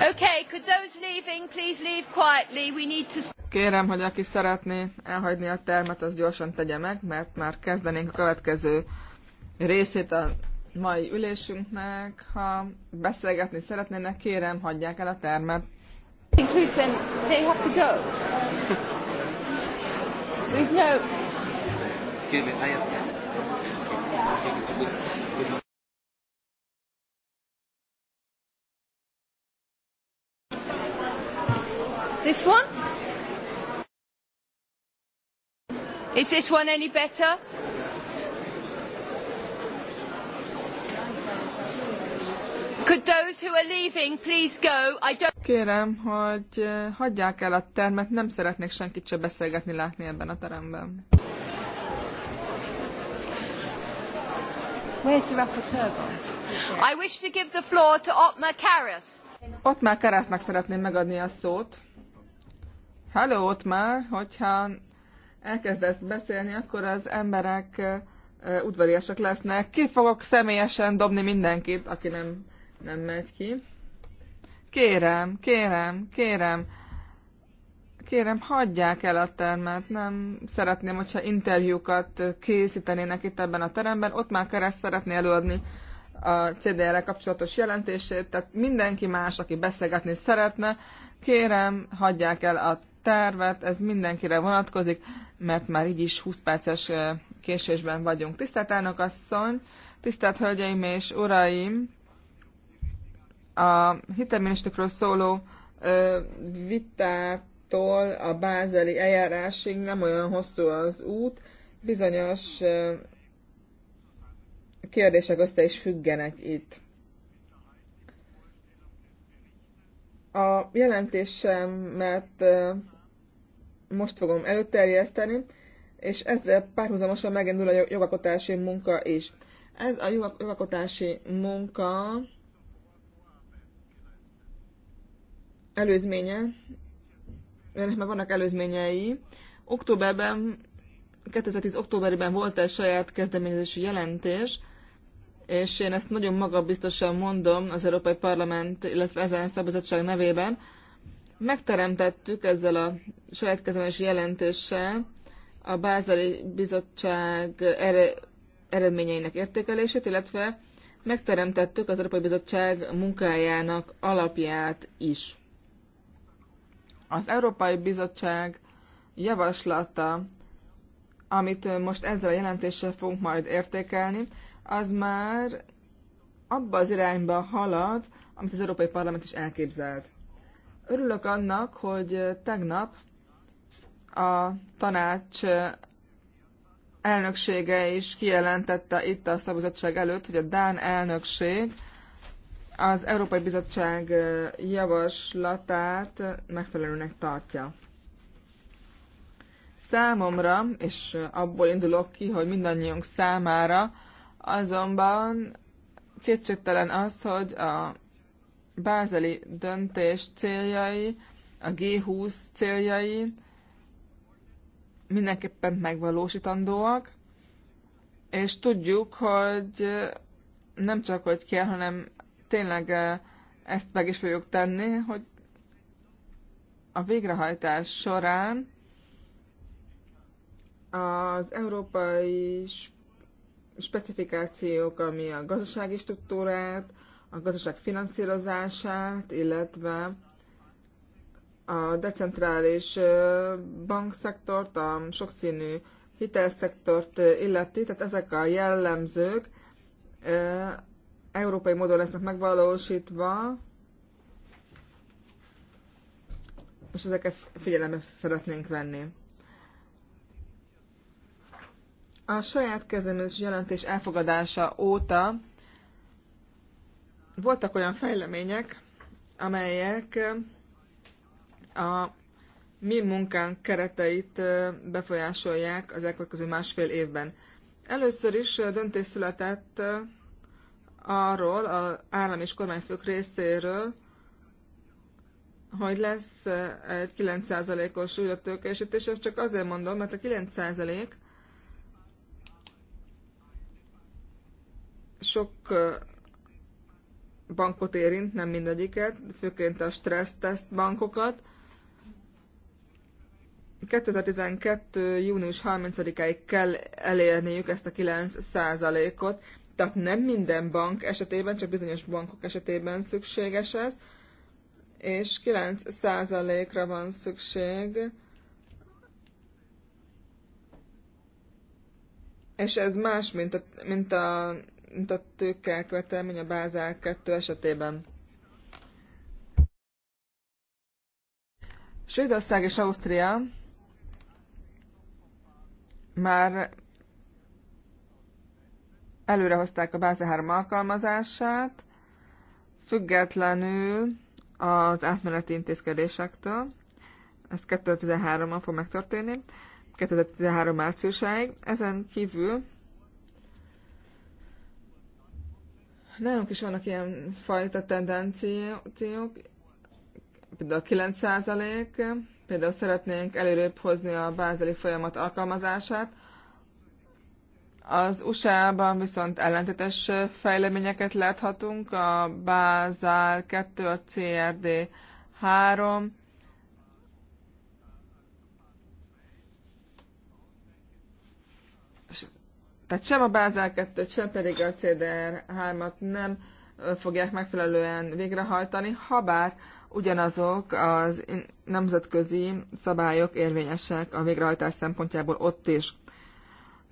Okay, could those leaving please leave quietly? We need to... Kérem, hogy aki szeretné elhagyni a termet, az gyorsan tegye meg, mert már kezdenénk a következő részét a mai ülésünknek. Ha beszélgetni szeretnének, kérem, hagyják el a termet. Includes them, they have to go. We've no...
Excuse me, I
Is this one any better? Could those who are leaving please go? I don't... Kérem, hogy eh, hagyják el a termet, nem szeretnék senkit se beszélgetni látni ebben a teremben. Where's the rapporteur
I wish to give the floor to Otmar Karas.
Otmar Karasnak szeretném megadni a szót. Hello, Otmar, hogyha elkezdesz beszélni, akkor az emberek udvariasak lesznek. Ki fogok személyesen dobni mindenkit, aki nem, nem megy ki. Kérem, kérem, kérem, kérem, hagyják el a termet. Nem szeretném, hogyha interjúkat készítenének itt ebben a teremben. Ott már kereszt szeretné előadni a CDR-re kapcsolatos jelentését, tehát mindenki más, aki beszélgetni szeretne, kérem, hagyják el a tervet, ez mindenkire vonatkozik, mert már így is 20 perces késésben vagyunk. Tisztelt elnök asszony, tisztelt hölgyeim és uraim, a hitelminisztikről szóló vitától a bázeli eljárásig nem olyan hosszú az út, bizonyos kérdések össze is függenek itt. A jelentésemet most fogom előterjeszteni, és ezzel párhuzamosan megindul a jogakotási munka is. Ez a jogakotási munka előzménye, ennek már vannak előzményei. Októberben, 2010. októberében volt egy saját kezdeményezésű jelentés, és én ezt nagyon magabiztosan mondom az Európai Parlament, illetve ezen szabadság nevében, Megteremtettük ezzel a saját kezemes jelentéssel a Bázali Bizottság eredményeinek értékelését, illetve megteremtettük az Európai Bizottság munkájának alapját is. Az Európai Bizottság javaslata, amit most ezzel a jelentéssel fogunk majd értékelni, az már abba az irányba halad, amit az Európai Parlament is elképzelt. Örülök annak, hogy tegnap a tanács elnöksége is kijelentette itt a szabadság előtt, hogy a Dán elnökség az Európai Bizottság javaslatát megfelelőnek tartja. Számomra, és abból indulok ki, hogy mindannyiunk számára, azonban kétségtelen az, hogy a bázeli döntés céljai, a G20 céljai mindenképpen megvalósítandóak, és tudjuk, hogy nem csak, hogy kell, hanem tényleg eh, ezt meg is fogjuk tenni, hogy a végrehajtás során az európai specifikációk, ami a gazdasági struktúrát, a gazdaság finanszírozását, illetve a decentrális bankszektort, a sokszínű hitelszektort illeti, tehát ezek a jellemzők európai módon lesznek megvalósítva, és ezeket figyelembe szeretnénk venni. A saját kezdeményezés jelentés elfogadása óta voltak olyan fejlemények, amelyek a mi munkánk kereteit befolyásolják az elkövetkező másfél évben. Először is döntés született arról, az állam és kormányfők részéről, hogy lesz egy 9%-os újratőkésítés, ezt csak azért mondom, mert a 9% sok bankot érint, nem mindegyiket, főként a teszt bankokat. 2012. június 30-áig kell elérniük ezt a 9%-ot, tehát nem minden bank esetében, csak bizonyos bankok esetében szükséges ez, és 9%-ra van szükség, és ez más, mint a, mint a mint a tőke követelmény a Bázál 2 esetében. Svédország és Ausztria már előrehozták a Bázál 3 alkalmazását, függetlenül az átmeneti intézkedésektől. Ez 2013-ban fog megtörténni, 2013 márciusáig. Ezen kívül Nálunk is vannak ilyen fajta tendenciók, például 9 például szeretnénk előrébb hozni a bázeli folyamat alkalmazását. Az USA-ban viszont ellentétes fejleményeket láthatunk, a Bázál 2, a CRD 3, Tehát sem a Bázel 2 sem pedig a CDR 3-at nem fogják megfelelően végrehajtani, habár ugyanazok az nemzetközi szabályok érvényesek a végrehajtás szempontjából ott is.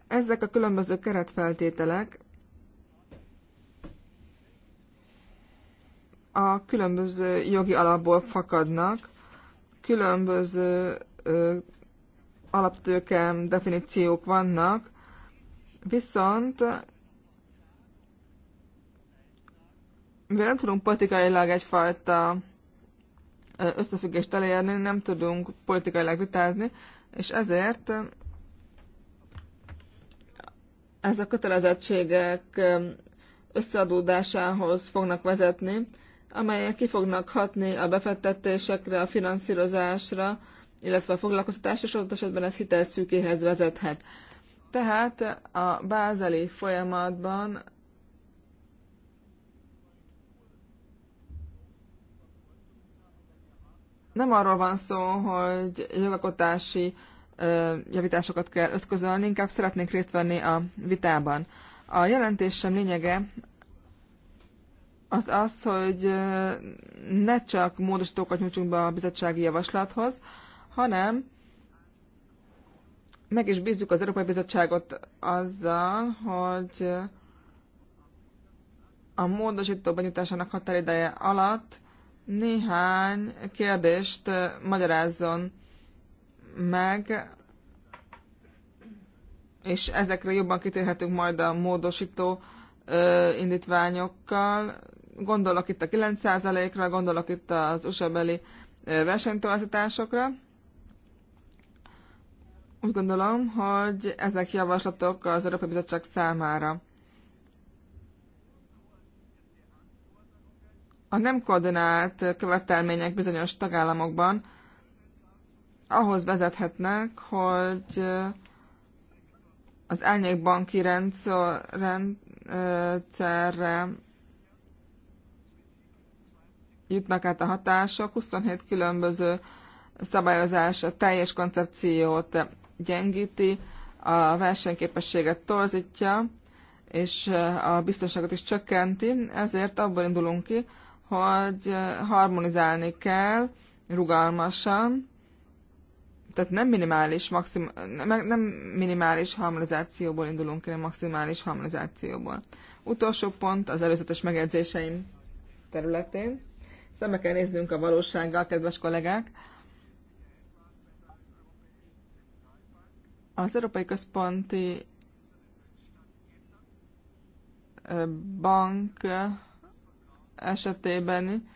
Ezek a különböző keretfeltételek a különböző jogi alapból fakadnak, különböző ö, definíciók vannak, Viszont mivel nem tudunk politikailag egyfajta összefüggést elérni, nem tudunk politikailag vitázni, és ezért ez a kötelezettségek összeadódásához fognak vezetni, amelyek ki fognak hatni a befektetésekre, a finanszírozásra, illetve a foglalkoztatásra, és adott esetben ez hitelszűkéhez vezethet. Tehát a bázeli folyamatban nem arról van szó, hogy jogalkotási javításokat kell összközölni, inkább szeretnénk részt venni a vitában. A jelentésem lényege az az, hogy ne csak módosítókat nyújtsunk be a bizottsági javaslathoz, hanem meg is bízzuk az Európai Bizottságot azzal, hogy a módosító benyújtásának határideje alatt néhány kérdést magyarázzon meg, és ezekre jobban kitérhetünk majd a módosító indítványokkal. Gondolok itt a 9%-ra, gondolok itt az USA-beli versenytolászatásokra. Úgy gondolom, hogy ezek javaslatok az Európai Bizottság számára. A nem koordinált követelmények bizonyos tagállamokban ahhoz vezethetnek, hogy eh, az elnyékbanki rendszerre jutnak át a hatások, 27 különböző szabályozás a teljes koncepciót gyengíti, a versenyképességet torzítja, és a biztonságot is csökkenti, ezért abból indulunk ki, hogy harmonizálni kell rugalmasan, tehát nem minimális, maxim, nem, nem minimális harmonizációból indulunk ki, hanem maximális harmonizációból. Utolsó pont az előzetes megjegyzéseim területén. Szembe kell néznünk a valósággal, kedves kollégák. Az Európai Központi Bank esetében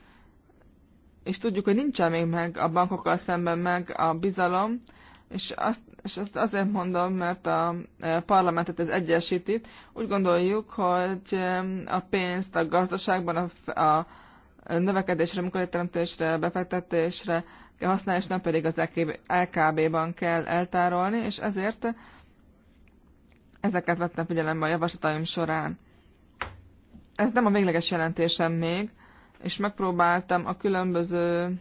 és tudjuk, hogy nincsen még meg a bankokkal szemben meg a bizalom, és azt, és azt azért mondom, mert a parlamentet ez egyesíti. Úgy gondoljuk, hogy a pénzt a gazdaságban, a, a növekedésre, munkahelyteremtésre, befektetésre használni, és nem pedig az LKB-ban kell eltárolni, és ezért ezeket vettem figyelembe a javaslataim során. Ez nem a végleges jelentésem még, és megpróbáltam a különböző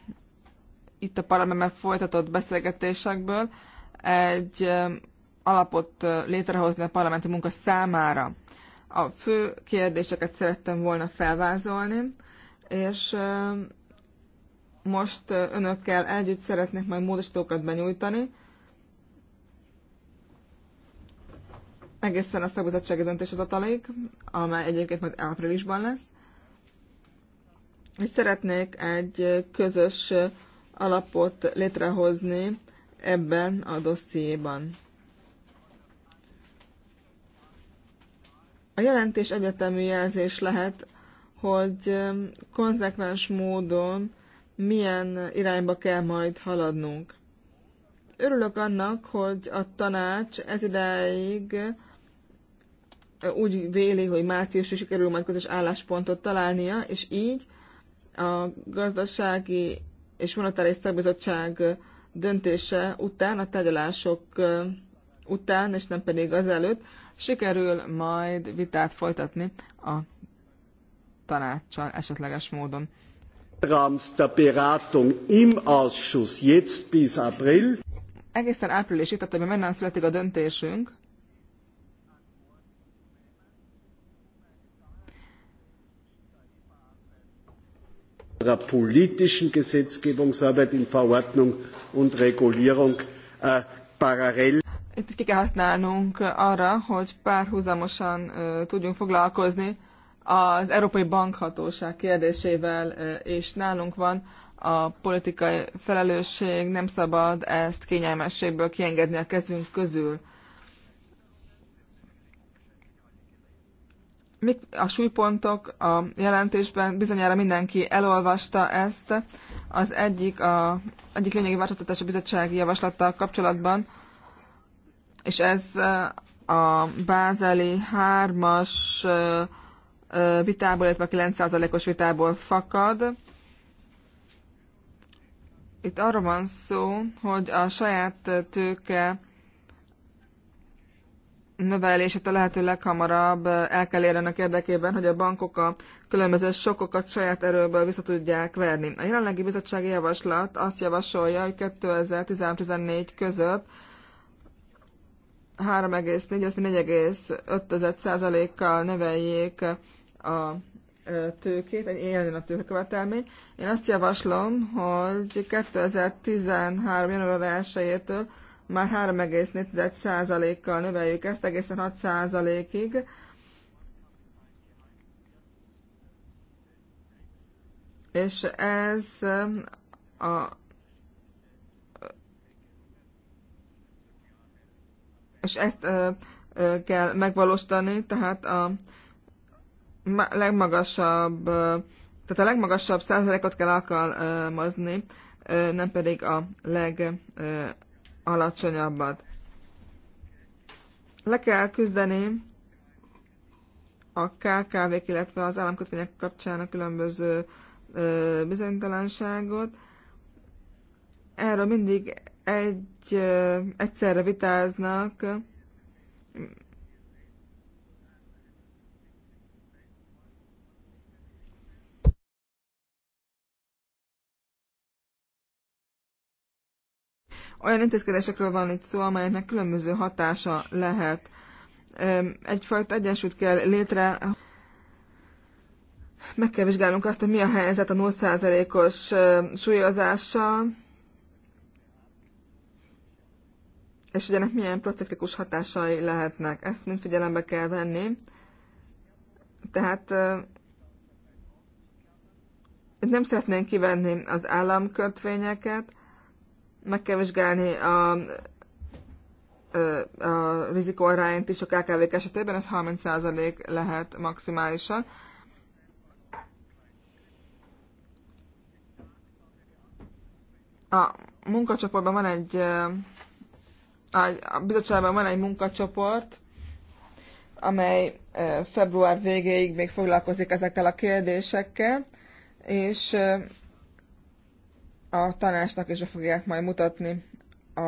itt a parlamentben folytatott beszélgetésekből egy alapot létrehozni a parlamenti munka számára. A fő kérdéseket szerettem volna felvázolni, és most önökkel együtt szeretnék majd módosítókat benyújtani. Egészen a szakbizottsági döntés az atalék, amely egyébként majd áprilisban lesz. És szeretnék egy közös alapot létrehozni ebben a dossziéban. A jelentés egyetemű jelzés lehet, hogy konzekvens módon milyen irányba kell majd haladnunk. Örülök annak, hogy a tanács ez ideig úgy véli, hogy is sikerül majd közös álláspontot találnia, és így a gazdasági és monetáris szakbizottság döntése után, a tárgyalások után, és nem pedig azelőtt, sikerül majd vitát folytatni a tanácssal esetleges módon.
Zeitraums der Beratung im
Ausschuss jetzt bis April.
Egészen áprilisig, tehát amiben nem születik a döntésünk,
unserer politischen Gesetzgebungsarbeit in Verordnung und Regulierung äh, parallel.
Itt ki kell használnunk arra, hogy párhuzamosan uh, tudjunk foglalkozni az Európai Bankhatóság kérdésével és nálunk van a politikai felelősség, nem szabad ezt kényelmességből kiengedni a kezünk közül. Mik a súlypontok a jelentésben? Bizonyára mindenki elolvasta ezt. Az egyik, a, egyik lényegi változtatás a bizottsági javaslattal kapcsolatban, és ez a bázeli hármas vitából, illetve a 9%-os vitából fakad. Itt arra van szó, hogy a saját tőke növelését a lehető leghamarabb el kell érjenek érdekében, hogy a bankok a különböző sokokat saját erőből vissza tudják verni. A jelenlegi bizottsági javaslat azt javasolja, hogy 2014 között 3,4-4,5%-kal növeljék a tőkét, egy ilyen a tőkekövetelmény. Én azt javaslom, hogy 2013. január 1-től már 3,4%-kal növeljük ezt, egészen 6%-ig. És ez a és ezt ö, ö, kell megvalósítani, tehát a legmagasabb, tehát a legmagasabb százalékot kell alkalmazni, nem pedig a legalacsonyabbat. Le kell küzdeni a kkv illetve az államkötvények kapcsán a különböző bizonytalanságot. Erről mindig egy, egyszerre vitáznak, Olyan intézkedésekről van itt szó, amelyeknek különböző hatása lehet. Egyfajta egyensúlyt kell létre. Meg kell vizsgálnunk azt, hogy mi a helyzet a 0%-os súlyozással, és hogy ennek milyen prociklikus hatásai lehetnek. Ezt mind figyelembe kell venni. Tehát nem szeretnénk kivenni az államkötvényeket, meg kell vizsgálni a, a, a rizikóarányt is a kkv esetében, ez 30% lehet maximálisan. A munkacsoportban van egy, a bizottságban van egy munkacsoport, amely február végéig még foglalkozik ezekkel a kérdésekkel, és a tanácsnak is be fogják majd mutatni a,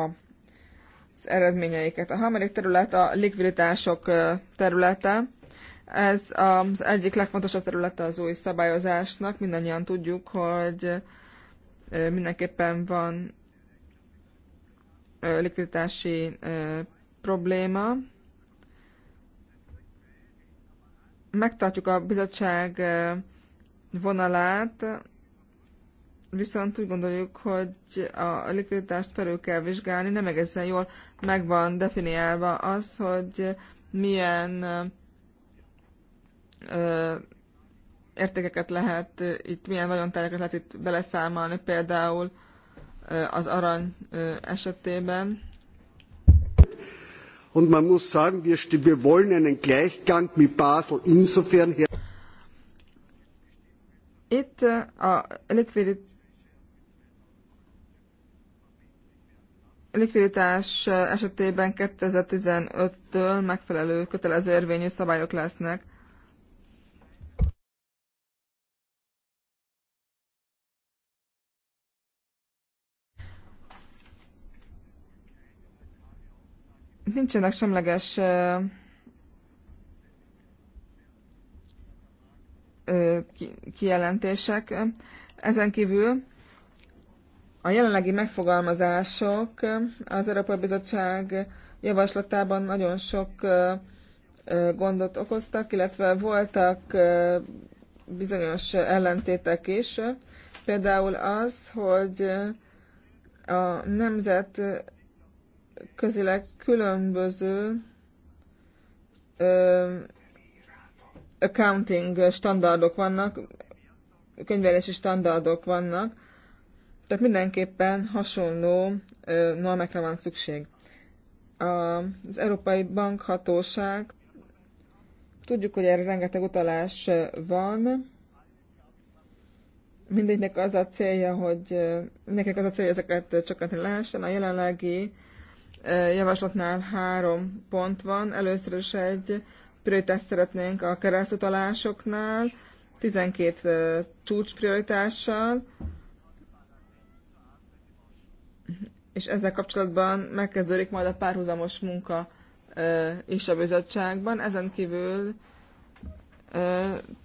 az eredményeiket. A harmadik terület a likviditások területe. Ez az egyik legfontosabb területe az új szabályozásnak. Mindannyian tudjuk, hogy mindenképpen van likviditási probléma. Megtartjuk a bizottság vonalát, viszont úgy gondoljuk, hogy a likviditást felül kell vizsgálni, nem egészen jól megvan definiálva az, hogy milyen ö, értékeket lehet itt, milyen vagyontárgyakat lehet itt beleszámolni, például ö, az arany ö, esetében.
Und man muss
sagen, wir, wir wollen einen Gleichgang mit Basel insofern her.
Itt a likviditás likviditás esetében 2015-től megfelelő kötelező érvényű szabályok lesznek. Nincsenek semleges kijelentések. Ezen kívül a jelenlegi megfogalmazások az Európai Bizottság javaslatában nagyon sok gondot okoztak, illetve voltak bizonyos ellentétek is. Például az, hogy a nemzet közileg különböző accounting standardok vannak, könyvelési standardok vannak, tehát mindenképpen hasonló normákra van szükség. Az Európai Bankhatóság, tudjuk, hogy erre rengeteg utalás van, mindegynek az a célja, hogy nekik az a célja, ezeket csökkenteni lehessen. A jelenlegi javaslatnál három pont van. Először is egy prioritást szeretnénk a keresztutalásoknál, 12 csúcs prioritással, és ezzel kapcsolatban megkezdődik majd a párhuzamos munka is a bizottságban. Ezen kívül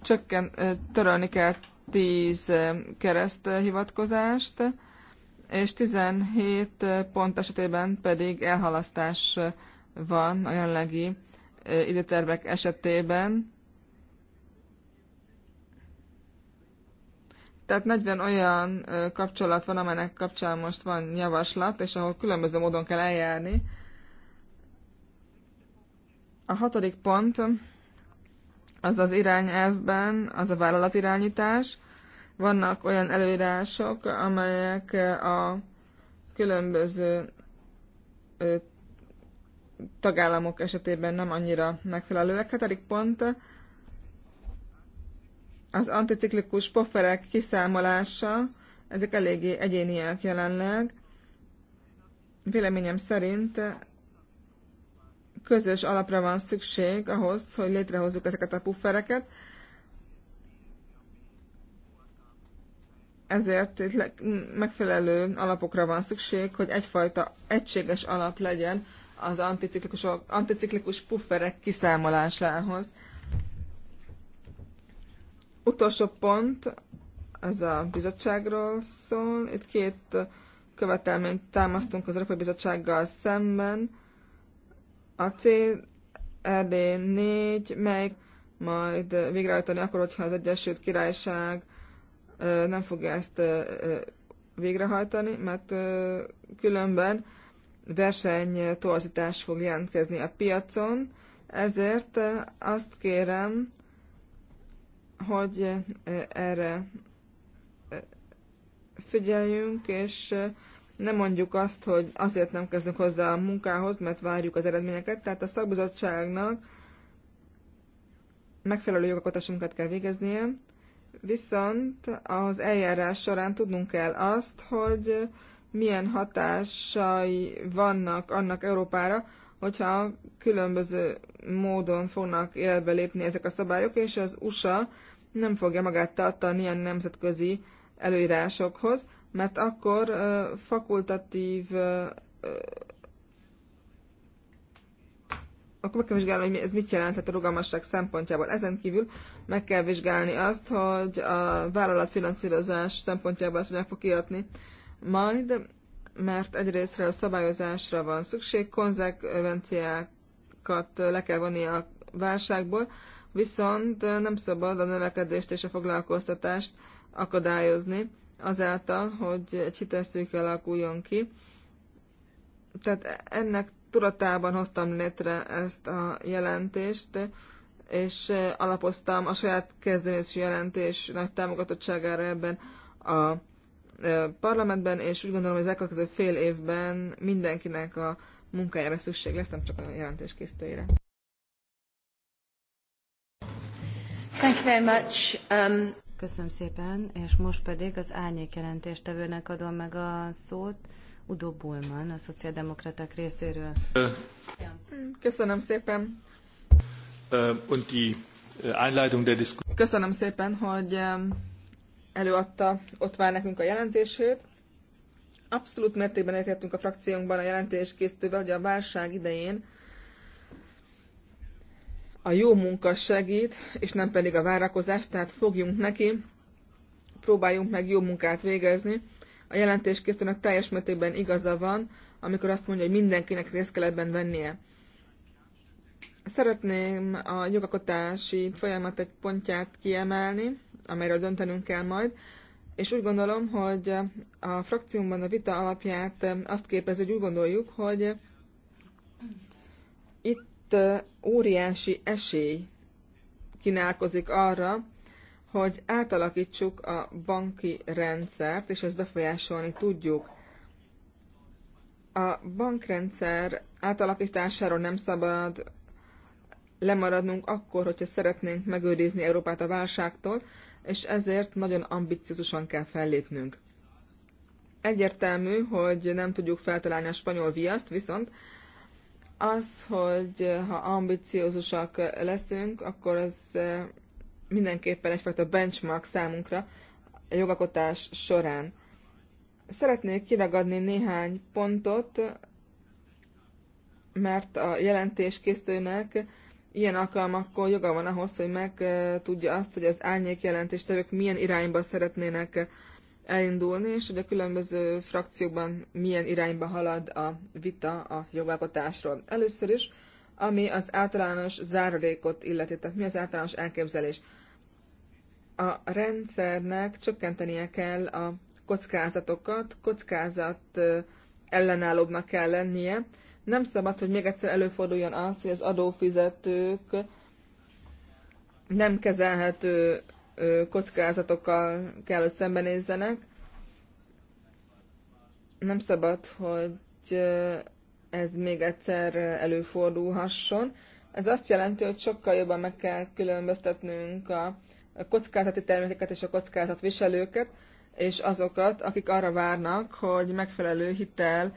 csökken, törölni kell 10 kereszt hivatkozást, és 17 pont esetében pedig elhalasztás van a jelenlegi időtervek esetében. Tehát 40 olyan kapcsolat van, amelynek kapcsán most van javaslat, és ahol különböző módon kell eljárni. A hatodik pont az az irányelvben, az a vállalatirányítás. Vannak olyan előírások, amelyek a különböző tagállamok esetében nem annyira megfelelőek. Hetedik pont az anticiklikus pofferek kiszámolása, ezek eléggé egyéniek jelenleg. Véleményem szerint közös alapra van szükség ahhoz, hogy létrehozzuk ezeket a puffereket. Ezért megfelelő alapokra van szükség, hogy egyfajta egységes alap legyen az anticiklikus, anticiklikus pufferek kiszámolásához. Utolsó pont, ez a bizottságról szól. Itt két követelményt támasztunk az Európai Bizottsággal szemben. A CRD4, mely majd végrehajtani akkor, hogyha az Egyesült Királyság nem fogja ezt végrehajtani, mert különben versenytorzítás fog jelentkezni a piacon. Ezért azt kérem, hogy erre figyeljünk, és nem mondjuk azt, hogy azért nem kezdünk hozzá a munkához, mert várjuk az eredményeket, tehát a szakbizottságnak megfelelő jogakotásunkat kell végeznie, viszont az eljárás során tudnunk kell azt, hogy milyen hatásai vannak annak Európára, hogyha különböző módon fognak élbe lépni ezek a szabályok, és az USA nem fogja magát tartani a nemzetközi előírásokhoz, mert akkor fakultatív akkor meg kell vizsgálni, hogy ez mit jelenthet a rugalmasság szempontjából. Ezen kívül meg kell vizsgálni azt, hogy a vállalatfinanszírozás szempontjából ezt hogyan fog kiadni majd, mert egyrésztről szabályozásra van szükség, konzekvenciák országokat le kell vonni a válságból, viszont nem szabad a növekedést és a foglalkoztatást akadályozni azáltal, hogy egy hitelszűk alakuljon ki. Tehát ennek tudatában hoztam létre ezt a jelentést, és alapoztam a saját kezdeményező jelentés nagy támogatottságára ebben a e, parlamentben, és úgy gondolom, hogy az elkövetkező fél évben mindenkinek a munkájára szükség lesz, nem csak a jelentéskészítőjére. Thank you very much. Um...
Köszönöm szépen, és most pedig az árnyék jelentéstevőnek adom meg a szót, Udo Bulman, a szociáldemokraták részéről. Köszönöm szépen.
Uh, und die uh, Einleitung der
Köszönöm szépen, hogy um, előadta ott vár nekünk a jelentését. Abszolút mértékben egyetértünk a frakciónkban a jelentés készítővel, hogy a válság idején a jó munka segít, és nem pedig a várakozás, tehát fogjunk neki, próbáljunk meg jó munkát végezni. A jelentés készítőnek teljes mértékben igaza van, amikor azt mondja, hogy mindenkinek részt kell ebben vennie. Szeretném a jogakotási folyamat egy pontját kiemelni, amelyről döntenünk kell majd és úgy gondolom, hogy a frakciumban a vita alapját azt képez, hogy úgy gondoljuk, hogy itt óriási esély kínálkozik arra, hogy átalakítsuk a banki rendszert, és ezt befolyásolni tudjuk. A bankrendszer átalakításáról nem szabad lemaradnunk akkor, hogyha szeretnénk megőrizni Európát a válságtól, és ezért nagyon ambiciózusan kell fellépnünk. Egyértelmű, hogy nem tudjuk feltalálni a spanyol viaszt, viszont az, hogy ha ambiciózusak leszünk, akkor az eh, mindenképpen egyfajta benchmark számunkra a jogakotás során. Szeretnék kiragadni néhány pontot, mert a jelentés készítőnek ilyen alkalmakkor joga van ahhoz, hogy meg tudja azt, hogy az árnyék jelentéstevők milyen irányba szeretnének elindulni, és hogy a különböző frakciókban milyen irányba halad a vita a jogalkotásról. Először is, ami az általános zárulékot illeti, tehát mi az általános elképzelés. A rendszernek csökkentenie kell a kockázatokat, kockázat ellenállóbbnak kell lennie, nem szabad, hogy még egyszer előforduljon az, hogy az adófizetők nem kezelhető kockázatokkal kell, hogy szembenézzenek. Nem szabad, hogy ez még egyszer előfordulhasson. Ez azt jelenti, hogy sokkal jobban meg kell különböztetnünk a kockázati termékeket és a kockázatviselőket, és azokat, akik arra várnak, hogy megfelelő hitel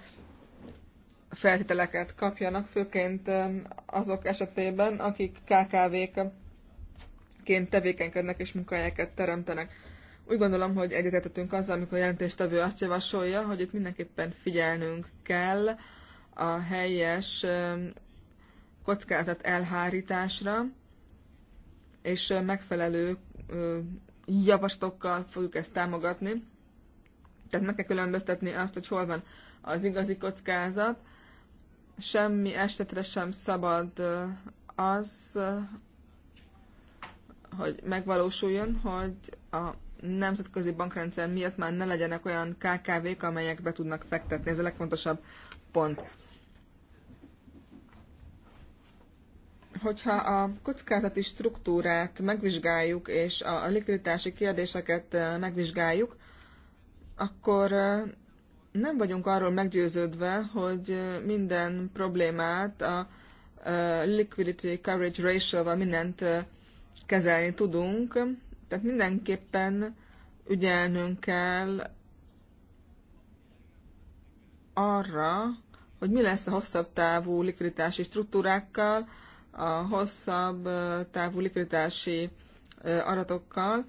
feltételeket kapjanak, főként azok esetében, akik KKV-ként tevékenykednek és munkahelyeket teremtenek. Úgy gondolom, hogy egyetetetünk azzal, amikor a jelentéstevő azt javasolja, hogy itt mindenképpen figyelnünk kell a helyes kockázat elhárításra, és megfelelő javaslatokkal fogjuk ezt támogatni. Tehát meg kell különböztetni azt, hogy hol van az igazi kockázat, semmi esetre sem szabad az, hogy megvalósuljon, hogy a nemzetközi bankrendszer miatt már ne legyenek olyan KKV-k, amelyek be tudnak fektetni. Ez a legfontosabb pont. Hogyha a kockázati struktúrát megvizsgáljuk, és a likviditási kérdéseket megvizsgáljuk, akkor nem vagyunk arról meggyőződve, hogy minden problémát a liquidity coverage ratio-val mindent kezelni tudunk, tehát mindenképpen ügyelnünk kell arra, hogy mi lesz a hosszabb távú likviditási struktúrákkal, a hosszabb távú likviditási aratokkal,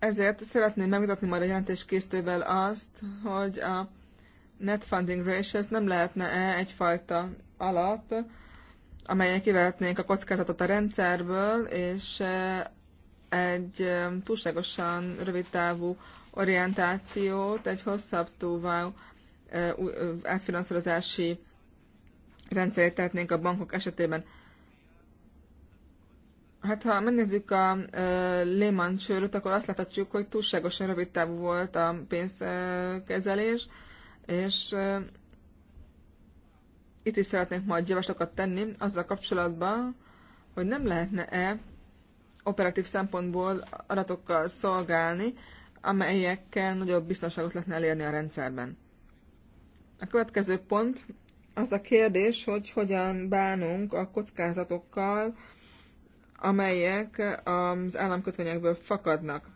Ezért szeretném megmutatni majd a jelentéskészítővel azt, hogy a net funding ratios nem lehetne -e egyfajta alap, amelyen kivehetnénk a kockázatot a rendszerből, és eh, egy eh, túlságosan rövid távú orientációt, egy hosszabb túlvá eh, átfinanszírozási rendszerét tehetnénk a bankok esetében. Hát ha megnézzük a uh, Lehman csőröt, akkor azt láthatjuk, hogy túlságosan rövid távú volt a pénzkezelés, és uh, itt is szeretnék majd javaslatokat tenni azzal kapcsolatban, hogy nem lehetne-e operatív szempontból adatokkal szolgálni, amelyekkel nagyobb biztonságot lehetne elérni a rendszerben. A következő pont az a kérdés, hogy hogyan bánunk a kockázatokkal, amelyek az államkötvényekből fakadnak.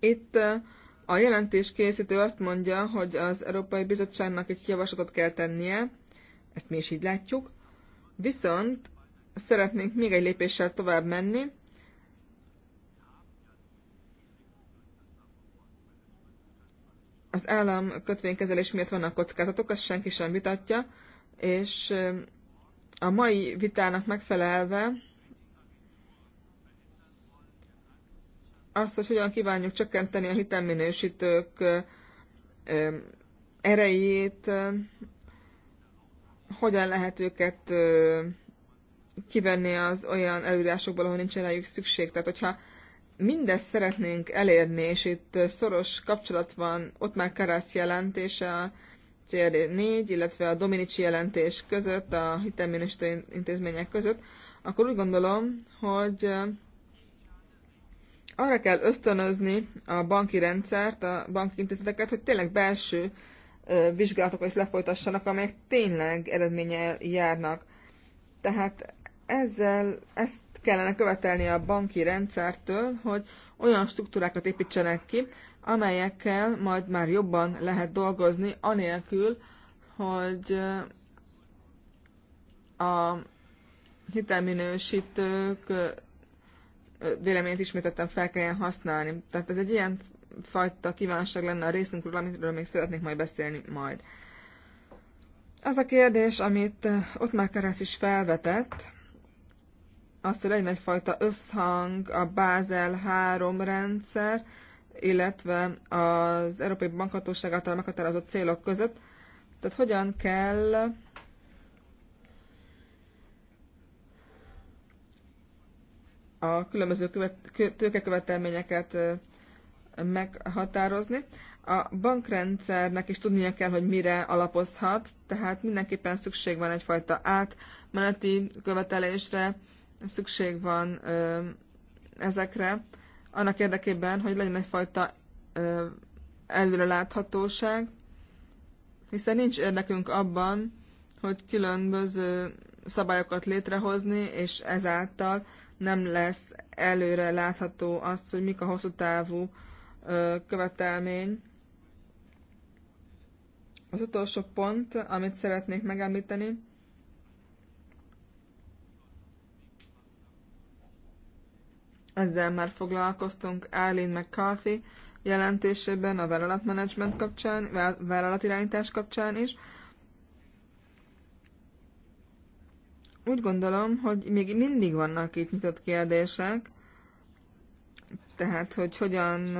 Itt a jelentés készítő azt mondja, hogy az Európai Bizottságnak egy javaslatot kell tennie, ezt mi is így látjuk, viszont szeretnénk még egy lépéssel tovább menni, az állam kötvénykezelés miatt vannak kockázatok, azt senki sem vitatja, és a mai vitának megfelelve azt, hogy hogyan kívánjuk csökkenteni a hitelminősítők erejét, hogyan lehet őket kivenni az olyan előírásokból, ahol nincs rájuk szükség. Tehát, hogyha mindezt szeretnénk elérni, és itt szoros kapcsolat van ott már Karász jelentése a CRD4, illetve a Dominici jelentés között, a hitelminősítő intézmények között, akkor úgy gondolom, hogy arra kell ösztönözni a banki rendszert, a banki intézeteket, hogy tényleg belső vizsgálatokat is lefolytassanak, amelyek tényleg eredménye járnak. Tehát ezzel ezt kellene követelni a banki rendszertől, hogy olyan struktúrákat építsenek ki, amelyekkel majd már jobban lehet dolgozni, anélkül, hogy a hitelminősítők véleményt ismételten fel kelljen használni. Tehát ez egy ilyen fajta kívánság lenne a részünkről, amiről még szeretnék majd beszélni majd. Az a kérdés, amit eh, ott már Karász is felvetett, az, hogy legyen egyfajta összhang a Bázel 3 rendszer, illetve az Európai Bankhatóság által meghatározott célok között. Tehát hogyan kell a különböző követ, tőkekövetelményeket meghatározni. A bankrendszernek is tudnia kell, hogy mire alapozhat, tehát mindenképpen szükség van egyfajta átmeneti követelésre, szükség van ö, ezekre, annak érdekében, hogy legyen egyfajta ö, előreláthatóság, hiszen nincs érdekünk abban, hogy különböző szabályokat létrehozni, és ezáltal nem lesz előre látható az, hogy mik a hosszú távú követelmény. Az utolsó pont, amit szeretnék megemlíteni, ezzel már foglalkoztunk Arlene McCarthy jelentésében a vállalatmenedzsment kapcsán, vállalatirányítás kapcsán is, Úgy gondolom, hogy még mindig vannak itt nyitott kérdések, tehát hogy hogyan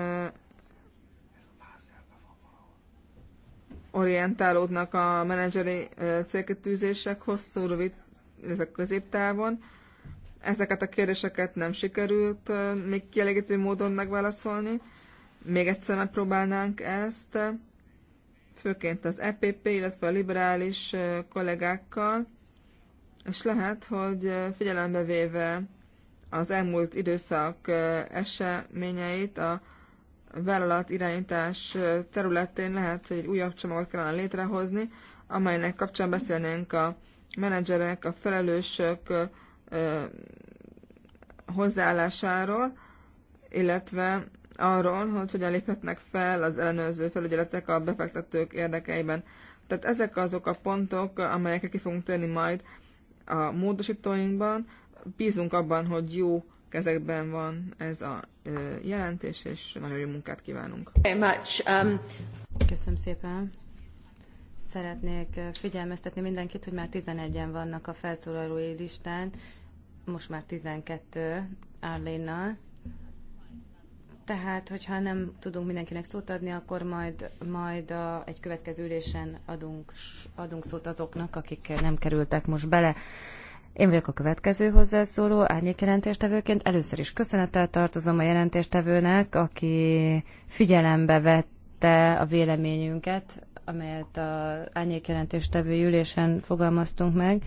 orientálódnak a menedzseri célkitűzések hosszú, rövid, ezek középtávon. Ezeket a kérdéseket nem sikerült még kielégítő módon megválaszolni. Még egyszer megpróbálnánk ezt, főként az EPP, illetve a liberális kollégákkal és lehet, hogy figyelembe véve az elmúlt időszak eseményeit a vállalat irányítás területén lehet, hogy egy újabb csomagot kellene létrehozni, amelynek kapcsán beszélnénk a menedzserek, a felelősök hozzáállásáról, illetve arról, hogy hogyan léphetnek fel az ellenőrző felügyeletek a befektetők érdekeiben. Tehát ezek azok a pontok, amelyekre ki fogunk térni majd a módosítóinkban. Bízunk abban, hogy jó kezekben van ez a jelentés, és nagyon jó munkát kívánunk.
Um, Köszönöm szépen. Szeretnék figyelmeztetni mindenkit, hogy már 11-en vannak a felszólalói listán, most már 12 Arlénnal. Tehát, hogyha nem tudunk mindenkinek szót adni, akkor majd, majd a, egy következő ülésen adunk, adunk szót azoknak, akik nem kerültek most bele. Én vagyok a következő hozzászóló, árnyék jelentéstevőként. Először is köszönettel tartozom a jelentéstevőnek, aki figyelembe vette a véleményünket, amelyet a árnyék jelentéstevő ülésen fogalmaztunk meg.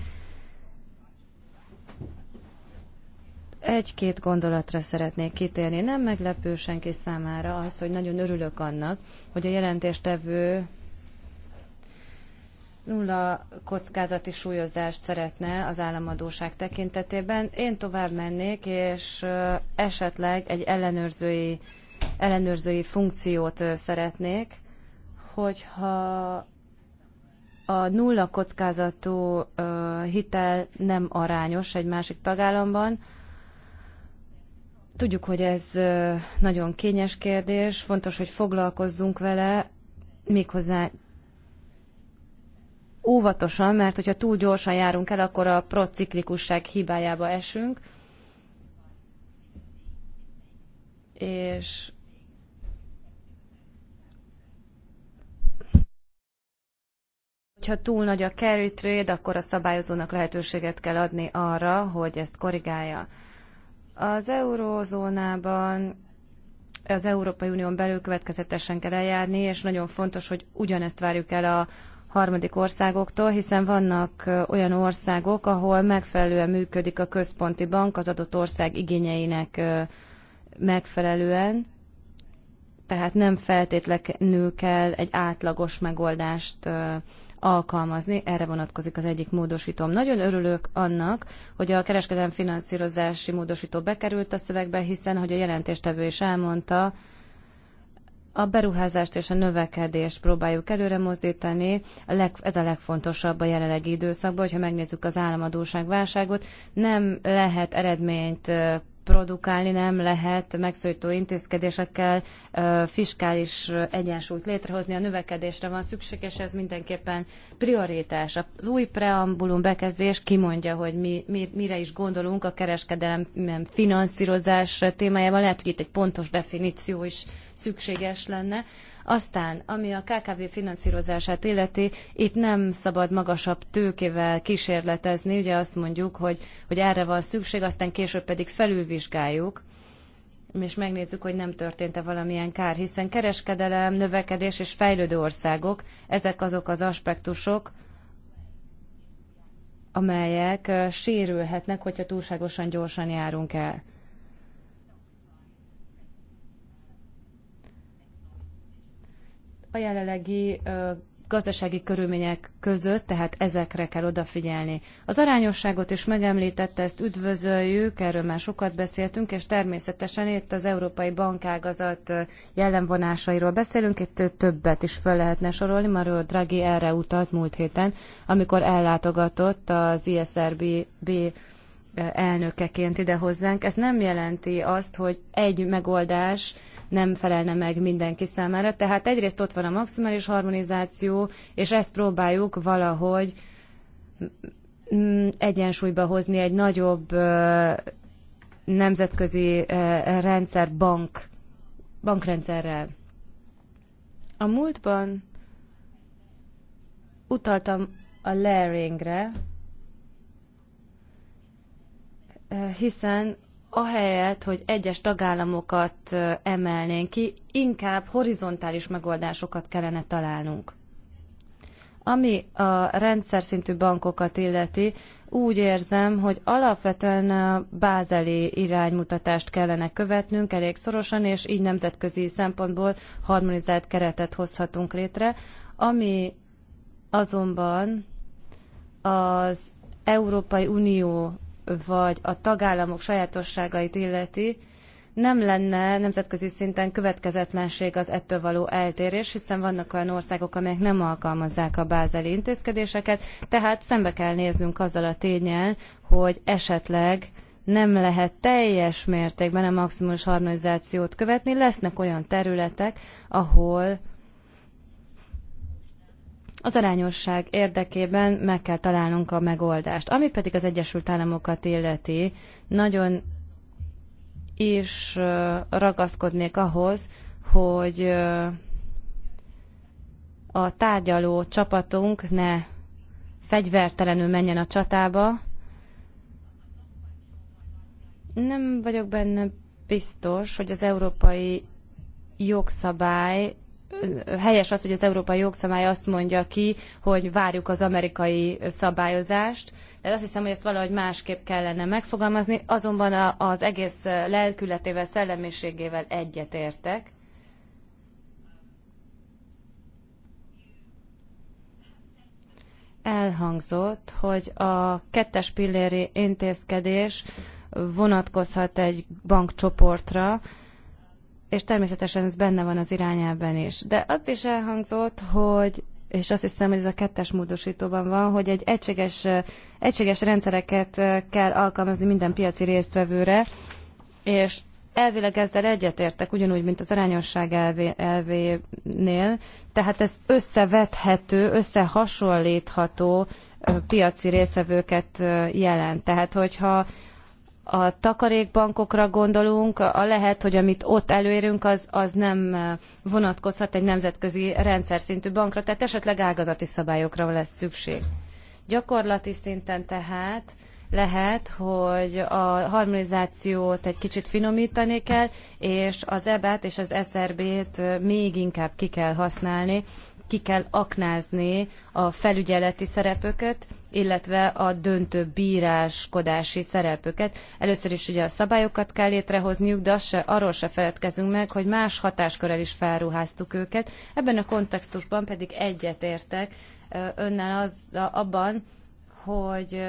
Egy-két gondolatra szeretnék kitérni. Nem meglepő senki számára az, hogy nagyon örülök annak, hogy a jelentéstevő nulla kockázati súlyozást szeretne az államadóság tekintetében. Én tovább mennék, és esetleg egy ellenőrzői, ellenőrzői funkciót szeretnék, hogyha a nulla kockázatú hitel nem arányos egy másik tagállamban, Tudjuk, hogy ez nagyon kényes kérdés, fontos, hogy foglalkozzunk vele, méghozzá óvatosan, mert hogyha túl gyorsan járunk el, akkor a prociklikusság hibájába esünk. És hogyha túl nagy a carry trade, akkor a szabályozónak lehetőséget kell adni arra, hogy ezt korrigálja. Az eurózónában az Európai Unión belül következetesen kell eljárni, és nagyon fontos, hogy ugyanezt várjuk el a harmadik országoktól, hiszen vannak olyan országok, ahol megfelelően működik a központi bank az adott ország igényeinek megfelelően, tehát nem feltétlenül kell egy átlagos megoldást alkalmazni. Erre vonatkozik az egyik módosítom. Nagyon örülök annak, hogy a kereskedelmi finanszírozási módosító bekerült a szövegbe, hiszen, hogy a jelentéstevő is elmondta, a beruházást és a növekedést próbáljuk előre mozdítani. A leg, ez a legfontosabb a jelenlegi időszakban, hogyha megnézzük az államadóság válságot, nem lehet eredményt produkálni, nem lehet megszólító intézkedésekkel fiskális egyensúlyt létrehozni, a növekedésre van szükség, és ez mindenképpen prioritás. Az új preambulum bekezdés kimondja, hogy mi, mi, mire is gondolunk a kereskedelem finanszírozás témájában, lehet, hogy itt egy pontos definíció is szükséges lenne. Aztán, ami a KKV finanszírozását illeti, itt nem szabad magasabb tőkével kísérletezni, ugye azt mondjuk, hogy, hogy erre van szükség, aztán később pedig felülvizsgáljuk, és megnézzük, hogy nem történt-e valamilyen kár, hiszen kereskedelem, növekedés és fejlődő országok, ezek azok az aspektusok, amelyek sérülhetnek, hogyha túlságosan gyorsan járunk el. a jelenlegi gazdasági körülmények között, tehát ezekre kell odafigyelni. Az arányosságot is megemlítette, ezt üdvözöljük, erről már sokat beszéltünk, és természetesen itt az európai bankágazat jellemvonásairól beszélünk, itt többet is fel lehetne sorolni, Mario Draghi erre utalt múlt héten, amikor ellátogatott az ISRB elnökeként ide hozzánk. Ez nem jelenti azt, hogy egy megoldás nem felelne meg mindenki számára. Tehát egyrészt ott van a maximális harmonizáció, és ezt próbáljuk valahogy egyensúlyba hozni egy nagyobb nemzetközi rendszer bank, bankrendszerrel. A múltban utaltam a layeringre, hiszen ahelyett, hogy egyes tagállamokat emelnénk ki, inkább horizontális megoldásokat kellene találnunk. Ami a rendszer szintű bankokat illeti, úgy érzem, hogy alapvetően a bázeli iránymutatást kellene követnünk elég szorosan, és így nemzetközi szempontból harmonizált keretet hozhatunk létre, ami azonban az Európai Unió vagy a tagállamok sajátosságait illeti, nem lenne nemzetközi szinten következetlenség az ettől való eltérés, hiszen vannak olyan országok, amelyek nem alkalmazzák a bázeli intézkedéseket, tehát szembe kell néznünk azzal a tényel, hogy esetleg nem lehet teljes mértékben a maximális harmonizációt követni, lesznek olyan területek, ahol az arányosság érdekében meg kell találnunk a megoldást. Ami pedig az Egyesült Államokat illeti, nagyon is ragaszkodnék ahhoz, hogy a tárgyaló csapatunk ne fegyvertelenül menjen a csatába. Nem vagyok benne biztos, hogy az európai jogszabály helyes az, hogy az európai jogszabály azt mondja ki, hogy várjuk az amerikai szabályozást, de azt hiszem, hogy ezt valahogy másképp kellene megfogalmazni, azonban az egész lelkületével, szellemiségével egyetértek. Elhangzott, hogy a kettes pilléri intézkedés vonatkozhat egy bankcsoportra, és természetesen ez benne van az irányában is. De azt is elhangzott, hogy és azt hiszem, hogy ez a kettes módosítóban van, hogy egy egységes, egységes rendszereket kell alkalmazni minden piaci résztvevőre, és elvileg ezzel egyetértek, ugyanúgy, mint az arányosság elvé, elvénél, tehát ez összevethető, összehasonlítható piaci résztvevőket jelent. Tehát, hogyha a takarékbankokra gondolunk, a lehet, hogy amit ott előérünk, az, az nem vonatkozhat egy nemzetközi rendszer szintű bankra, tehát esetleg ágazati szabályokra lesz szükség. Gyakorlati szinten tehát lehet, hogy a harmonizációt egy kicsit finomítani kell, és az EBA-t és az SRB-t még inkább ki kell használni ki kell aknázni a felügyeleti szerepöket, illetve a döntő bíráskodási szerepöket. Először is ugye a szabályokat kell létrehozniuk, de se, arról se feledkezünk meg, hogy más hatáskörrel is felruháztuk őket. Ebben a kontextusban pedig egyetértek önnel az, abban, hogy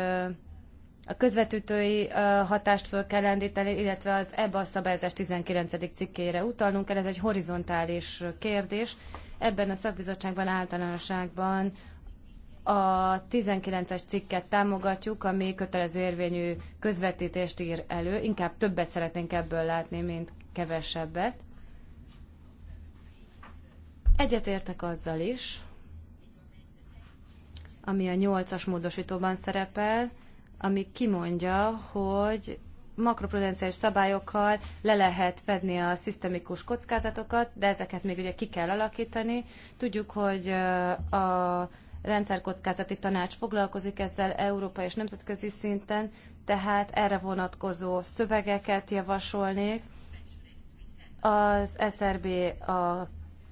a közvetítői hatást föl kell lendíteni, illetve az e a szabályozás 19. cikkére utalnunk kell. Ez egy horizontális kérdés. Ebben a szakbizottságban általánosságban a 19-es cikket támogatjuk, ami kötelező érvényű közvetítést ír elő. Inkább többet szeretnénk ebből látni, mint kevesebbet. Egyetértek azzal is, ami a 8-as módosítóban szerepel, ami kimondja, hogy makroprudenciális szabályokkal le lehet fedni a szisztemikus kockázatokat, de ezeket még ugye ki kell alakítani. Tudjuk, hogy a rendszerkockázati tanács foglalkozik ezzel Európa és nemzetközi szinten, tehát erre vonatkozó szövegeket javasolnék. Az SRB a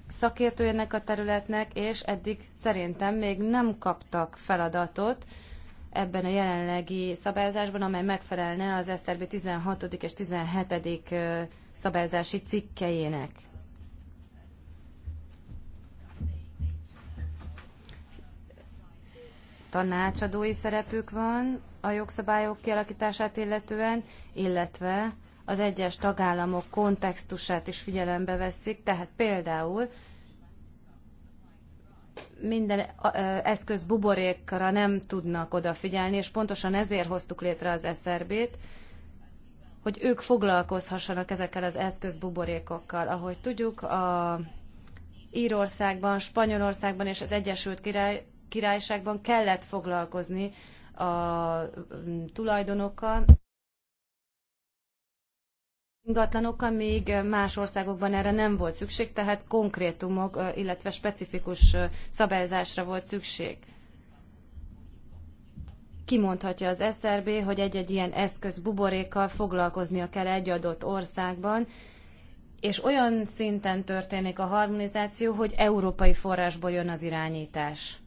szakértőjének a területnek, és eddig szerintem még nem kaptak feladatot, ebben a jelenlegi szabályozásban, amely megfelelne az SZRB 16. és 17. szabályozási cikkejének. Tanácsadói szerepük van a jogszabályok kialakítását illetően, illetve az egyes tagállamok kontextusát is figyelembe veszik, tehát például minden eszköz buborékra nem tudnak odafigyelni, és pontosan ezért hoztuk létre az SRB-t, hogy ők foglalkozhassanak ezekkel az eszköz buborékokkal, Ahogy tudjuk, a Írországban, Spanyolországban és az Egyesült Király, Királyságban kellett foglalkozni a tulajdonokkal, ingatlanok, amíg más országokban erre nem volt szükség, tehát konkrétumok, illetve specifikus szabályzásra volt szükség. Kimondhatja az SRB, hogy egy-egy ilyen eszköz buborékkal foglalkoznia kell egy adott országban, és olyan szinten történik a harmonizáció, hogy európai forrásból jön az irányítás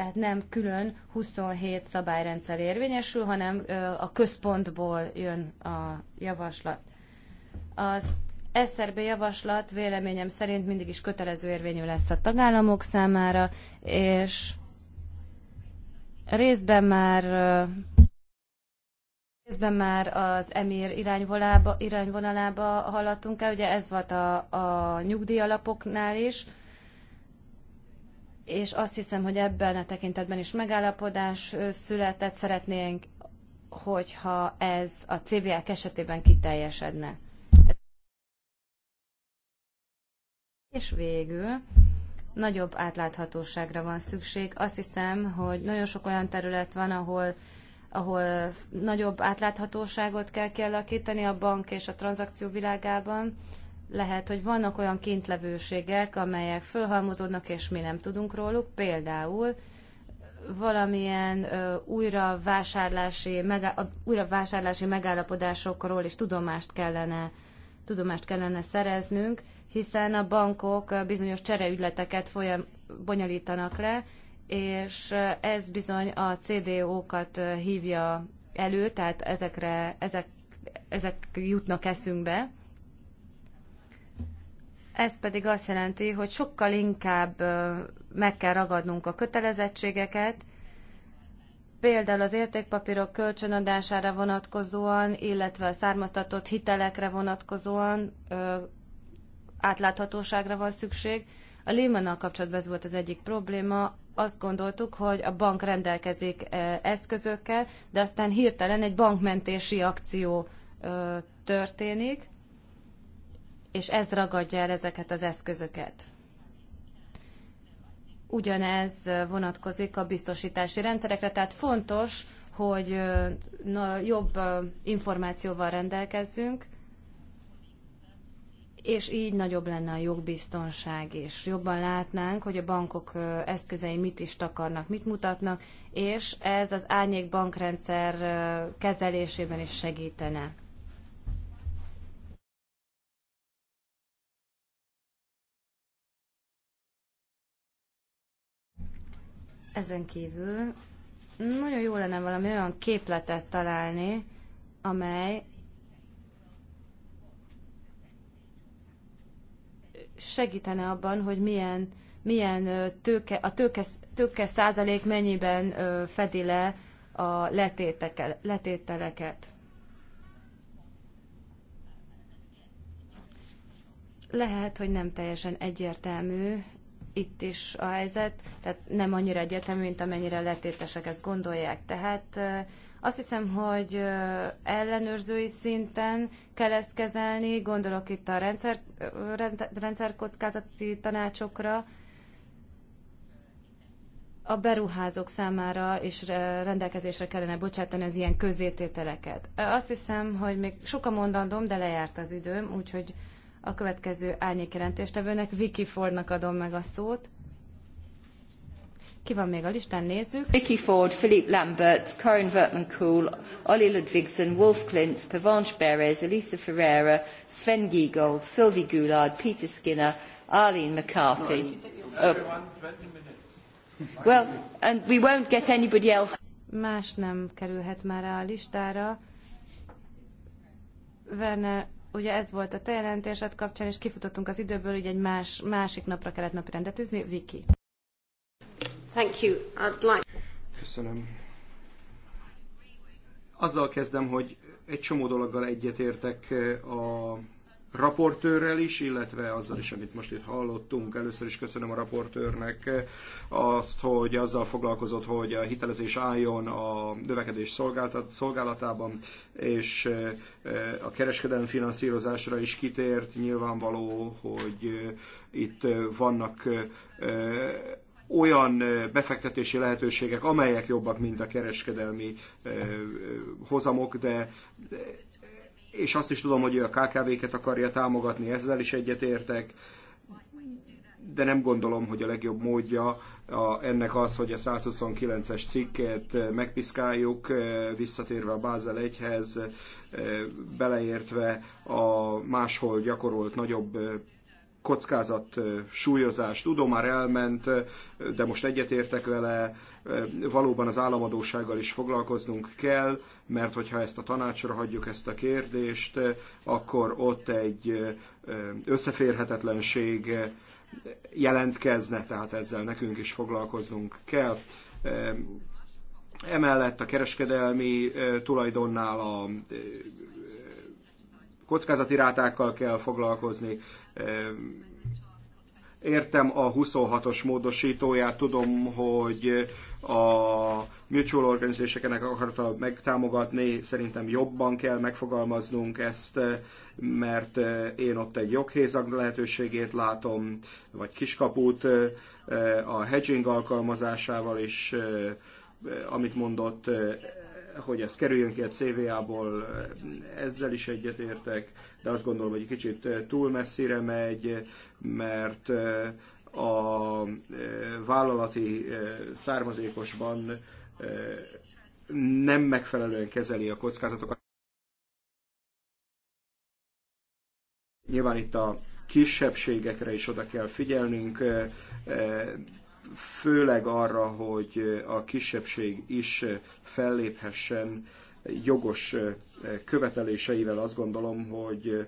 tehát nem külön 27 szabályrendszer érvényesül, hanem a központból jön a javaslat. Az SRB javaslat véleményem szerint mindig is kötelező érvényű lesz a tagállamok számára, és részben már részben már az emír irányvonalába, irányvonalába haladtunk el, ugye ez volt a, a nyugdíjalapoknál is, és azt hiszem, hogy ebben a tekintetben is megállapodás született. Szeretnénk, hogyha ez a CBL esetében kiteljesedne. És végül nagyobb átláthatóságra van szükség. Azt hiszem, hogy nagyon sok olyan terület van, ahol ahol nagyobb átláthatóságot kell kialakítani a bank és a tranzakció világában lehet, hogy vannak olyan kintlevőségek, amelyek fölhalmozódnak, és mi nem tudunk róluk. Például valamilyen újravásárlási, megá, újravásárlási megállapodásokról is tudomást kellene, tudomást kellene szereznünk, hiszen a bankok bizonyos csereügyleteket folyam, bonyolítanak le, és ez bizony a CDO-kat hívja elő, tehát ezekre, ezek, ezek jutnak eszünkbe. Ez pedig azt jelenti, hogy sokkal inkább meg kell ragadnunk a kötelezettségeket, például az értékpapírok kölcsönadására vonatkozóan, illetve a származtatott hitelekre vonatkozóan átláthatóságra van szükség. A Lehman-nal kapcsolatban ez volt az egyik probléma. Azt gondoltuk, hogy a bank rendelkezik eszközökkel, de aztán hirtelen egy bankmentési akció történik és ez ragadja el ezeket az eszközöket. Ugyanez vonatkozik a biztosítási rendszerekre, tehát fontos, hogy na, jobb információval rendelkezzünk, és így nagyobb lenne a jogbiztonság, és jobban látnánk, hogy a bankok eszközei mit is takarnak, mit mutatnak, és ez az árnyék bankrendszer kezelésében is segítene. Ezen kívül nagyon jó lenne valami olyan képletet találni, amely segítene abban, hogy milyen, milyen tőke, a tőke, tőke százalék mennyiben fedi le a letételeket. Lehet, hogy nem teljesen egyértelmű itt is a helyzet, tehát nem annyira egyetemű, mint amennyire letétesek ezt gondolják. Tehát azt hiszem, hogy ellenőrzői szinten kell ezt kezelni, gondolok itt a rendszer, rendszerkockázati tanácsokra, a beruházók számára is rendelkezésre kellene bocsátani az ilyen közétételeket. Azt hiszem, hogy még sok a de lejárt az időm, úgyhogy a következő jelentéstevőnek, Vicky Fordnak adom meg a szót. Ki van még a listán? Nézzük. Vicky Ford, Philippe Lambert, Corin Vertman Cool, Olli Ludvigsen, Wolf Klint, Pavanche Beres, Elisa Ferreira, Sven Giegold, Sylvie Goulard, Peter Skinner, Arlene McCarthy. Oh. Well, and we won't get anybody else. Más nem kerülhet már a listára. Werner ugye ez volt a te jelentésed kapcsán, és kifutottunk az időből, így egy más, másik napra kellett napi rendet üzni, Viki. Thank you.
I'd like...
Köszönöm. Azzal kezdem, hogy egy csomó dologgal egyetértek eh, a raportőrrel is, illetve azzal is, amit most itt hallottunk. Először is köszönöm a raportőrnek azt, hogy azzal foglalkozott, hogy a hitelezés álljon a növekedés szolgálatában, és eh, a kereskedelmi finanszírozásra is kitért. Nyilvánvaló, hogy eh, itt vannak eh, olyan befektetési lehetőségek, amelyek jobbak, mint a kereskedelmi hozamok, de és azt is tudom, hogy ő a KKV-ket akarja támogatni, ezzel is egyetértek, de nem gondolom, hogy a legjobb módja a, ennek az, hogy a 129-es cikket megpiszkáljuk, eh, visszatérve a Bázel 1-hez, eh, beleértve a máshol gyakorolt nagyobb eh, kockázat súlyozás. Tudom, már elment, de most egyetértek vele, valóban az államadósággal is foglalkoznunk kell, mert hogyha ezt a tanácsra hagyjuk ezt a kérdést, akkor ott egy összeférhetetlenség jelentkezne, tehát ezzel nekünk is foglalkoznunk kell. Emellett a kereskedelmi tulajdonnál a kockázati rátákkal kell foglalkozni. Értem a 26-os módosítóját, tudom, hogy a mutual organizationek akarta megtámogatni, szerintem jobban kell megfogalmaznunk ezt, mert eh, én ott egy joghézag lehetőségét látom, vagy kiskaput eh, a hedging alkalmazásával is, eh, amit mondott, hogy ez kerüljön ki a CVA-ból, ezzel is egyetértek, de azt gondolom, hogy egy kicsit túl messzire megy, mert a e, vállalati e, származékosban e, nem megfelelően kezeli a kockázatokat. Nyilván itt a kisebbségekre is oda kell figyelnünk, főleg arra, hogy a kisebbség is felléphessen jogos követeléseivel, azt gondolom, hogy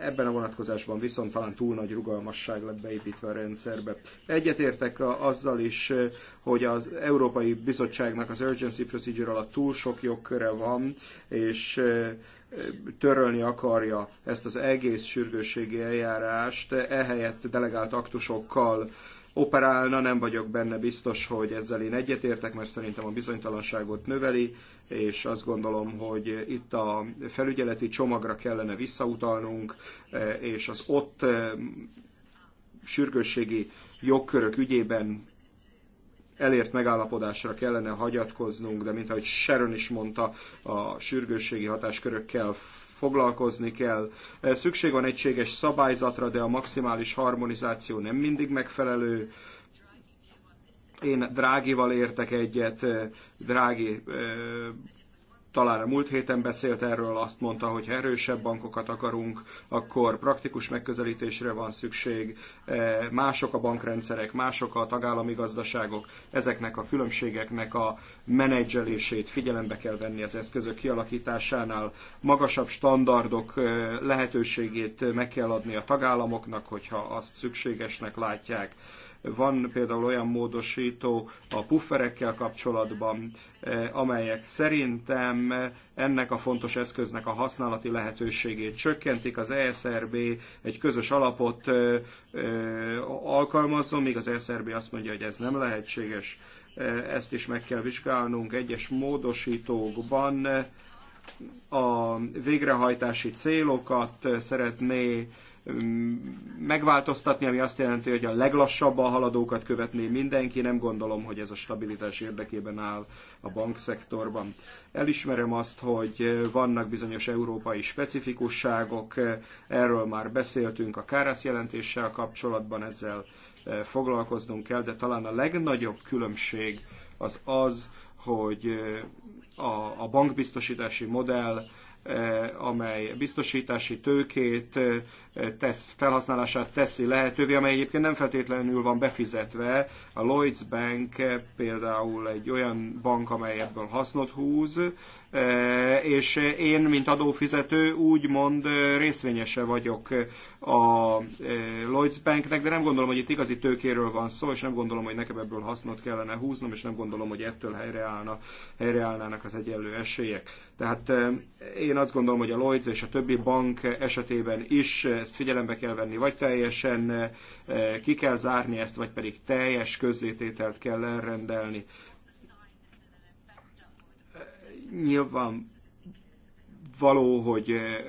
ebben a vonatkozásban viszont talán túl nagy rugalmasság lett beépítve a rendszerbe. Egyetértek azzal is, hogy az Európai Bizottságnak az Urgency Procedure alatt túl sok jogköre van, és eh, törölni akarja ezt az egész sürgősségi eljárást, ehelyett delegált aktusokkal operálna, nem vagyok benne biztos, hogy ezzel én egyetértek, mert szerintem a bizonytalanságot növeli, és azt gondolom, hogy itt a felügyeleti csomagra kellene visszautalnunk, és az ott eh, sürgősségi jogkörök ügyében elért megállapodásra kellene hagyatkoznunk, de mint ahogy Sharon is mondta, a sürgősségi hatáskörökkel foglalkozni kell. Eh, szükség van egységes szabályzatra, de a maximális harmonizáció nem mindig megfelelő. Én Drágival értek egyet, eh, Drági eh, talán a múlt héten beszélt erről, azt mondta, hogy ha erősebb bankokat akarunk, akkor praktikus megközelítésre van szükség, e, mások a bankrendszerek, mások a tagállami gazdaságok, ezeknek a különbségeknek a menedzselését figyelembe kell venni az eszközök kialakításánál, magasabb standardok e, lehetőségét meg kell adni a tagállamoknak, hogyha azt szükségesnek látják van például olyan módosító a pufferekkel kapcsolatban, eh, amelyek szerintem ennek a fontos eszköznek a használati lehetőségét csökkentik. Az ESRB egy közös alapot eh, eh, alkalmazzon, míg az ESRB azt mondja, hogy ez nem lehetséges. Ezt is meg kell vizsgálnunk. Egyes módosítókban a végrehajtási célokat szeretné mm, megváltoztatni, ami azt jelenti, hogy a leglassabban haladókat követné mindenki. Nem gondolom, hogy ez a stabilitás érdekében áll a bankszektorban. Elismerem azt, hogy vannak bizonyos európai specifikusságok, erről már beszéltünk a Kárász jelentéssel kapcsolatban, ezzel foglalkoznunk kell, de talán a legnagyobb különbség az az, hogy a, a bankbiztosítási modell, amely biztosítási tőkét tesz, felhasználását teszi lehetővé, amely egyébként nem feltétlenül van befizetve. A Lloyds Bank például egy olyan bank, amely ebből hasznot húz, e, és én, mint adófizető, úgymond részvényese vagyok a e, Lloyds Banknek, de nem gondolom, hogy itt igazi tőkéről van szó, és nem gondolom, hogy nekem ebből hasznot kellene húznom, és nem gondolom, hogy ettől helyreállna, helyreállnának az egyenlő esélyek. Tehát e, én azt gondolom, hogy a Lloyds és a többi bank esetében is ezt figyelembe kell venni, vagy teljesen eh, eh, ki kell zárni ezt, vagy pedig teljes közzétételt kell elrendelni. Nyilván való, hogy eh,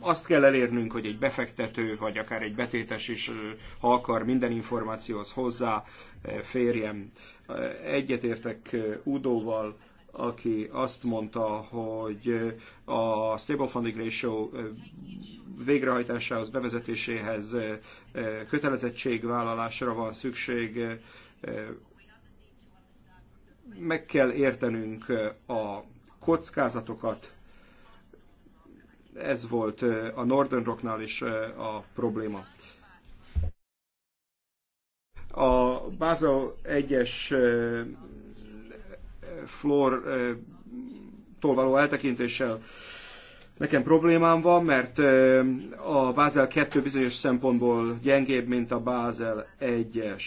azt kell elérnünk, hogy egy befektető, vagy akár egy betétes is, ha akar, minden információhoz hozzá férjen. Egyetértek Udóval, aki azt mondta, hogy a Stable Funding Ratio végrehajtásához, bevezetéséhez kötelezettségvállalásra van szükség. Meg kell értenünk a kockázatokat, ez volt a Northern Rocknál is a probléma. A Basel 1-es flortól eh, való eltekintéssel nekem problémám van, mert eh, a Bázel 2 bizonyos szempontból gyengébb, mint a Bázel 1-es.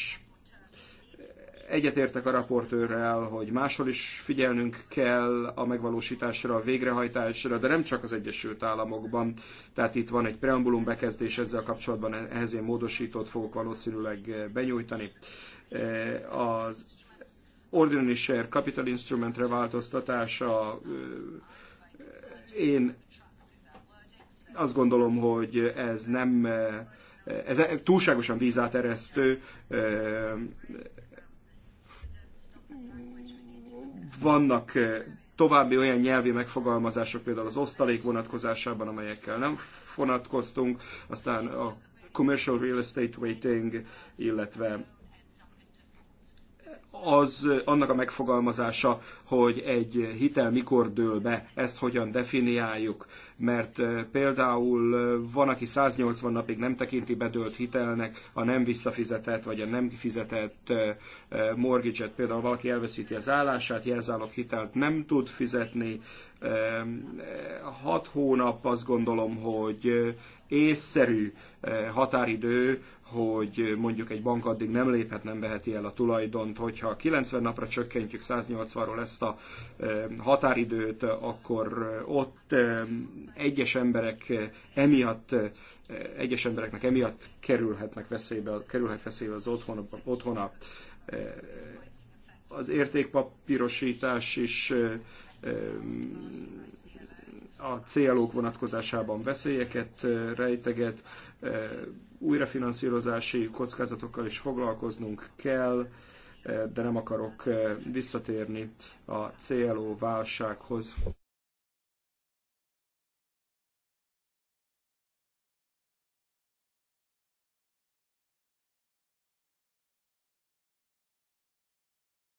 Egyetértek a raportőrrel, hogy máshol is figyelnünk kell a megvalósításra, a végrehajtásra, de nem csak az Egyesült Államokban. Tehát itt van egy preambulum bekezdés ezzel kapcsolatban, ehhez én módosítót fogok valószínűleg eh, benyújtani. Az ordinary share capital instrumentre változtatása. Én azt gondolom, hogy ez nem ez túlságosan vízáteresztő. Vannak további olyan nyelvi megfogalmazások, például az osztalék vonatkozásában, amelyekkel nem vonatkoztunk, aztán a commercial real estate waiting, illetve az annak a megfogalmazása, hogy egy hitel mikor dől be, ezt hogyan definiáljuk. Mert például van, aki 180 napig nem tekinti bedőlt hitelnek a nem visszafizetett vagy a nem fizetett mortgage-et. Például valaki elveszíti az állását, jelzálok hitelt nem tud fizetni. 6 hónap azt gondolom, hogy észszerű határidő, hogy mondjuk egy bank addig nem léphet, nem veheti el a tulajdont, hogy hogyha 90 napra csökkentjük 180-ról ezt a határidőt, akkor ott egyes emberek emiatt, egyes embereknek emiatt kerülhetnek veszélybe, kerülhet veszélybe az otthona. otthona. Az értékpapírosítás is a célok vonatkozásában veszélyeket rejteget, újrafinanszírozási kockázatokkal is foglalkoznunk kell, Eh, de nem akarok eh, visszatérni a CLO válsághoz.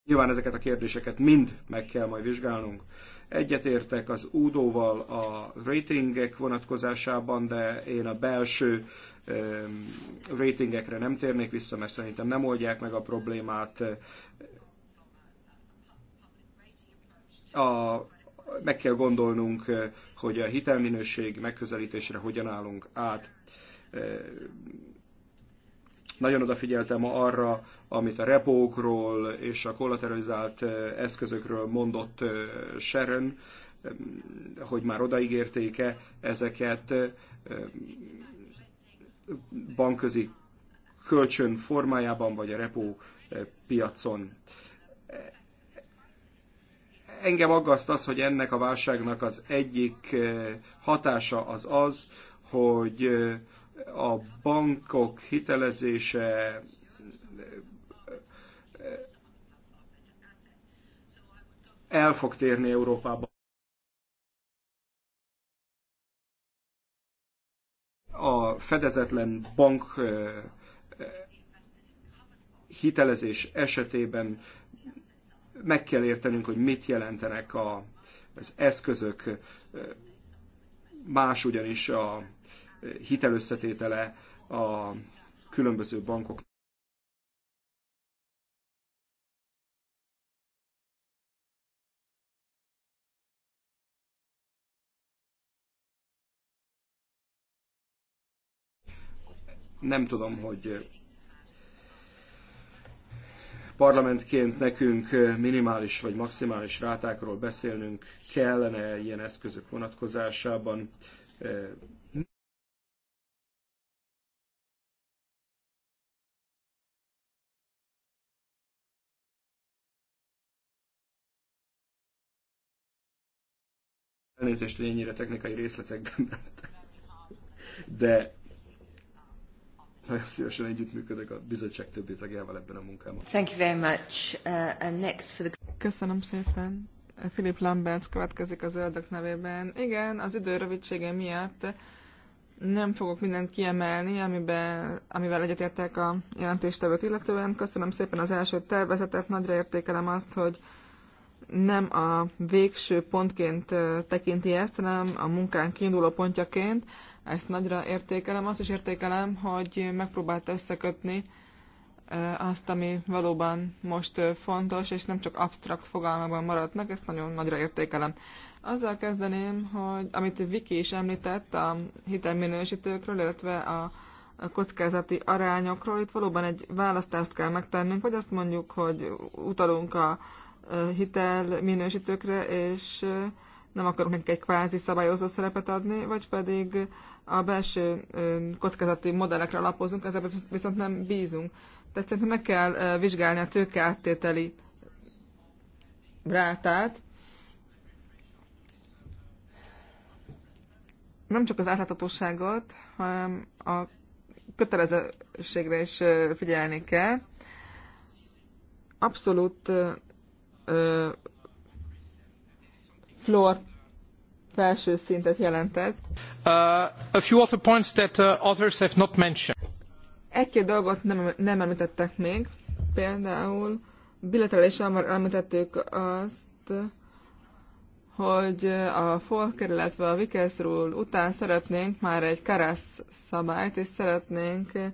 Nyilván ezeket a kérdéseket mind meg kell majd vizsgálnunk. Egyetértek az údóval a ratingek vonatkozásában, de én a belső ratingekre nem térnék vissza, mert szerintem nem oldják meg a problémát. A, meg kell gondolnunk, hogy a hitelminőség megközelítésre hogyan állunk át nagyon odafigyeltem arra, amit a repókról és a kollateralizált eszközökről mondott Sharon, hogy már odaígérték-e ezeket bankközi kölcsön formájában, vagy a repó piacon. Engem aggaszt az, hogy ennek a válságnak az egyik hatása az az, hogy a bankok hitelezése el fog térni Európába. A fedezetlen bank hitelezés esetében meg kell értenünk, hogy mit jelentenek a, az eszközök. Más ugyanis a hitelösszetétele a különböző bankok. Nem tudom, hogy parlamentként nekünk minimális vagy maximális rátákról beszélnünk kellene ilyen eszközök vonatkozásában. Elnézést, hogy ennyire technikai részletekben mentem. De nagyon szívesen együttműködök a bizottság többi tagjával ebben a munkában. Thank you
very much. Uh, and next for the... Köszönöm szépen. Philip Lambert következik a zöldök nevében. Igen, az idő rövidsége miatt nem fogok mindent kiemelni, amiben, amivel egyetértek a jelentéstevőt illetően. Köszönöm szépen az első tervezetet, nagyra értékelem azt, hogy nem a végső pontként tekinti ezt, hanem a munkánk kiinduló pontjaként. Ezt nagyra értékelem. Azt is értékelem, hogy megpróbált összekötni azt, ami valóban most fontos, és nem csak absztrakt fogalmakban maradt meg, ezt nagyon nagyra értékelem. Azzal kezdeném, hogy amit Viki is említett a hitelminősítőkről, illetve a kockázati arányokról, itt valóban egy választást kell megtennünk, vagy azt mondjuk, hogy utalunk a hitel minősítőkre, és nem akarunk nekik egy kvázi szabályozó szerepet adni, vagy pedig a belső kockázati modellekre alapozunk, ezzel viszont nem bízunk. Tehát szerintem meg kell vizsgálni a áttételi rátát. Nem csak az átláthatóságot, hanem a kötelezettségre is figyelni kell. Abszolút ö, floor felső szintet jelent ez.
Uh, a few other points that uh, others have not mentioned.
Egy-két dolgot nem, nem említettek még. Például bilaterálisan már említettük azt, hogy a Folker, illetve a Vickers után szeretnénk már egy Karasz szabályt, és szeretnénk uh,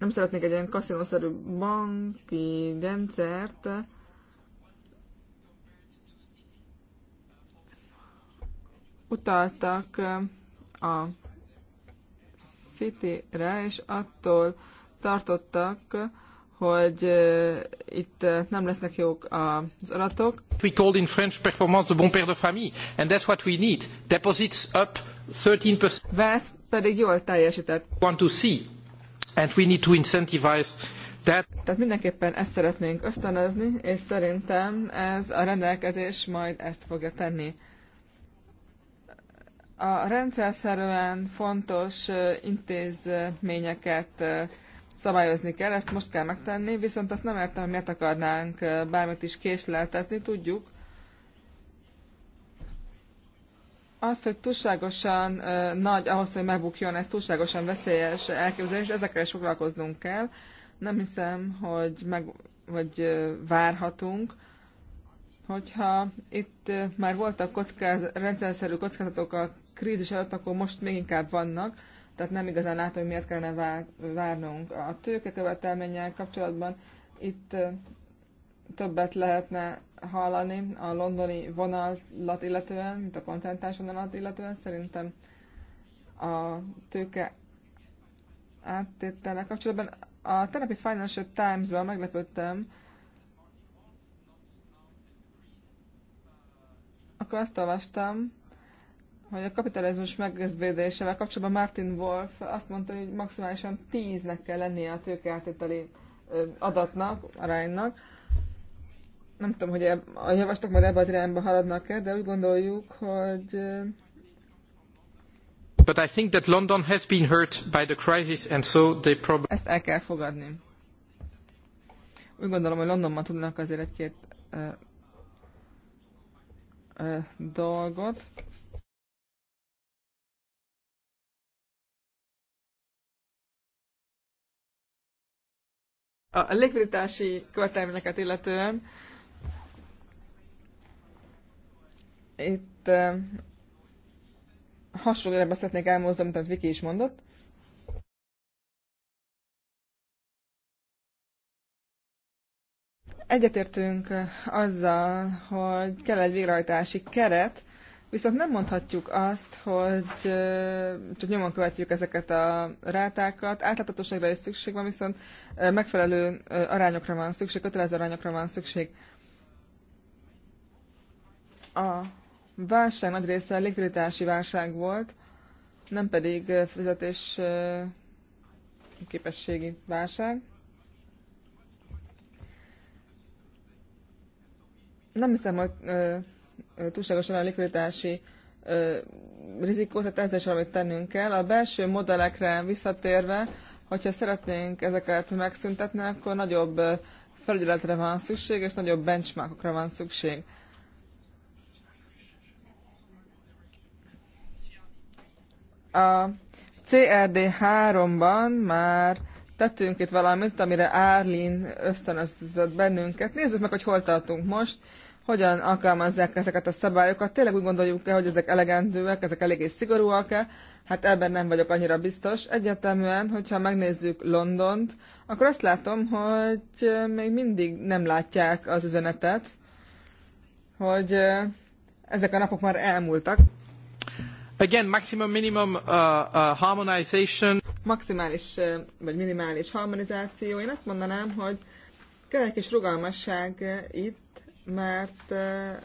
nem szeretnék egy ilyen kaszinószerű banki rendszert, utaltak a City-re, és attól tartottak, hogy itt nem lesznek jók az adatok.
We called in French performance the bon père de famille, and that's what we need. Deposits up 13%. Vesz pedig jól teljesített. Want to see and we need to incentivize that.
Tehát mindenképpen ezt szeretnénk ösztönözni, és szerintem ez a rendelkezés majd ezt fogja tenni. A szerűen fontos intézményeket szabályozni kell, ezt most kell megtenni, viszont azt nem értem, hogy miért akarnánk bármit is késleltetni. Tudjuk, az, hogy túlságosan nagy ahhoz, hogy megbukjon, ez túlságosan veszélyes elképzelés, ezekkel is foglalkoznunk kell. Nem hiszem, hogy, meg, vagy várhatunk, hogyha itt már voltak kockáz, rendszerszerű kockázatok a krízis előtt, akkor most még inkább vannak, tehát nem igazán látom, hogy miért kellene várnunk. A tőkekövetelménnyel kapcsolatban itt többet lehetne hallani a londoni vonalat illetően, mint a kontinentális vonalat illetően. Szerintem a tőke áttétele kapcsolatban a terapi Financial Times-ban meglepődtem, akkor azt olvastam, hogy a kapitalizmus megvédésével kapcsolatban Martin Wolf azt mondta, hogy maximálisan tíznek kell lennie a tőkeáttételi adatnak, aránynak nem tudom, hogy eb, a javaslatok majd ebbe az irányba haladnak-e, de úgy gondoljuk, hogy
But I think that London has been hurt by the crisis and so they probably...
Ezt el kell fogadni. Úgy gondolom, hogy Londonban tudnak azért egy-két uh, uh, dolgot. a likviditási követelményeket illetően Itt hasonlóra beszélnék elmozdom, mint amit Viki is mondott. Egyetértünk azzal, hogy kell egy végrehajtási keret, viszont nem mondhatjuk azt, hogy csak nyomon követjük ezeket a rátákat. Átláthatóságra is szükség van, viszont megfelelő arányokra van szükség, kötelező arányokra van szükség. A válság nagy része likviditási válság volt, nem pedig fizetés képességi válság. Nem hiszem, hogy túlságosan a likviditási rizikó, tehát ezzel is valamit tennünk kell. A belső modellekre visszatérve, hogyha szeretnénk ezeket megszüntetni, akkor nagyobb felügyeletre van szükség, és nagyobb benchmarkokra van szükség. A CRD3-ban már tettünk itt valamit, amire Árlin ösztönözött bennünket. Nézzük meg, hogy hol tartunk most, hogyan alkalmazzák ezeket a szabályokat. Tényleg úgy gondoljuk-e, hogy ezek elegendőek, ezek eléggé szigorúak-e? Hát ebben nem vagyok annyira biztos. Egyértelműen, hogyha megnézzük Londont, akkor azt látom, hogy még mindig nem látják az üzenetet, hogy ezek a napok már elmúltak.
Again, maximum minimum uh, uh, harmonization.
Maximális vagy minimális harmonizáció. Én azt mondanám, hogy kell egy kis rugalmasság itt, mert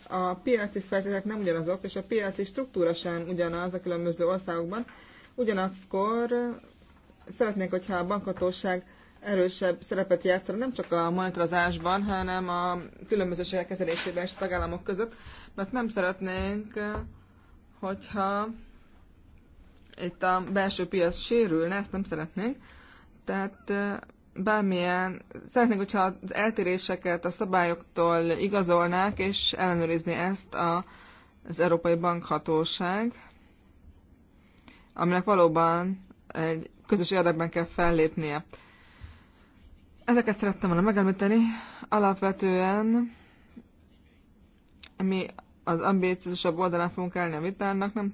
a piaci feltételek nem ugyanazok, és a piaci struktúra sem ugyanaz a különböző országokban. Ugyanakkor szeretnék, hogyha a bankhatóság erősebb szerepet játszana nem csak a monitorozásban, hanem a különbözőségek kezelésében és a tagállamok között, mert nem szeretnénk, hogyha itt a belső piac sérülne, ezt nem szeretnénk. Tehát bármilyen, szeretnénk, hogyha az eltéréseket a szabályoktól igazolnák, és ellenőrizni ezt a, az Európai Bankhatóság, aminek valóban egy közös érdekben kell fellépnie. Ezeket szerettem volna megemlíteni. Alapvetően mi az ambíciósabb oldalán fogunk állni a vitának, nem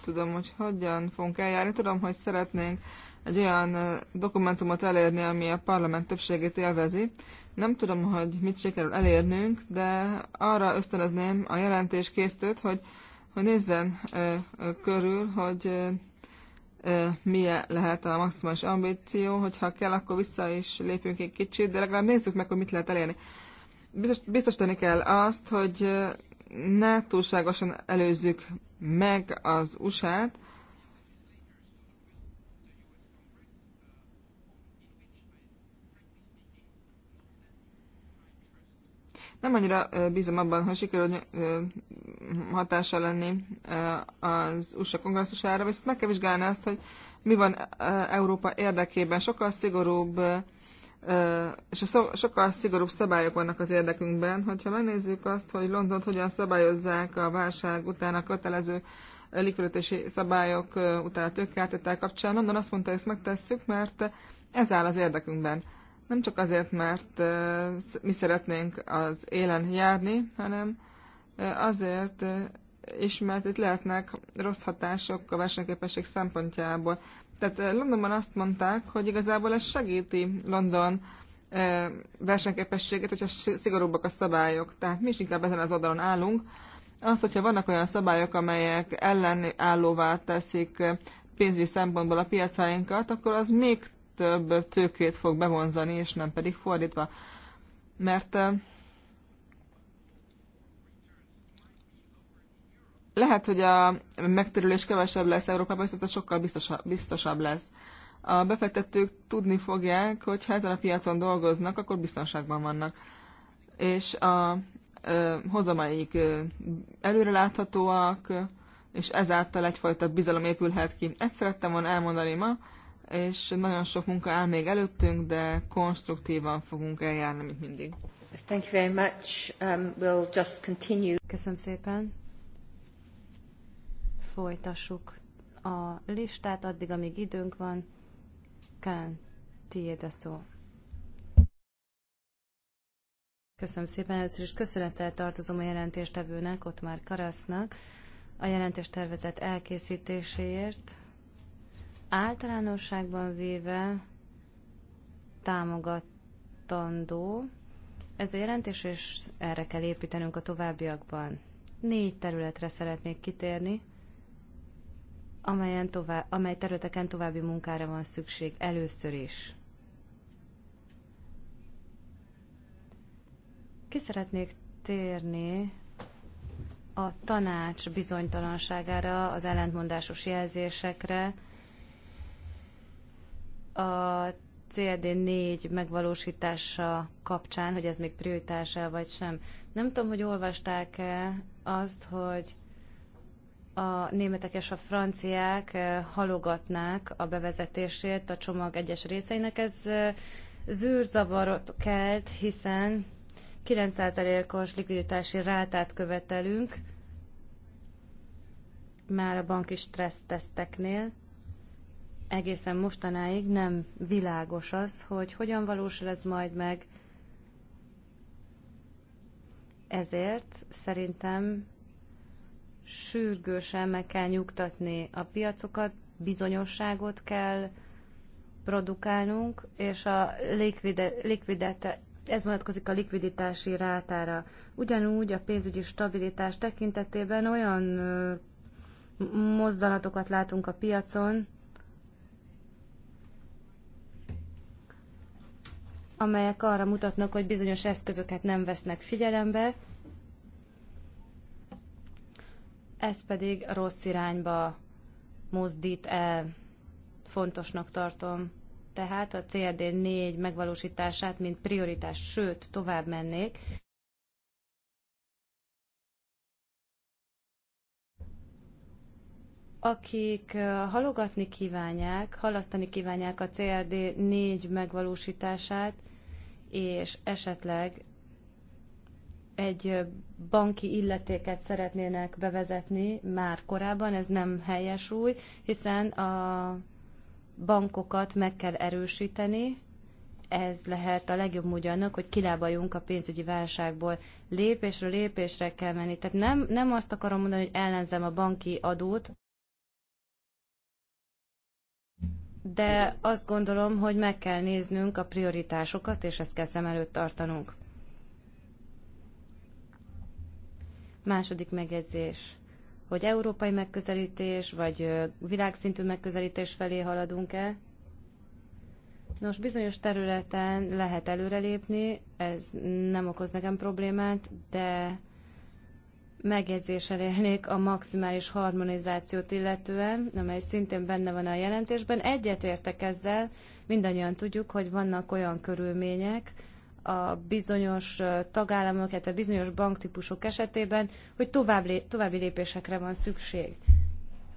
tudom, hogy hogyan fogunk eljárni. Tudom, hogy szeretnénk egy olyan dokumentumot elérni, ami a parlament többségét élvezi. Nem tudom, hogy mit sikerül elérnünk, de arra ösztönözném a jelentés készítőt, hogy, hogy nézzen ö, ö, körül, hogy ö, milyen lehet a maximális ambíció, hogyha kell, akkor vissza is lépjünk egy kicsit, de legalább nézzük meg, hogy mit lehet elérni. Biztos, biztosítani kell azt, hogy ne túlságosan előzzük meg az USA-t, nem annyira bízom abban, hogy sikerül hatása lenni az USA kongresszusára, viszont meg kell vizsgálni azt, hogy mi van Európa érdekében. Sokkal szigorúbb és a szó, sokkal szigorúbb szabályok vannak az érdekünkben, hogyha megnézzük azt, hogy London hogyan szabályozzák a válság után a kötelező likviditási szabályok után a tőkeáltatá kapcsán, London azt mondta, hogy ezt megtesszük, mert ez áll az érdekünkben. Nem csak azért, mert mi szeretnénk az élen járni, hanem azért, és mert itt lehetnek rossz hatások a versenyképesség szempontjából. Tehát eh, Londonban azt mondták, hogy igazából ez segíti London eh, versenyképességét, hogyha szigorúbbak a szabályok. Tehát mi is inkább ezen az oldalon állunk. Az, hogyha vannak olyan szabályok, amelyek ellenállóvá teszik eh, pénzügyi szempontból a piacainkat, akkor az még több tőkét fog bevonzani, és nem pedig fordítva. Mert lehet, hogy a megterülés kevesebb lesz Európában, viszont ez sokkal biztosabb, biztosabb lesz. A befektetők tudni fogják, hogy ha ezen a piacon dolgoznak, akkor biztonságban vannak. És a ö, hozamaik ö, előreláthatóak, és ezáltal egyfajta bizalom épülhet ki. Ezt szerettem volna elmondani ma, és nagyon sok munka áll még előttünk, de konstruktívan fogunk eljárni, mint mindig. Thank you very much. Um, we'll just continue. Köszönöm szépen
folytassuk a listát, addig, amíg időnk van. Kán, tiéd a szó. Köszönöm szépen. Először is köszönettel tartozom a jelentéstevőnek, ott már Karasznak, a jelentéstervezet elkészítéséért. Általánosságban véve támogatandó ez a jelentés, és erre kell építenünk a továbbiakban. Négy területre szeretnék kitérni amelyen tovább, amely területeken további munkára van szükség először is. Ki szeretnék térni a tanács bizonytalanságára, az ellentmondásos jelzésekre, a cd 4 megvalósítása kapcsán, hogy ez még prioritása vagy sem. Nem tudom, hogy olvasták-e azt, hogy a németek és a franciák halogatnák a bevezetését a csomag egyes részeinek. Ez zűrzavarot kelt, hiszen 9%-os likviditási rátát követelünk már a banki stresszteszteknél. Egészen mostanáig nem világos az, hogy hogyan valósul ez majd meg. Ezért szerintem sürgősen meg kell nyugtatni a piacokat, bizonyosságot kell produkálnunk, és a likvide, likvidete, ez vonatkozik a likviditási rátára. Ugyanúgy a pénzügyi stabilitás tekintetében olyan ö, mozdulatokat látunk a piacon, amelyek arra mutatnak, hogy bizonyos eszközöket nem vesznek figyelembe, ez pedig rossz irányba mozdít el. Fontosnak tartom tehát a CRD 4 megvalósítását, mint prioritás, sőt, tovább mennék. Akik halogatni kívánják, halasztani kívánják a CRD 4 megvalósítását, és esetleg egy banki illetéket szeretnének bevezetni már korábban, ez nem helyes új, hiszen a bankokat meg kell erősíteni, ez lehet a legjobb módja annak, hogy kilábaljunk a pénzügyi válságból. Lépésről lépésre kell menni. Tehát nem, nem azt akarom mondani, hogy ellenzem a banki adót, de azt gondolom, hogy meg kell néznünk a prioritásokat, és ezt kell szem előtt tartanunk. Második megjegyzés, hogy európai megközelítés, vagy világszintű megközelítés felé haladunk-e? Nos, bizonyos területen lehet előrelépni, ez nem okoz nekem problémát, de megjegyzéssel élnék a maximális harmonizációt illetően, amely szintén benne van a jelentésben. értek ezzel, mindannyian tudjuk, hogy vannak olyan körülmények, a bizonyos tagállamok, illetve bizonyos banktípusok esetében, hogy további, lépésekre van szükség.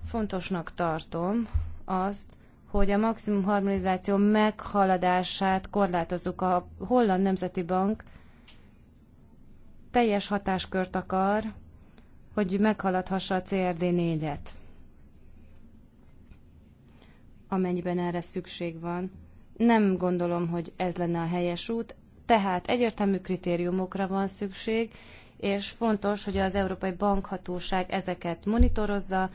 Fontosnak tartom azt, hogy a maximum harmonizáció meghaladását korlátozzuk. A Holland Nemzeti Bank teljes hatáskört akar, hogy meghaladhassa a CRD 4-et, amennyiben erre szükség van. Nem gondolom, hogy ez lenne a helyes út, tehát egyértelmű kritériumokra van szükség, és fontos, hogy az Európai Bankhatóság ezeket monitorozza,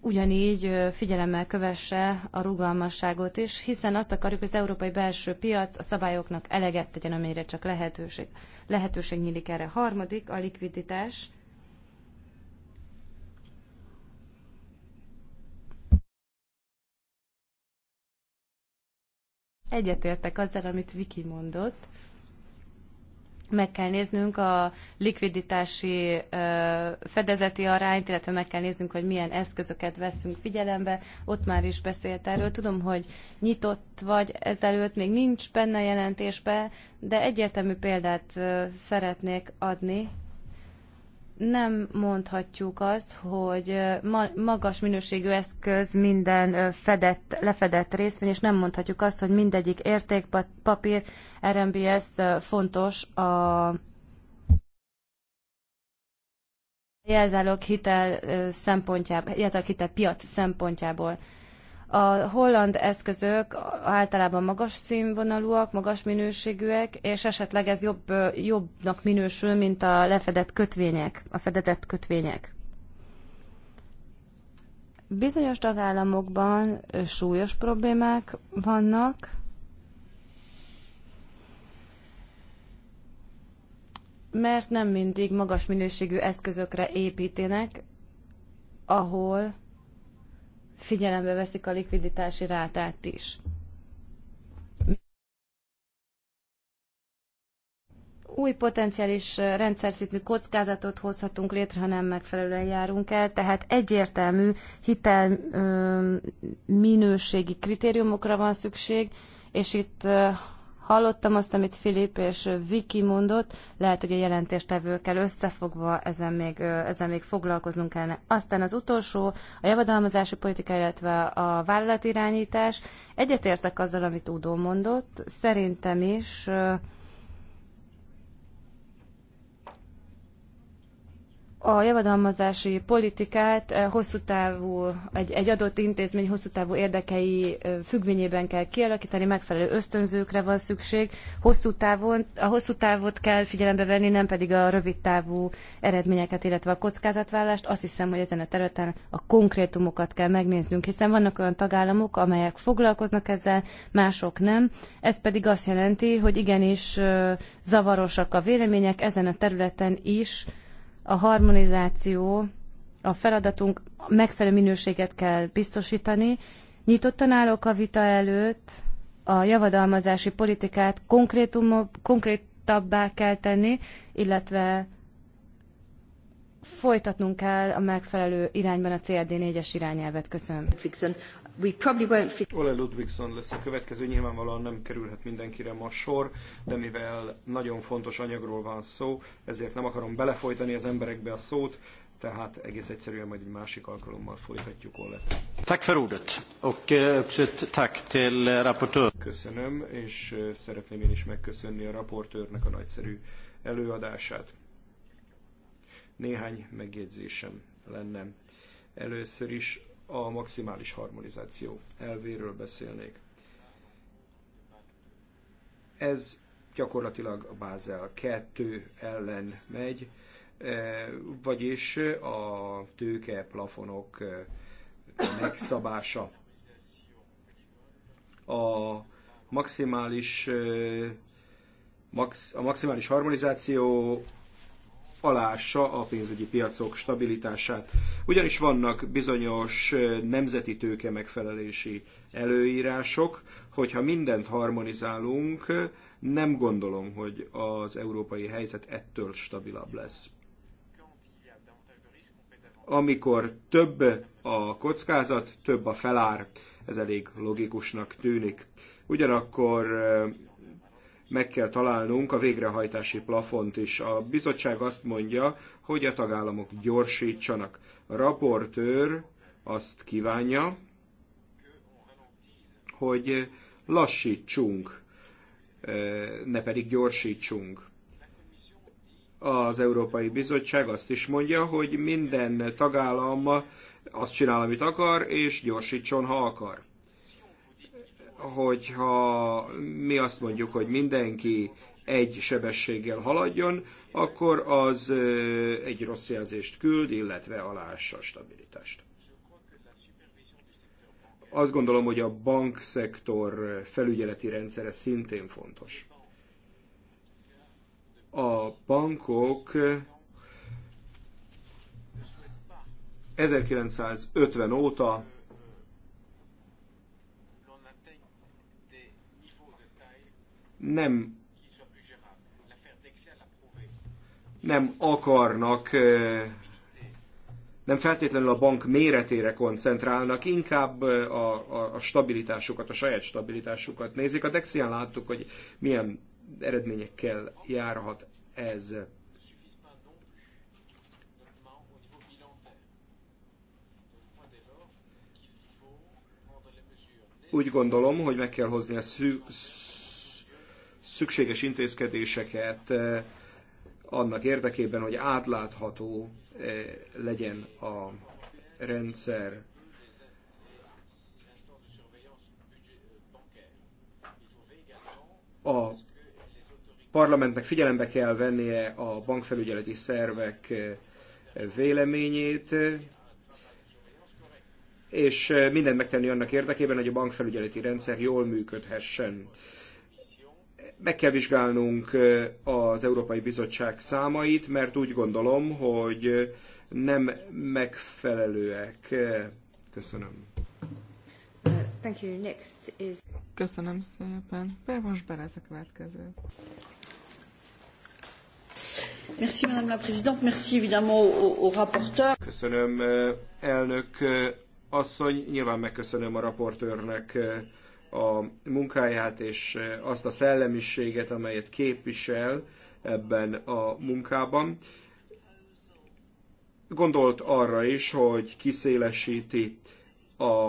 ugyanígy figyelemmel kövesse a rugalmasságot is, hiszen azt akarjuk, hogy az európai belső piac a szabályoknak eleget tegyen, amire csak lehetőség, lehetőség nyílik erre. Harmadik, a likviditás. Egyetértek azzal, amit Viki mondott. Meg kell néznünk a likviditási fedezeti arányt, illetve meg kell néznünk, hogy milyen eszközöket veszünk figyelembe. Ott már is beszélt erről. Tudom, hogy nyitott vagy ezelőtt, még nincs benne jelentésbe, de egyértelmű példát szeretnék adni nem mondhatjuk azt, hogy ma, magas minőségű eszköz minden fedett, lefedett részvény, és nem mondhatjuk azt, hogy mindegyik értékpapír RMBS fontos a jelzálók hitel szempontjából, jelzálók hitel piac szempontjából. A holland eszközök általában magas színvonalúak, magas minőségűek, és esetleg ez jobb, jobbnak minősül, mint a lefedett kötvények, a fedetett kötvények. Bizonyos tagállamokban súlyos problémák vannak, mert nem mindig magas minőségű eszközökre építenek, ahol figyelembe veszik a likviditási rátát is. új potenciális rendszerszintű kockázatot hozhatunk létre, ha nem megfelelően járunk el, tehát egyértelmű hitel minőségi kritériumokra van szükség, és itt Hallottam azt, amit Filip és Viki mondott, lehet, hogy a jelentéstevőkkel összefogva ezen még, ezen még foglalkoznunk kellene. Aztán az utolsó, a javadalmazási politika, illetve a vállalatirányítás. Egyetértek azzal, amit Udó mondott, szerintem is a javadalmazási politikát eh, hosszú távú, egy, egy adott intézmény hosszú távú érdekei eh, függvényében kell kialakítani, megfelelő ösztönzőkre van szükség, hosszú távon, a hosszú távot kell figyelembe venni, nem pedig a rövid távú eredményeket, illetve a kockázatvállalást. Azt hiszem, hogy ezen a területen a konkrétumokat kell megnéznünk, hiszen vannak olyan tagállamok, amelyek foglalkoznak ezzel, mások nem. Ez pedig azt jelenti, hogy igenis eh, zavarosak a vélemények ezen a területen is, a harmonizáció a feladatunk, megfelelő minőséget kell biztosítani. Nyitottan állok a vita előtt, a javadalmazási politikát konkrétabbá kell tenni, illetve folytatnunk kell a megfelelő irányban a CLD 4-es irányelvet. Köszönöm we probably won't
fit... Ole Ludwigson lesz a következő, nyilvánvalóan nem kerülhet mindenkire ma sor, de mivel nagyon fontos anyagról van szó, ezért nem akarom belefolytani az emberekbe a szót, tehát egész egyszerűen majd egy másik alkalommal folytatjuk Ole. Tack för ordet, och eh, också tack till eh, rapportör. Köszönöm, és eh, szeretném én is megköszönni a raportőrnek a nagyszerű előadását. Néhány megjegyzésem lenne. Először is a maximális harmonizáció elvéről beszélnék. Ez gyakorlatilag a Bázel 2 ellen megy, e, vagyis a tőke plafonok e, megszabása. A maximális, e, max, a maximális harmonizáció alássa a pénzügyi piacok stabilitását. Ugyanis vannak bizonyos nemzeti tőke megfelelési előírások, hogyha mindent harmonizálunk, nem gondolom, hogy az európai helyzet ettől stabilabb lesz. Amikor több a kockázat, több a felár, ez elég logikusnak tűnik. Ugyanakkor meg kell találnunk a végrehajtási plafont is. A bizottság azt mondja, hogy a tagállamok gyorsítsanak. A raportőr azt kívánja, hogy lassítsunk, ne pedig gyorsítsunk az Európai Bizottság azt is mondja, hogy minden tagállam azt csinál, amit akar, és gyorsítson, ha akar hogyha mi azt mondjuk, hogy mindenki egy sebességgel haladjon, akkor az egy rossz jelzést küld, illetve alássa a stabilitást. Azt gondolom, hogy a bankszektor felügyeleti rendszere szintén fontos. A bankok 1950 óta nem nem akarnak, nem feltétlenül a bank méretére koncentrálnak, inkább a, a, a stabilitásukat, a saját stabilitásukat nézik. A Dexian láttuk, hogy milyen eredményekkel járhat ez. Úgy gondolom, hogy meg kell hozni a szükséges intézkedéseket eh, annak érdekében, hogy átlátható eh, legyen a rendszer. A parlamentnek figyelembe kell vennie a bankfelügyeleti szervek eh, véleményét, és mindent megtenni annak érdekében, hogy a bankfelügyeleti rendszer jól működhessen meg kell vizsgálnunk az Európai Bizottság számait, mert úgy gondolom, hogy nem megfelelőek. Köszönöm.
Thank you. Next is... Köszönöm szépen. Pervas Berez a következő. Merci, Madame la Présidente. Merci, évidemment, au, au rapporteur.
Köszönöm, elnök asszony. Nyilván megköszönöm a raportőrnek a munkáját és eh, azt a szellemiséget, amelyet képvisel ebben a munkában. Gondolt arra is, hogy kiszélesíti a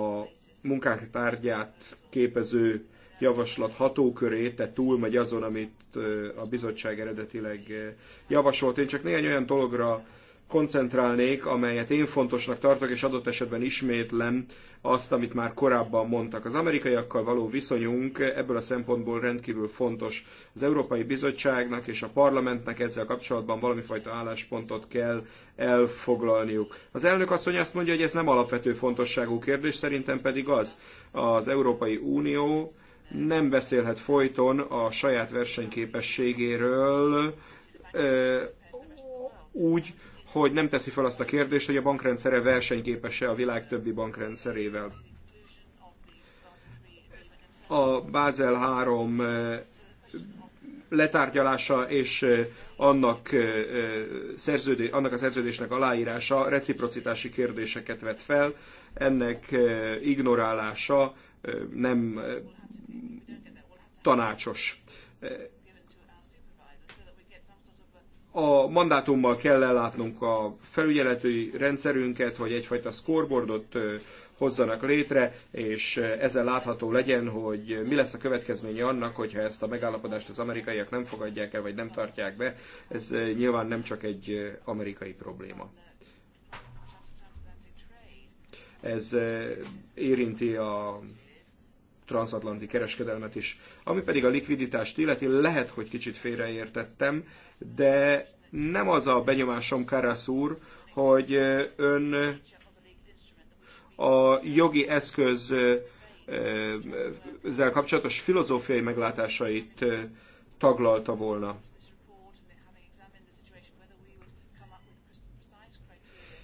munkák tárgyát képező javaslat hatókörét, tehát túlmegy azon, amit eh, a bizottság eredetileg eh, javasolt. Én csak néhány olyan dologra koncentrálnék, amelyet én fontosnak tartok, és adott esetben ismétlem azt, amit már korábban mondtak. Az amerikaiakkal való viszonyunk ebből a szempontból rendkívül fontos. Az Európai Bizottságnak és a parlamentnek ezzel kapcsolatban valamifajta álláspontot kell elfoglalniuk. Az elnök asszony azt mondja, hogy ez nem alapvető fontosságú kérdés, szerintem pedig az. Az Európai Unió nem beszélhet folyton a saját versenyképességéről, úgy, hogy nem teszi fel azt a kérdést, hogy a bankrendszere versenyképes-e a világ többi bankrendszerével. A Basel 3 eh, letárgyalása és eh, annak, eh, szerződé, annak a szerződésnek aláírása reciprocitási kérdéseket vet fel, ennek ignorálása nem tanácsos a mandátummal kell ellátnunk a felügyeleti rendszerünket, hogy egyfajta scoreboardot hozzanak létre, és ezzel látható legyen, hogy mi lesz a következménye annak, hogyha ezt a megállapodást az amerikaiak nem fogadják el, vagy nem tartják be. Ez nyilván nem csak egy amerikai probléma. Ez érinti a transatlanti kereskedelmet is. Ami pedig a likviditást illeti, lehet, hogy kicsit félreértettem, de nem az a benyomásom, Karasz úr, hogy ön a jogi eszköz ezzel kapcsolatos filozófiai meglátásait taglalta volna.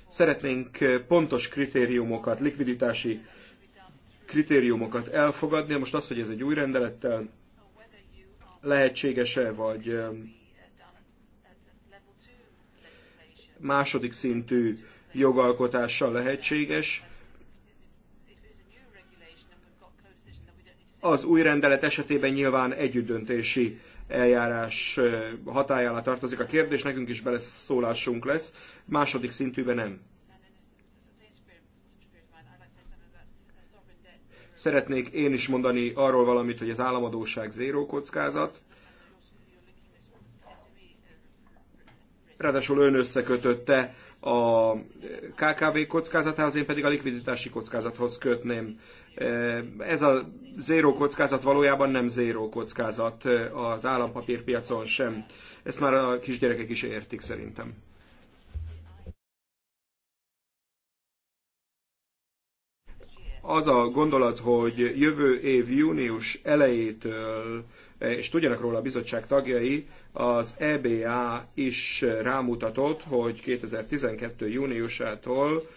Szeretnénk pontos kritériumokat, likviditási kritériumokat elfogadni. Most azt, hogy ez egy új rendelettel lehetséges-e, vagy második szintű jogalkotással lehetséges. Az új rendelet esetében nyilván együttdöntési eljárás hatájára tartozik a kérdés, nekünk is beleszólásunk lesz, második szintűben nem. Szeretnék én is mondani arról valamit, hogy az államadóság zéró kockázat. Ráadásul ön összekötötte a KKV kockázatához, én pedig a likviditási kockázathoz kötném. Ez a zéró kockázat valójában nem zéró kockázat az állampapírpiacon sem. Ezt már a kisgyerekek is értik szerintem. az a gondolat, hogy jövő év június elejétől, és tudjanak róla a bizottság tagjai, az EBA is rámutatott, hogy 2012. júniusától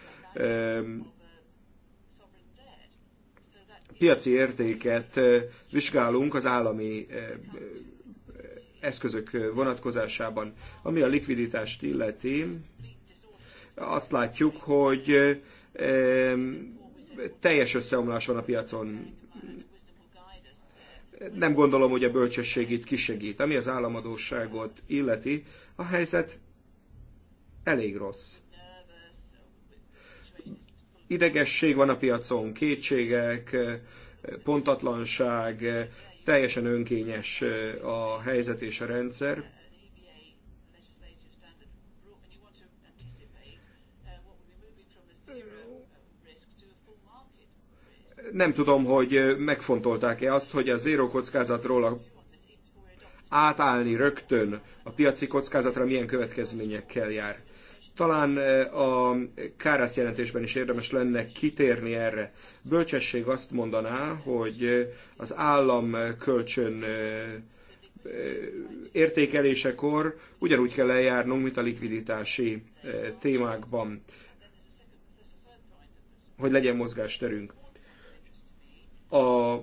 piaci értéket eh, vizsgálunk az állami eh, eszközök vonatkozásában. Ami a likviditást illeti, azt látjuk, hogy teljes összeomlás van a piacon. Nem gondolom, hogy a bölcsesség itt kisegít. Ami az államadóságot illeti, a helyzet elég rossz. Idegesség van a piacon, kétségek, pontatlanság, teljesen önkényes a helyzet és a rendszer Nem tudom, hogy megfontolták-e azt, hogy a zéró kockázatról a átállni rögtön a piaci kockázatra milyen következményekkel jár. Talán a Kárász jelentésben is érdemes lenne kitérni erre. Bölcsesség azt mondaná, hogy az állam kölcsön értékelésekor ugyanúgy kell eljárnunk, mint a likviditási témákban, hogy legyen mozgásterünk. A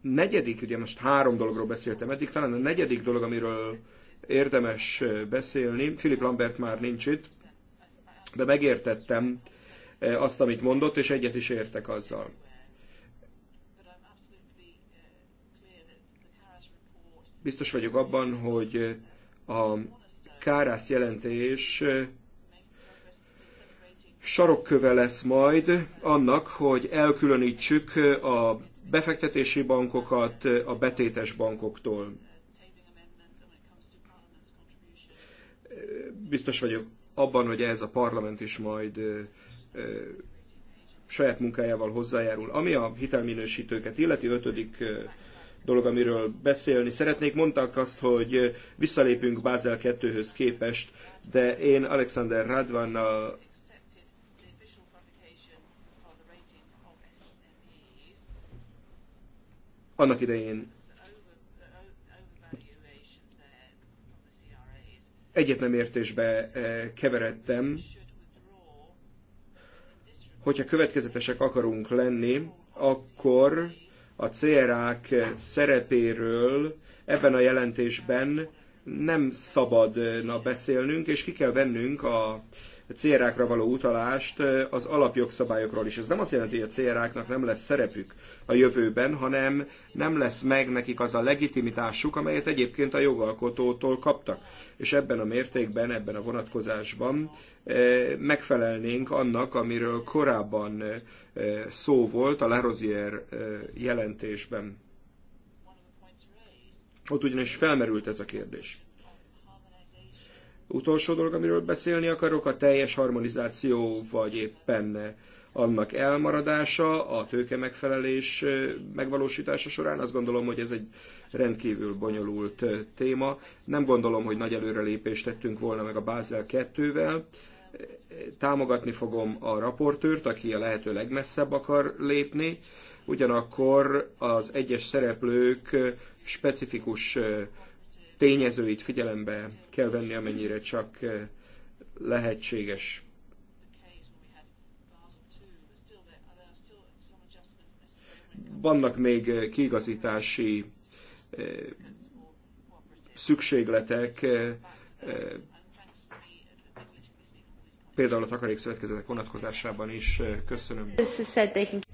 negyedik, ugye most három dologról beszéltem eddig, talán a negyedik dolog, amiről érdemes beszélni, Philip Lambert már nincs itt, de megértettem e, azt, amit mondott, és egyet is értek azzal. Biztos vagyok abban, hogy a Kárász jelentés sarokköve lesz majd annak, hogy elkülönítsük a befektetési bankokat a betétes bankoktól. Biztos vagyok abban, hogy ez a parlament is majd saját munkájával hozzájárul. Ami a hitelminősítőket illeti, ötödik dolog, amiről beszélni szeretnék. Mondták azt, hogy visszalépünk Bázel 2-höz képest, de én Alexander Radvannal annak idején egyet nem értésbe eh, keveredtem, hogyha következetesek akarunk lenni, akkor a CRA-k szerepéről ebben a jelentésben nem szabadna beszélnünk, és ki kell vennünk a célrákra való utalást az alapjogszabályokról is. Ez nem azt jelenti, hogy a célráknak nem lesz szerepük a jövőben, hanem nem lesz meg nekik az a legitimitásuk, amelyet egyébként a jogalkotótól kaptak. És ebben a mértékben, ebben a vonatkozásban megfelelnénk annak, amiről korábban szó volt a Larosier jelentésben. Ott ugyanis felmerült ez a kérdés. Utolsó dolog, amiről beszélni akarok, a teljes harmonizáció, vagy éppen annak elmaradása, a tőke megfelelés megvalósítása során. Azt gondolom, hogy ez egy rendkívül bonyolult téma. Nem gondolom, hogy nagy előrelépést tettünk volna meg a Bázel 2-vel. Támogatni fogom a raportőrt, aki a lehető legmesszebb akar lépni. Ugyanakkor az egyes szereplők specifikus tényezőit figyelembe kell venni, amennyire csak eh, lehetséges. Vannak még eh, kiigazítási eh, szükségletek, például a szövetkezetek vonatkozásában is. Köszönöm.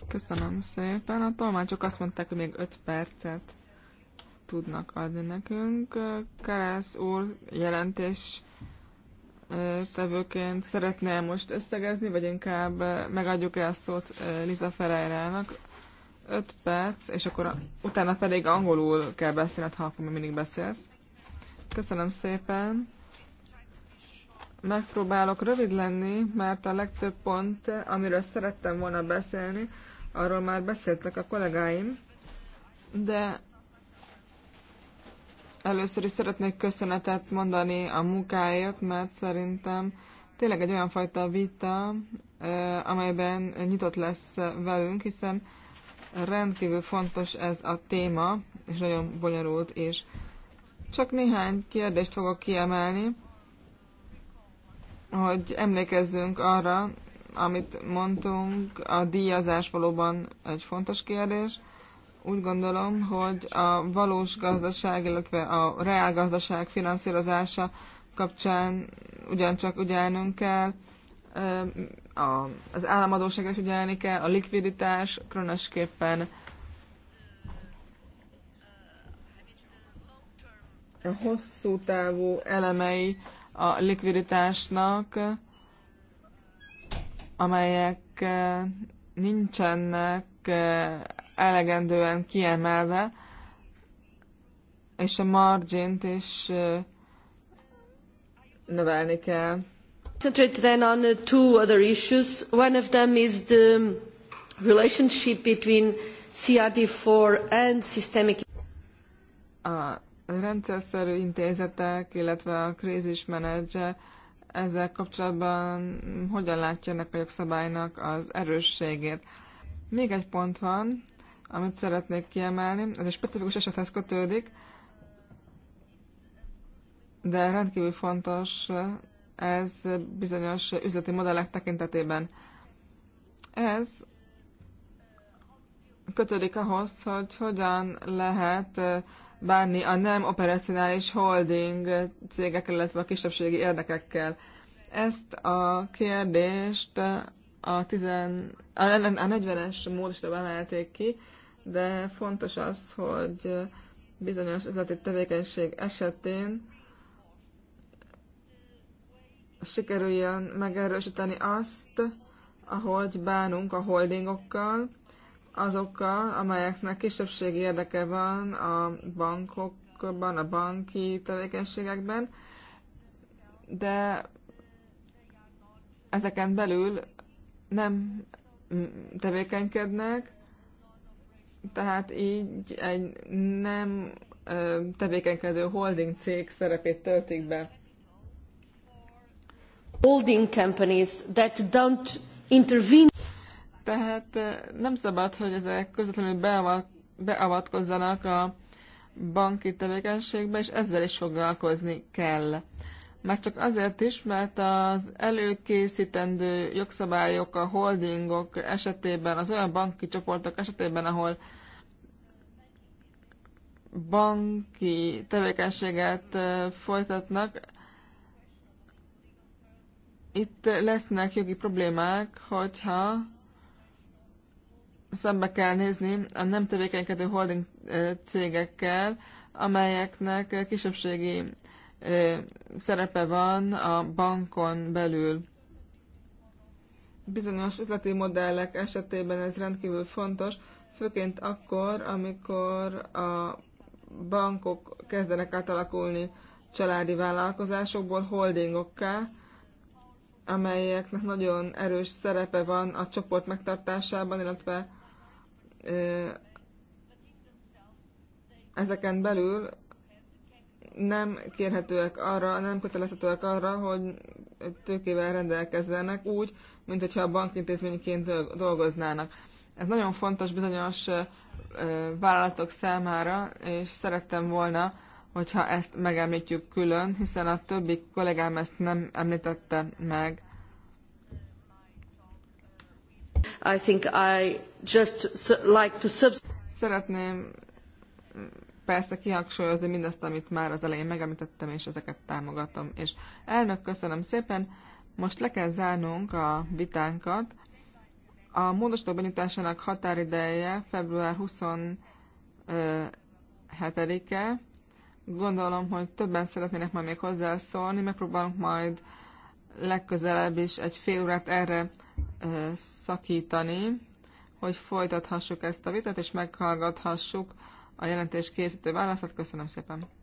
Köszönöm szépen. A tolmácsok azt mondták, hogy még 5 percet tudnak adni nekünk. Kárász úr jelentés szevőként szeretné most összegezni, vagy inkább megadjuk el a szót Liza Ferreirának? 5 perc, és akkor utána pedig angolul kell beszélned, ha akkor mindig beszélsz. Köszönöm szépen. Megpróbálok rövid lenni, mert a legtöbb pont, amiről szerettem volna beszélni, arról már beszéltek a kollégáim, de Először is szeretnék köszönetet mondani a munkáért, mert szerintem tényleg egy olyan fajta vita, amelyben nyitott lesz velünk, hiszen rendkívül fontos ez a téma, és nagyon bonyolult, és csak néhány kérdést fogok kiemelni, hogy emlékezzünk arra, amit mondtunk, a díjazás valóban egy fontos kérdés, úgy gondolom, hogy a valós gazdaság, illetve a reál gazdaság finanszírozása kapcsán ugyancsak ugyanunk kell, az államadóságra figyelni kell, a likviditás, különösképpen a hosszú távú elemei a likviditásnak, amelyek nincsenek elegendően kiemelve, és a margint is növelni kell. Concentrate then on uh, two other issues. One of them is the um, relationship between CRD4 and systemic a rendszerszerű intézetek, illetve a krízismenedzser ezzel kapcsolatban hogyan látja ennek a jogszabálynak az erősségét. Még egy pont van, amit szeretnék kiemelni. Ez egy specifikus esethez kötődik, de rendkívül fontos ez bizonyos üzleti modellek tekintetében. Ez kötődik ahhoz, hogy hogyan lehet bánni a nem operacionális holding cégekkel, illetve a kisebbségi érdekekkel. Ezt a kérdést a, tizen, a 40-es módosítóban emelték ki, de fontos az, hogy bizonyos üzleti tevékenység esetén sikerüljön megerősíteni azt, ahogy bánunk a holdingokkal, azokkal, amelyeknek kisebbségi érdeke van a bankokban, a banki tevékenységekben, de ezeken belül nem tevékenykednek, tehát így egy nem tevékenykedő holding cég szerepét töltik be. Holding companies that don't intervene. Tehát nem szabad, hogy ezek közvetlenül beavatkozzanak a banki tevékenységbe, és ezzel is foglalkozni kell. Már csak azért is, mert az előkészítendő jogszabályok a holdingok esetében, az olyan banki csoportok esetében, ahol banki tevékenységet folytatnak, itt lesznek jogi problémák, hogyha szembe kell nézni a nem tevékenykedő holding cégekkel, amelyeknek kisebbségi szerepe van a bankon belül. Bizonyos üzleti modellek esetében ez rendkívül fontos, főként akkor, amikor a bankok kezdenek átalakulni családi vállalkozásokból holdingokká, amelyeknek nagyon erős szerepe van a csoport megtartásában, illetve ezeken belül nem kérhetőek arra, nem kötelezhetőek arra, hogy tőkével rendelkezzenek úgy, mint hogyha a bankintézményként dolgoznának. Ez nagyon fontos bizonyos vállalatok számára, és szerettem volna, hogyha ezt megemlítjük külön, hiszen a többi kollégám ezt nem említette meg. I think I just like to Szeretném persze kihangsúlyozni mindazt, amit már az elején megemlítettem, és ezeket támogatom. És elnök, köszönöm szépen. Most le kell zárnunk a vitánkat. A módosító benyújtásának határideje február 27-e. Gondolom, hogy többen szeretnének majd még hozzászólni, megpróbálunk majd legközelebb is egy fél órát erre szakítani, hogy folytathassuk ezt a vitát, és meghallgathassuk a jelentés készítő válaszát. Köszönöm szépen!